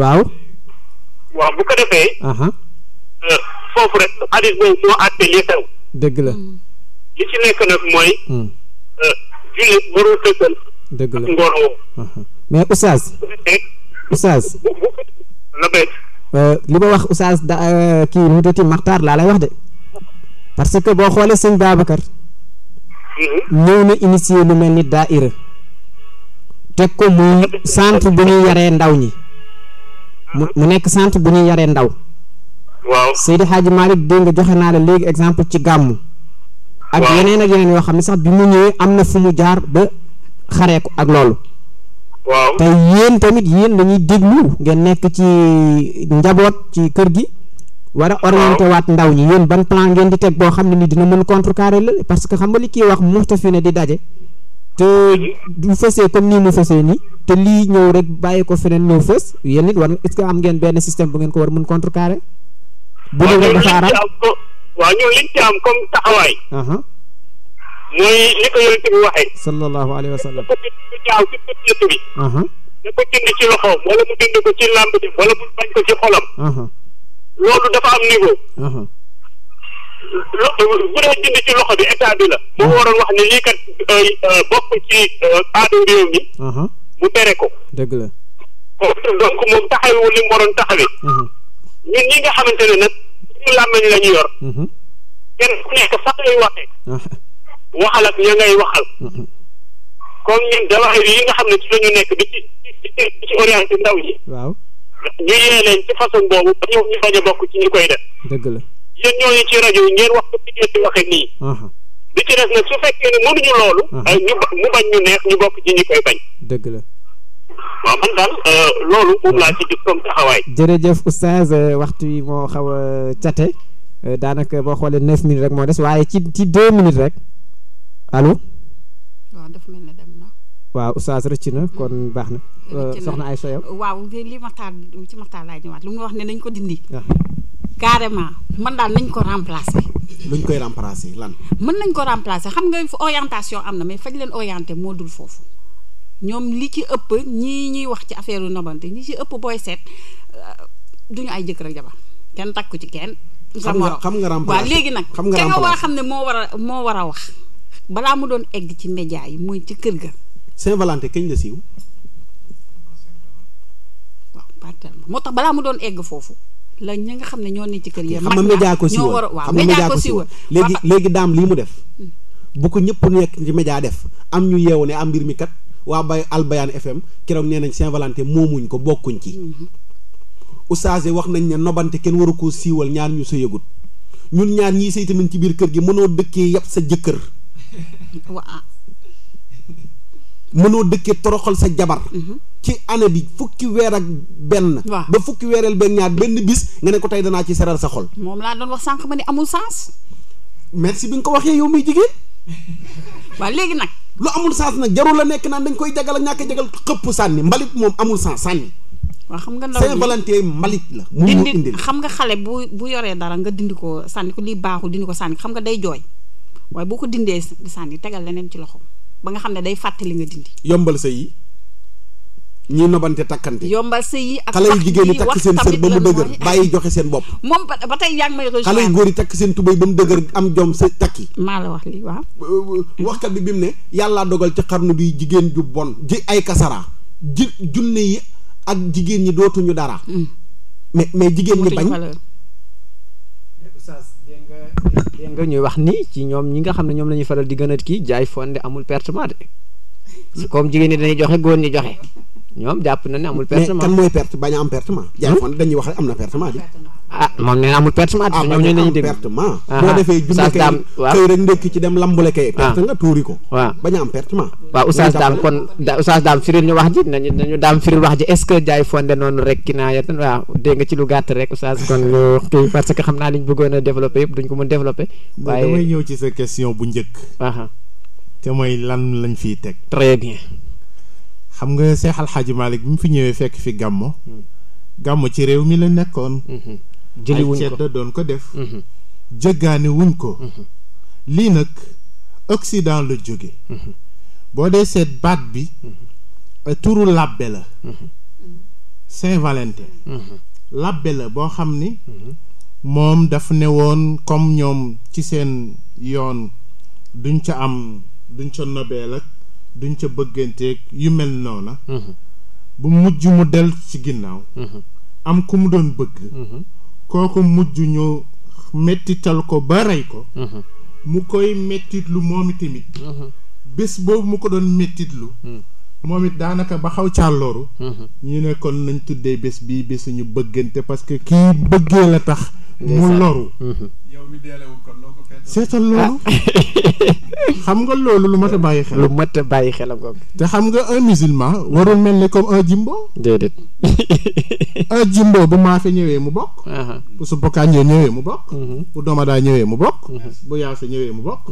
waaw. bu ko defee. Euh, foofu rek xadis boobu moo àtte li xew. dëgg la. Mm. li ci nekk nag mooy. Mm. Euh, jullit warul tëggal. dëgg la mais Oustaz. Oustaz. Euh, li ma wax Oustaz da kii nu mu tuddati Maxtaar laa lay wax de. parce que boo xoolee sëñ Babacar. ñëw na initier lu mel ni daaira teg ko muy centre bu ñuy yaree ndaw ñi mu nekk centre bu ñuy yaree ndaw waaw Seydi Hadji Malick dégg nga joxe naa la léegi exemple ci gàmmu ak yeneen ak yeneen yoo xam ne sax bi mu ñëwee am na fu mu jaar ba xaree ko ak loolu waaw te yéen tamit yéen dañuy déglu ngeen nekk ci njaboot ci kër gi war a orienté waat ndaw ñi yéen ban plan ngeen di teg boo xam ne ni dina mën contrecarrer la parce que xam nga li kii wax muxta fi ne di daje te du fësee comme nii mu fësee nii te lii ñëw rek bàyyi ko feneen ñëw fës yéen nit war est-ce am ngeen benn système bu ngeen ko war mën contrecarrer bu dee rek dafa araam waaw ñun liñ ci am comme taxawaay mooy li ko yonent bi waxee sallallahu alayhi wa sallam ko jënd ci loxoom wala mu jënd ko ci làmb bi loolu dafa am niveau. Mhm. lo bu dee ci loxo bi état bi la. moo mhm. waroon wax ne lii kat euh, euh, bokk ci euh, aada réew mi. Mhm. mu tere ko. dëgg la. donc moom taxawul li mu waroon taxawee. ñun ñi nga xamante ne nag suñu làmmiñ la ñu yor. kenn ku nekk fa lay waxee. waxal ak ña ngay waxal. comme ñun dawaay yi nga xam ne ci la ñu nekk di ci di ndaw yi waaw. ñu yee leen ci façon boobu ñu ñu bokk ci ñu koy def. dëgg la yéen ñooñu ci rajo yi ngeen wax ko ci ngeen di waxee nii. bi ci des nag su fekkee ne mënuñu loolu. ñu bañ ñu neex ñu bokk ci ñi koy bañ. dëgg la. waaw man daal euh, loolu moom laa ci gis comme taxawaay. jërëjëf oustaz euh, waxtu yi moo xaw a cate euh, daanaka boo xoolee neuf minutes rek moo des waaye ci ci deux minutes rek allo. waaw oustaz rëcc na mm. kon baax na. Euh, soxna Aïcha yow. waaw li Maxtaar ci Maxtaar laay ñëwaat lu mu wax ne nañ ko dindi. Ah. carrément man daal nañ ko remplacer. luñ koy remplacer lan. mën nañ ko remplacer xam nga orientation am na mais fañ leen orienté moo dul foofu ñoom li ci ëpp ñii ñuy wax ci affaire yu nobante ñi ci ëpp booy seet euh, duñu ay jëkkër ak jabar kenn takku ci kenn. xam nga xam nga remplacer léegi nag. xam nga remplacer nga war xam ne moo war moo war a wax balaa mu doon egg ci média yi muy ci kër ga. Saint-Valentin kañ la siiw waaw pas moo tax balaa mu doon egg foofu la ñi nga xam ne ñoo ne ci kër yi. mag xam nga média ko siiwal xam nga léegi léegi daam lii mu def. Hmm. bu ko ñëpp nekk ci média def am ñu yeewu ne am mbir mi kat waa bay Albayaan FM keroog nee nañ Saint-Valentin moomuñ ko bokkuñ ci. Hmm. oustaz wax nañ ne nobante kenn waru ko siiwal ñaar ñu sa yëgut ñun ñaar ñii say tamit ci biir kër gi mënoo dëkkee yàpp sa jëkkër. <laughs> mënoo dëkkee toroxal sa jabar mhm. ci année bi fukki weer ak benn ba fukki weereel benn ñaar benn bis nga ne ko tey danaa ci seral sa xol moom laa doon wax sànq ma ne amul sens merci bi nga ko waxee yow muy jigéen <laughs> waaw léegi nag lu amul sens nag jarul la nekk naan dañ koy jagal ak ñàkk jagal xëpp sànni mbalit moom amul sens sànni waa xam nga ndaw saint mbalit la mu dindi xam nga xale bu bu yoree dara nga dindi ko sànni ko lii baaxul dindi ko sànni xam nga day jooy waaye boo ko dindee sànni tegal leneen ci loxo ba nga xam ne day fàttali nga dindi. yombal sa yi ñi nobante takkante. yombal sa yi ak xale yu jigéen yi takk seen sër ba mu dëgër bàyyi joxe seen bopp. moom ba tey yaa ngi may rejoindre xale yu góor yi takk seen tubéy ba mu dëgër am jom sa takki. maa la wax lii waaw. waxkat bi bi mu ne yàllaa dogal ci xarnu bi jigéen ju bon ji ay kasara ji junne yi ak jigéen ñi dootuñu dara. Mm. mais mais jigéen ñi bañ. nga ñuy wax ni ci ñoom ñi nga xam ne ñoom lañuy faral di gën a kii jaay fonde amul pertement de <laughs> comme jigéen ñi dañuy joxe góor ñi joxe ñoom jàpp na ne amul pertement mais kan mooy perte bañ a am pertement. jaay hmm? fond dañuy wax rek am na pertement di. ah moom nee na amul pertement. ah ñoom ñoo leen di dégg pertement. Ah, boo ah. defee junne kay xëy rek ndékki ci dem lambule kay. Ah. perte nga tuuri ko. waaw bañ a am pertement. waaw oustaz daam kon oustaz daam firil ñu wax ji nañu nañu daam firil wax ji est-ce que jaay fonde noonu rek ki naa yatan waaw dégg nga ci lu gàtt rek oustaz kon waxtu bi parce que xam naa li ñu bëggoon a développé yëpp duñ ko mën développé. waaye damay ñëw ci sa question bu njëkk. te mooy lan lañ fiy teg. très bien xam nga seexal Alxaaji Maalik bi mu fi ñëwee fekk fi gàmmo hmm. gàmmo ci réew mi la nekkoon hmm. ay ceddo doon ko def hmm. jëggaani wuñ ko lii nag Occident la jóge boo dee seet baat bi euh, turu làbbe la Saint-Valentin làbbe la boo xam ni moom daf ne woon comme ñoom ci seen yoon duñ ca am duñ ca nobeel ak duñ ca bëgganteeg yu mel noona mhm. bu mujj mu del ci ginnaaw mhm. am ku mu doon bëgg mhm. kooku mujj ñu mettital ko ba rey ko mu koy mettitlu moom itamit bés boobu mu ko doon mettitlu moom it daanaka ba xaw càllooru ñu ne kon nañ tuddee bés bii bésuñu bëggante parce que kii bëggee la tax mu loru. Mhm. seetal loolu ah. <laughs> xam nga loolu lu mat bàyyi xel. lu mat bàyyi xel ak te xam nga un musulman warul mel ni comme un jimbo. déedéet. <laughs> bu maa fi ñëwee mu bokk. bu su bokkaa ñëwee mu bokk. Mhm. bu domadaa ñëwee mu bokk. Mhm. bu yaa fi ñëwee mu bokk.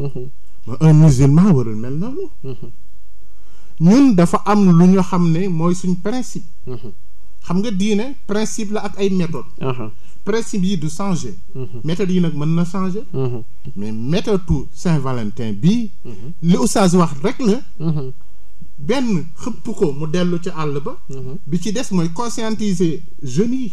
un musulman warul mel noonu. ñun dafa am lu ñu xam ne mooy suñ principe. xam nga diine principe la ak ay méthodes. principe yi du changer. Mhm. méthode yi nag mën na changer. Mhm. mais méthode Saint-Valentin bi mhm. li oustaz wax rek la. benn xëpp ko mu dellu ci àll ba. bi ci des mooy conscientiser jeunes yi.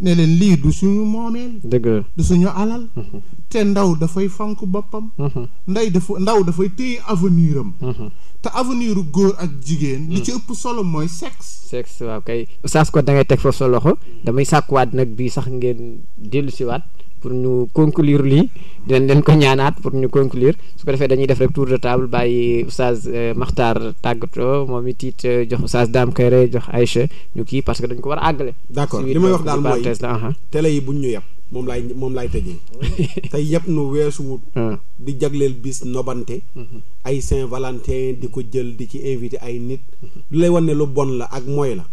ne leen lii du suñu moomeel. dëgg la du suñu alal. Mm-hmm. te ndaw dafay fonk boppam. Mm-hmm. nday dafa ndaw dafay téye avenir am. Mm-hmm. te avenir góor ak jigéen. li ci ëpp solo mooy sexe. sexe waaw kay. saas ko da teg foofu sa loxo damay sàkkuwaat nag bii sax ngeen dellu siwaat pour ñu conclure lii dinañ leen ko ñaanaat pour ñu conclure su ko defee dañuy def rek tour de table bàyyi oustaz euh, Makhtar tàggatoo moom it it euh, jox oustaz Dame Kéré jox Aïcha ñu kii parce que dañ ko war a àggale. d'accord li may wax daal mooy tele uh-huh. yi buñ ñu yeb moom laay moom laay tëjee <laughs> tey yëpp nu weesuwut uh. di jagleel bis nobante uh-huh. ay Saint Valentin di ko jël di ci invité ay nit uh-huh. lu lay wan lu bon la ak mooy la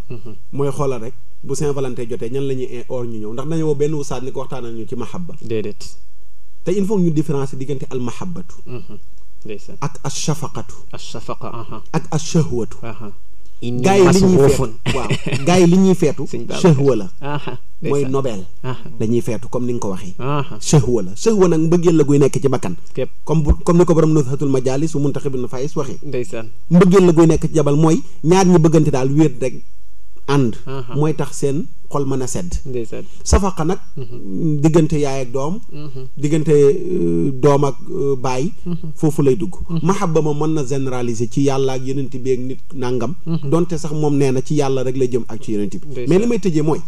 mooy xoolal rek bu Saint-Valentin jotee ñan la ñuy e-, or ñu ñëw ndax nañu woo benn wusaat ni ko waxtaanal ñu ci mahabba déedéet te il faut ñu différencier diggante al ak mm-hmm. ndeysaan ak al shafaqatu al shafaqa uh-huh. ak al shahwatu uh-huh. gaa yi li ñuy feetu waaw gaa yi li ñuy feetu <laughs> shahwa la uh-huh. mooy nobel la ñuy feetu comme ni nga ko waxee shahwa la shahwa nag mbëggeel la guy nekk ci bakkan comme comme ni ko borom nushatul majalis su muntaxib na fayis waxee ndeysaan mbëggeel la guy nekk ci jabal mooy ñaar ñi bëggante daal wéet rek ànd mooy tax seen xol mën a sedd safaqa nag mhm. diggante yaay ak doom mhm. diggante euh, doom ak euh, baay mhm. foofu lay dugg mahabba ma mën na généraliser ci yàlla ak yonent bi ak nit nàngam donte sax moom nee na ci yàlla rek la jëm ak ci yonent bi mais li may tëjee mooy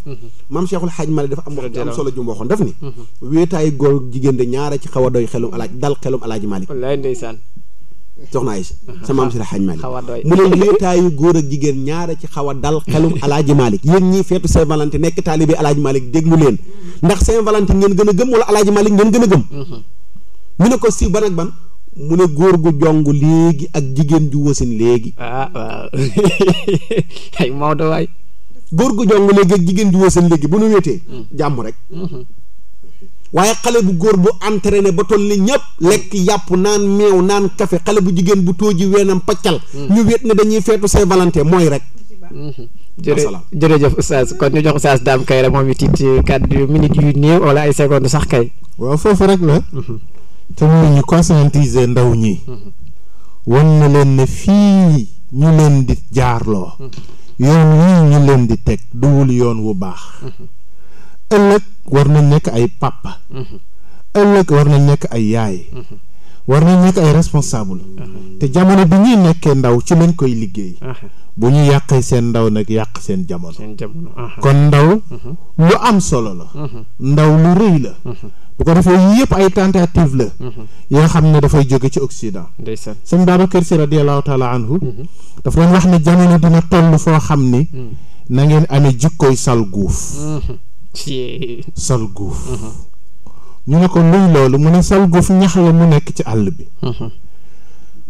maam Cheikhul Xaaj Malik dafa am wax am solo ju mu waxoon daf ni wéetaayu góor jigéen de ñaara ci xaw a doy xelum alaaj dal xelum alaaji Malik soxna Aysa sa maam si Xaaj Maalik mu ne léetaayu góor ak jigéen ñaara ci xaw a dal xelum <laughs> alaaji Maalik yéen ñii feetu Saint Valentin nekk taalibe alaaji Maalik déglu leen ndax Saint Valentin ngeen gën a gëm wala alaaji Maalik ngeen gën a gëm ñu ne ko si ban ak ban mu ne góor gu jong léegi ak jigéen ju wasin léegi ah waaw <laughs> ay Maodo waay góor gu jong léegi ak jigéen ju wasin léegi bu nu wéetee jàmm rek waaye xale bu góor bu entraîné ba toll ni ñëpp lekk yàpp naan meew naan kafe xale bu jigéen bu tooji weenam paccal mm. ñu wéet ne dañuy feetu say balante mooy rek mm-hmm. jërë jërëjëf oustaz kon ñu jox oustaz Dame Kairé moom it it euh, kàddu minutes yu néew wala ay secondes sax kay waaw foofu rek la mm-hmm. te mu ñu conscientiser ndaw ñi mm-hmm. wan na leen ne fii ñu leen di jaarloo yoon wii ñu leen di teg duwul yoon wu baax ëllëg war nañ nekk ay pàppa mhm. ëllëg war nañ nekk ay yaay. Mhm. war nañ nekk ay responsable. Mhm. te jamono bi ñuy nekkee ndaw ci lañ koy liggéey. bu ñu yàqee seen ndaw nag yàq seen jamono. kon ndaw. lu am solo la. ndaw lu rëy la. bu ko defee yëpp ay tentative la. yoo xam ne dafay jóge ci oxida ndeysaan sëñ Babacar Si radiyallahu taala anhu. dafa doon wax ne jamono dina toll foo xam ni. na ngeen amee jikkoy sal guuf. sal guuf mm-hmm. ñu ne ko luy loolu mu ne sal guuf ñax mu nekk ci àll bi mm-hmm.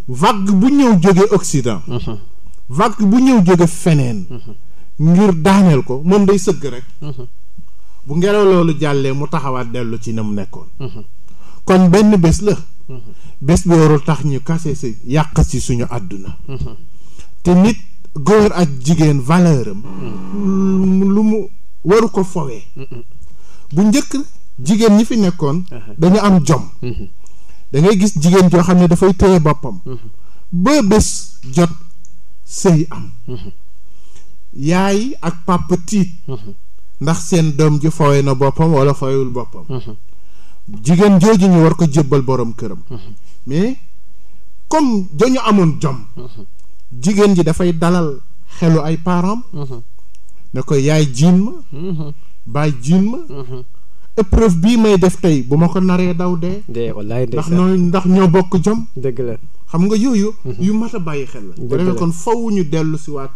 vague bu ñëw jóge Occident mm-hmm. vague bu ñëw jóge feneen ngir daaneel ko moom day sëgg rek bu ngelaw loolu jàllee mu taxawaat dellu ci na mu nekkoon kon benn bés la bés bi warul tax ñu kase si yàq si suñu àdduna te nit góor ak jigéen valeur mm, lu mu waru ko fowee bu njëkk jigéen ñi fi nekkoon uh-huh. dañu am jom uh-huh. da gis jigéen joo xam ne dafay téye boppam uh-huh. ba bés jot sëy am yaay ak papa tiit ndax seen doom ji fowee na boppam wala fowewul boppam jigéen jooju ñu war ko jébbal borom këram mais comme dañu amoon jom jigéen ji dafay dalal xelu ay parents ne ko yaay jiin ma mm-hmm. baay jiin ma mm-hmm. épreuve bii may def tey bu ma ko naree daw dee ndax nooy ndax ñoo bokk jom dëgg xam nga yooyu mm-hmm. yu mat a bàyyi xel la bu defee kon faw ñu dellu si waat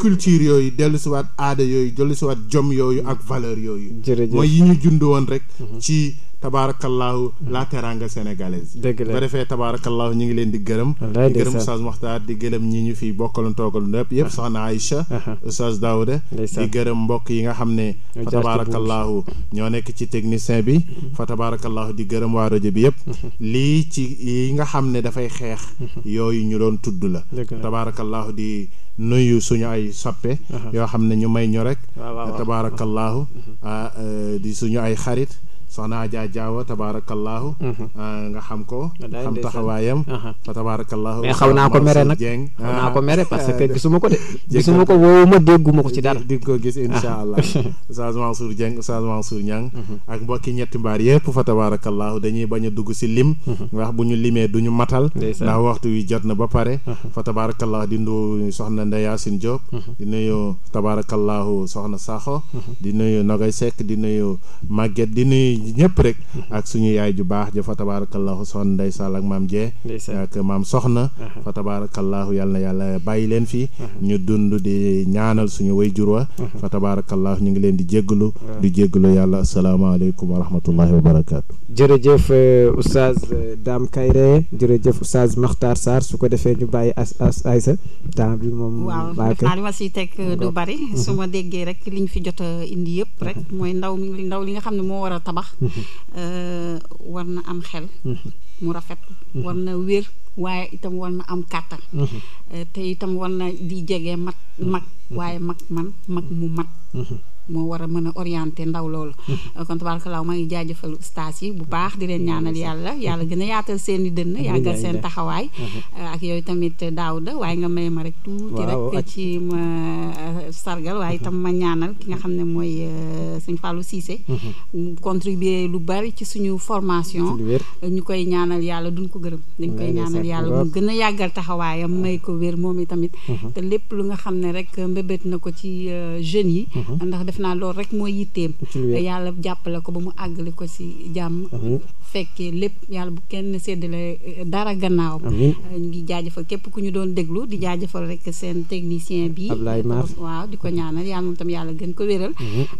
culture yooyu dellu si aada yooyu dellu si jom yooyu ak valeur yooyu mooy yi ñu jund woon rek ci tabaarakallaahu la teranga sénégalaise ba defee tabaarakallaahu ñu ngi leen di gërëm di gërëm oustaz Mokhtar di gërëm ñi ñu fi bokkaloon toogal lépp yëpp soxna Aïcha oustaz gërëm mbokk yi nga xam ne fa tabaarakallaahu ñoo nekk ci technicien bi fa tabaarakallaahu di gërëm waa rajo bi yëpp lii ci yi nga xam ne dafay xeex yooyu ñu doon tudd la tabaarakallaahu di nuyu suñu ay soppe yoo xam ne ñu may ñu rek tabaarakallaahu ah, euh, di suñu ay xarit soxna Adja Diawa tabaarakallaahu mhm. ah, nga xam ko xam taxawaayam fa tabaarakallaahu mais xaw naa ko mere nag xaw naa ko mere ah. parce que <laughs> gisuma ko de gisuma ko woowuma dégguma ko ci dara di ko gis insha ah. allah <laughs> Oustaz Mansour Dieng Oustaz Mansour Niang mhm. ak mbokki ñetti mbaar yëpp fa tabaarakallaahu dañuy bañ a dugg si lim mhm. ndax bu ñu limee du ñu matal ndax waxtu wi jot na ba pare fa tabaarakallaahu di nuyu soxna Ndeyaasin Diop di nuyu tabaarakallaahu soxna Sakho di nuyu Nogay Seck di nuyu ñëpp rek ak suñu yaay ju baax ja fa tabaarakallaahu soxna Ndey Sall ak maam Jee ak maam soxna fa tabaarakallaahu yàlla yàlla bàyyi leen fi ñu dund di ñaanal suñu way jur wa fa tabaarakallaahu ñu ngi leen di jéggalu di jéggalu yàlla asalaamaaleykum wa rahmatullahi wa barakaatu jërëjëf euh, oustaz euh, Dame Kayre jërëjëf oustaz Makhtar Sarr su ko defee ñu bàyyi as as Aïssa temps bi moom waaw def naa li ma euh, su ma déggee rek liñ fi jot indi yëpp rek mooy ndaw ndaw li nga xam ne moo war a tabax Euh, war na am xel mm-hmm. mu rafet mm-hmm. war na wér waaye itam war na am kàttan mm-hmm. euh, te itam war na di jege mat mag waaye mag man mag mu mat moo war a mën a orienté ndaw loolu mm-hmm. kon tabaarkalaaw maa ngi jaajëfal ustaas yi bu baax di leen ñaanal yàlla mm-hmm. yàlla gën a yaatal seeni dënn yàggal seen taxawaay mm-hmm. ak yooyu tamit da waaye nga may ma rek tuuti rek ci ma eh, sargal waaye itam ma ñaanal ki nga xam ne mooy eh, suñ Fallou Cissé contribuer lu bari ci suñu formation ñu koy ñaanal yàlla duñ ko gërëm dañ koy ñaanal yàlla mu gën a yàggal taxawaayam may ko wér moom i tamit te lépp lu nga xam ne rek mbébét na ko ci eh, jeunes yi def naa loolu rek mooy yitteem yàlla jàppale ko ba mu àggali ko si jàmm fekkee lépp yàlla bu kenn séddale eh, dara gannaaw eh, ñu ngi jaajëfal képp ku ñu doon déglu di jaajëfal rek seen technicien bi waaw di ko ñaanal yàlla moom tam yàlla gën ko wéral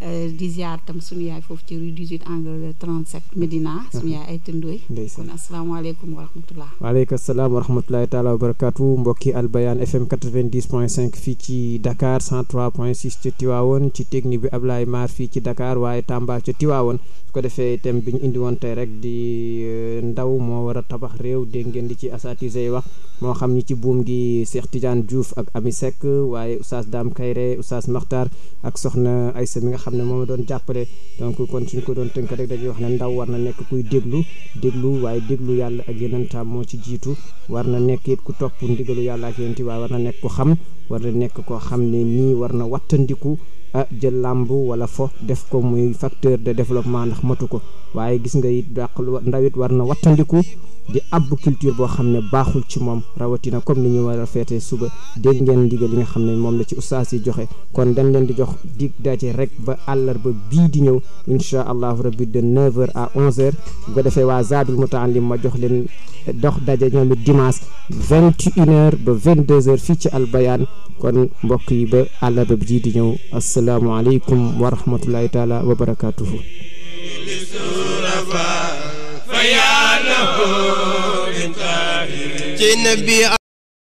eh, di ziar tam suñu yaay foofu ci rue 18 angle 37 Médina suñu yaay ay tëndooy kon asalaamaaleykum wa rahmatullah waaleykum salaam wa rahmatulahi taala wa barakatu mbokki Albayan FM 90 point 5 ci Dakar 103 ci Tivaouane bi Ablaye Mar fii ci Dakar waaye Tamba ca Tiwaawoon su ko defee thème bi ñu indi woon tey rek di euh, ndaw moo war a tabax réew dégg ngeen di ci asatise yi wax moo xam ni ci buum gi Cheikh Tidiane Diouf ak Ami Seck waaye Oustaz Dame Kayre Oustaz Makhtar ak soxna Aïssa mi nga xam ne moom a doon jàppale donc kon suñ ko doon tënk rek dañuy wax ne ndaw war na nekk kuy déglu déglu waaye déglu yàlla ak yeneen taam moo ci jiitu war na nekk ku topp ndigalu yàlla ak yeneen waaye war Ah, jël làmb wala fo def ko muy facteur de développement ndax matu ko waaye gis nga it dàq ndawit war na wattandiku di ab culture boo xam ne baaxul ci moom rawatina comme ni ñuy war a feetee suba dégg ngeen ndigal yi nga xam ne moom la ci ustaas yi joxe kon dañ leen di jox dig daje rek ba àllarba bii di ñëw incha allahu rabbi de 9h à 11h bu ko defee waa Zadul Mutaalim ma jox leen dox daje ñoom it dimanche 21h ba 22h fii ci Albayaan kon mbokk yi ba àllarba bii di ñëw asalaamualeykum wa rahmatullahi taala wa barakaatuhu. yaa lahu min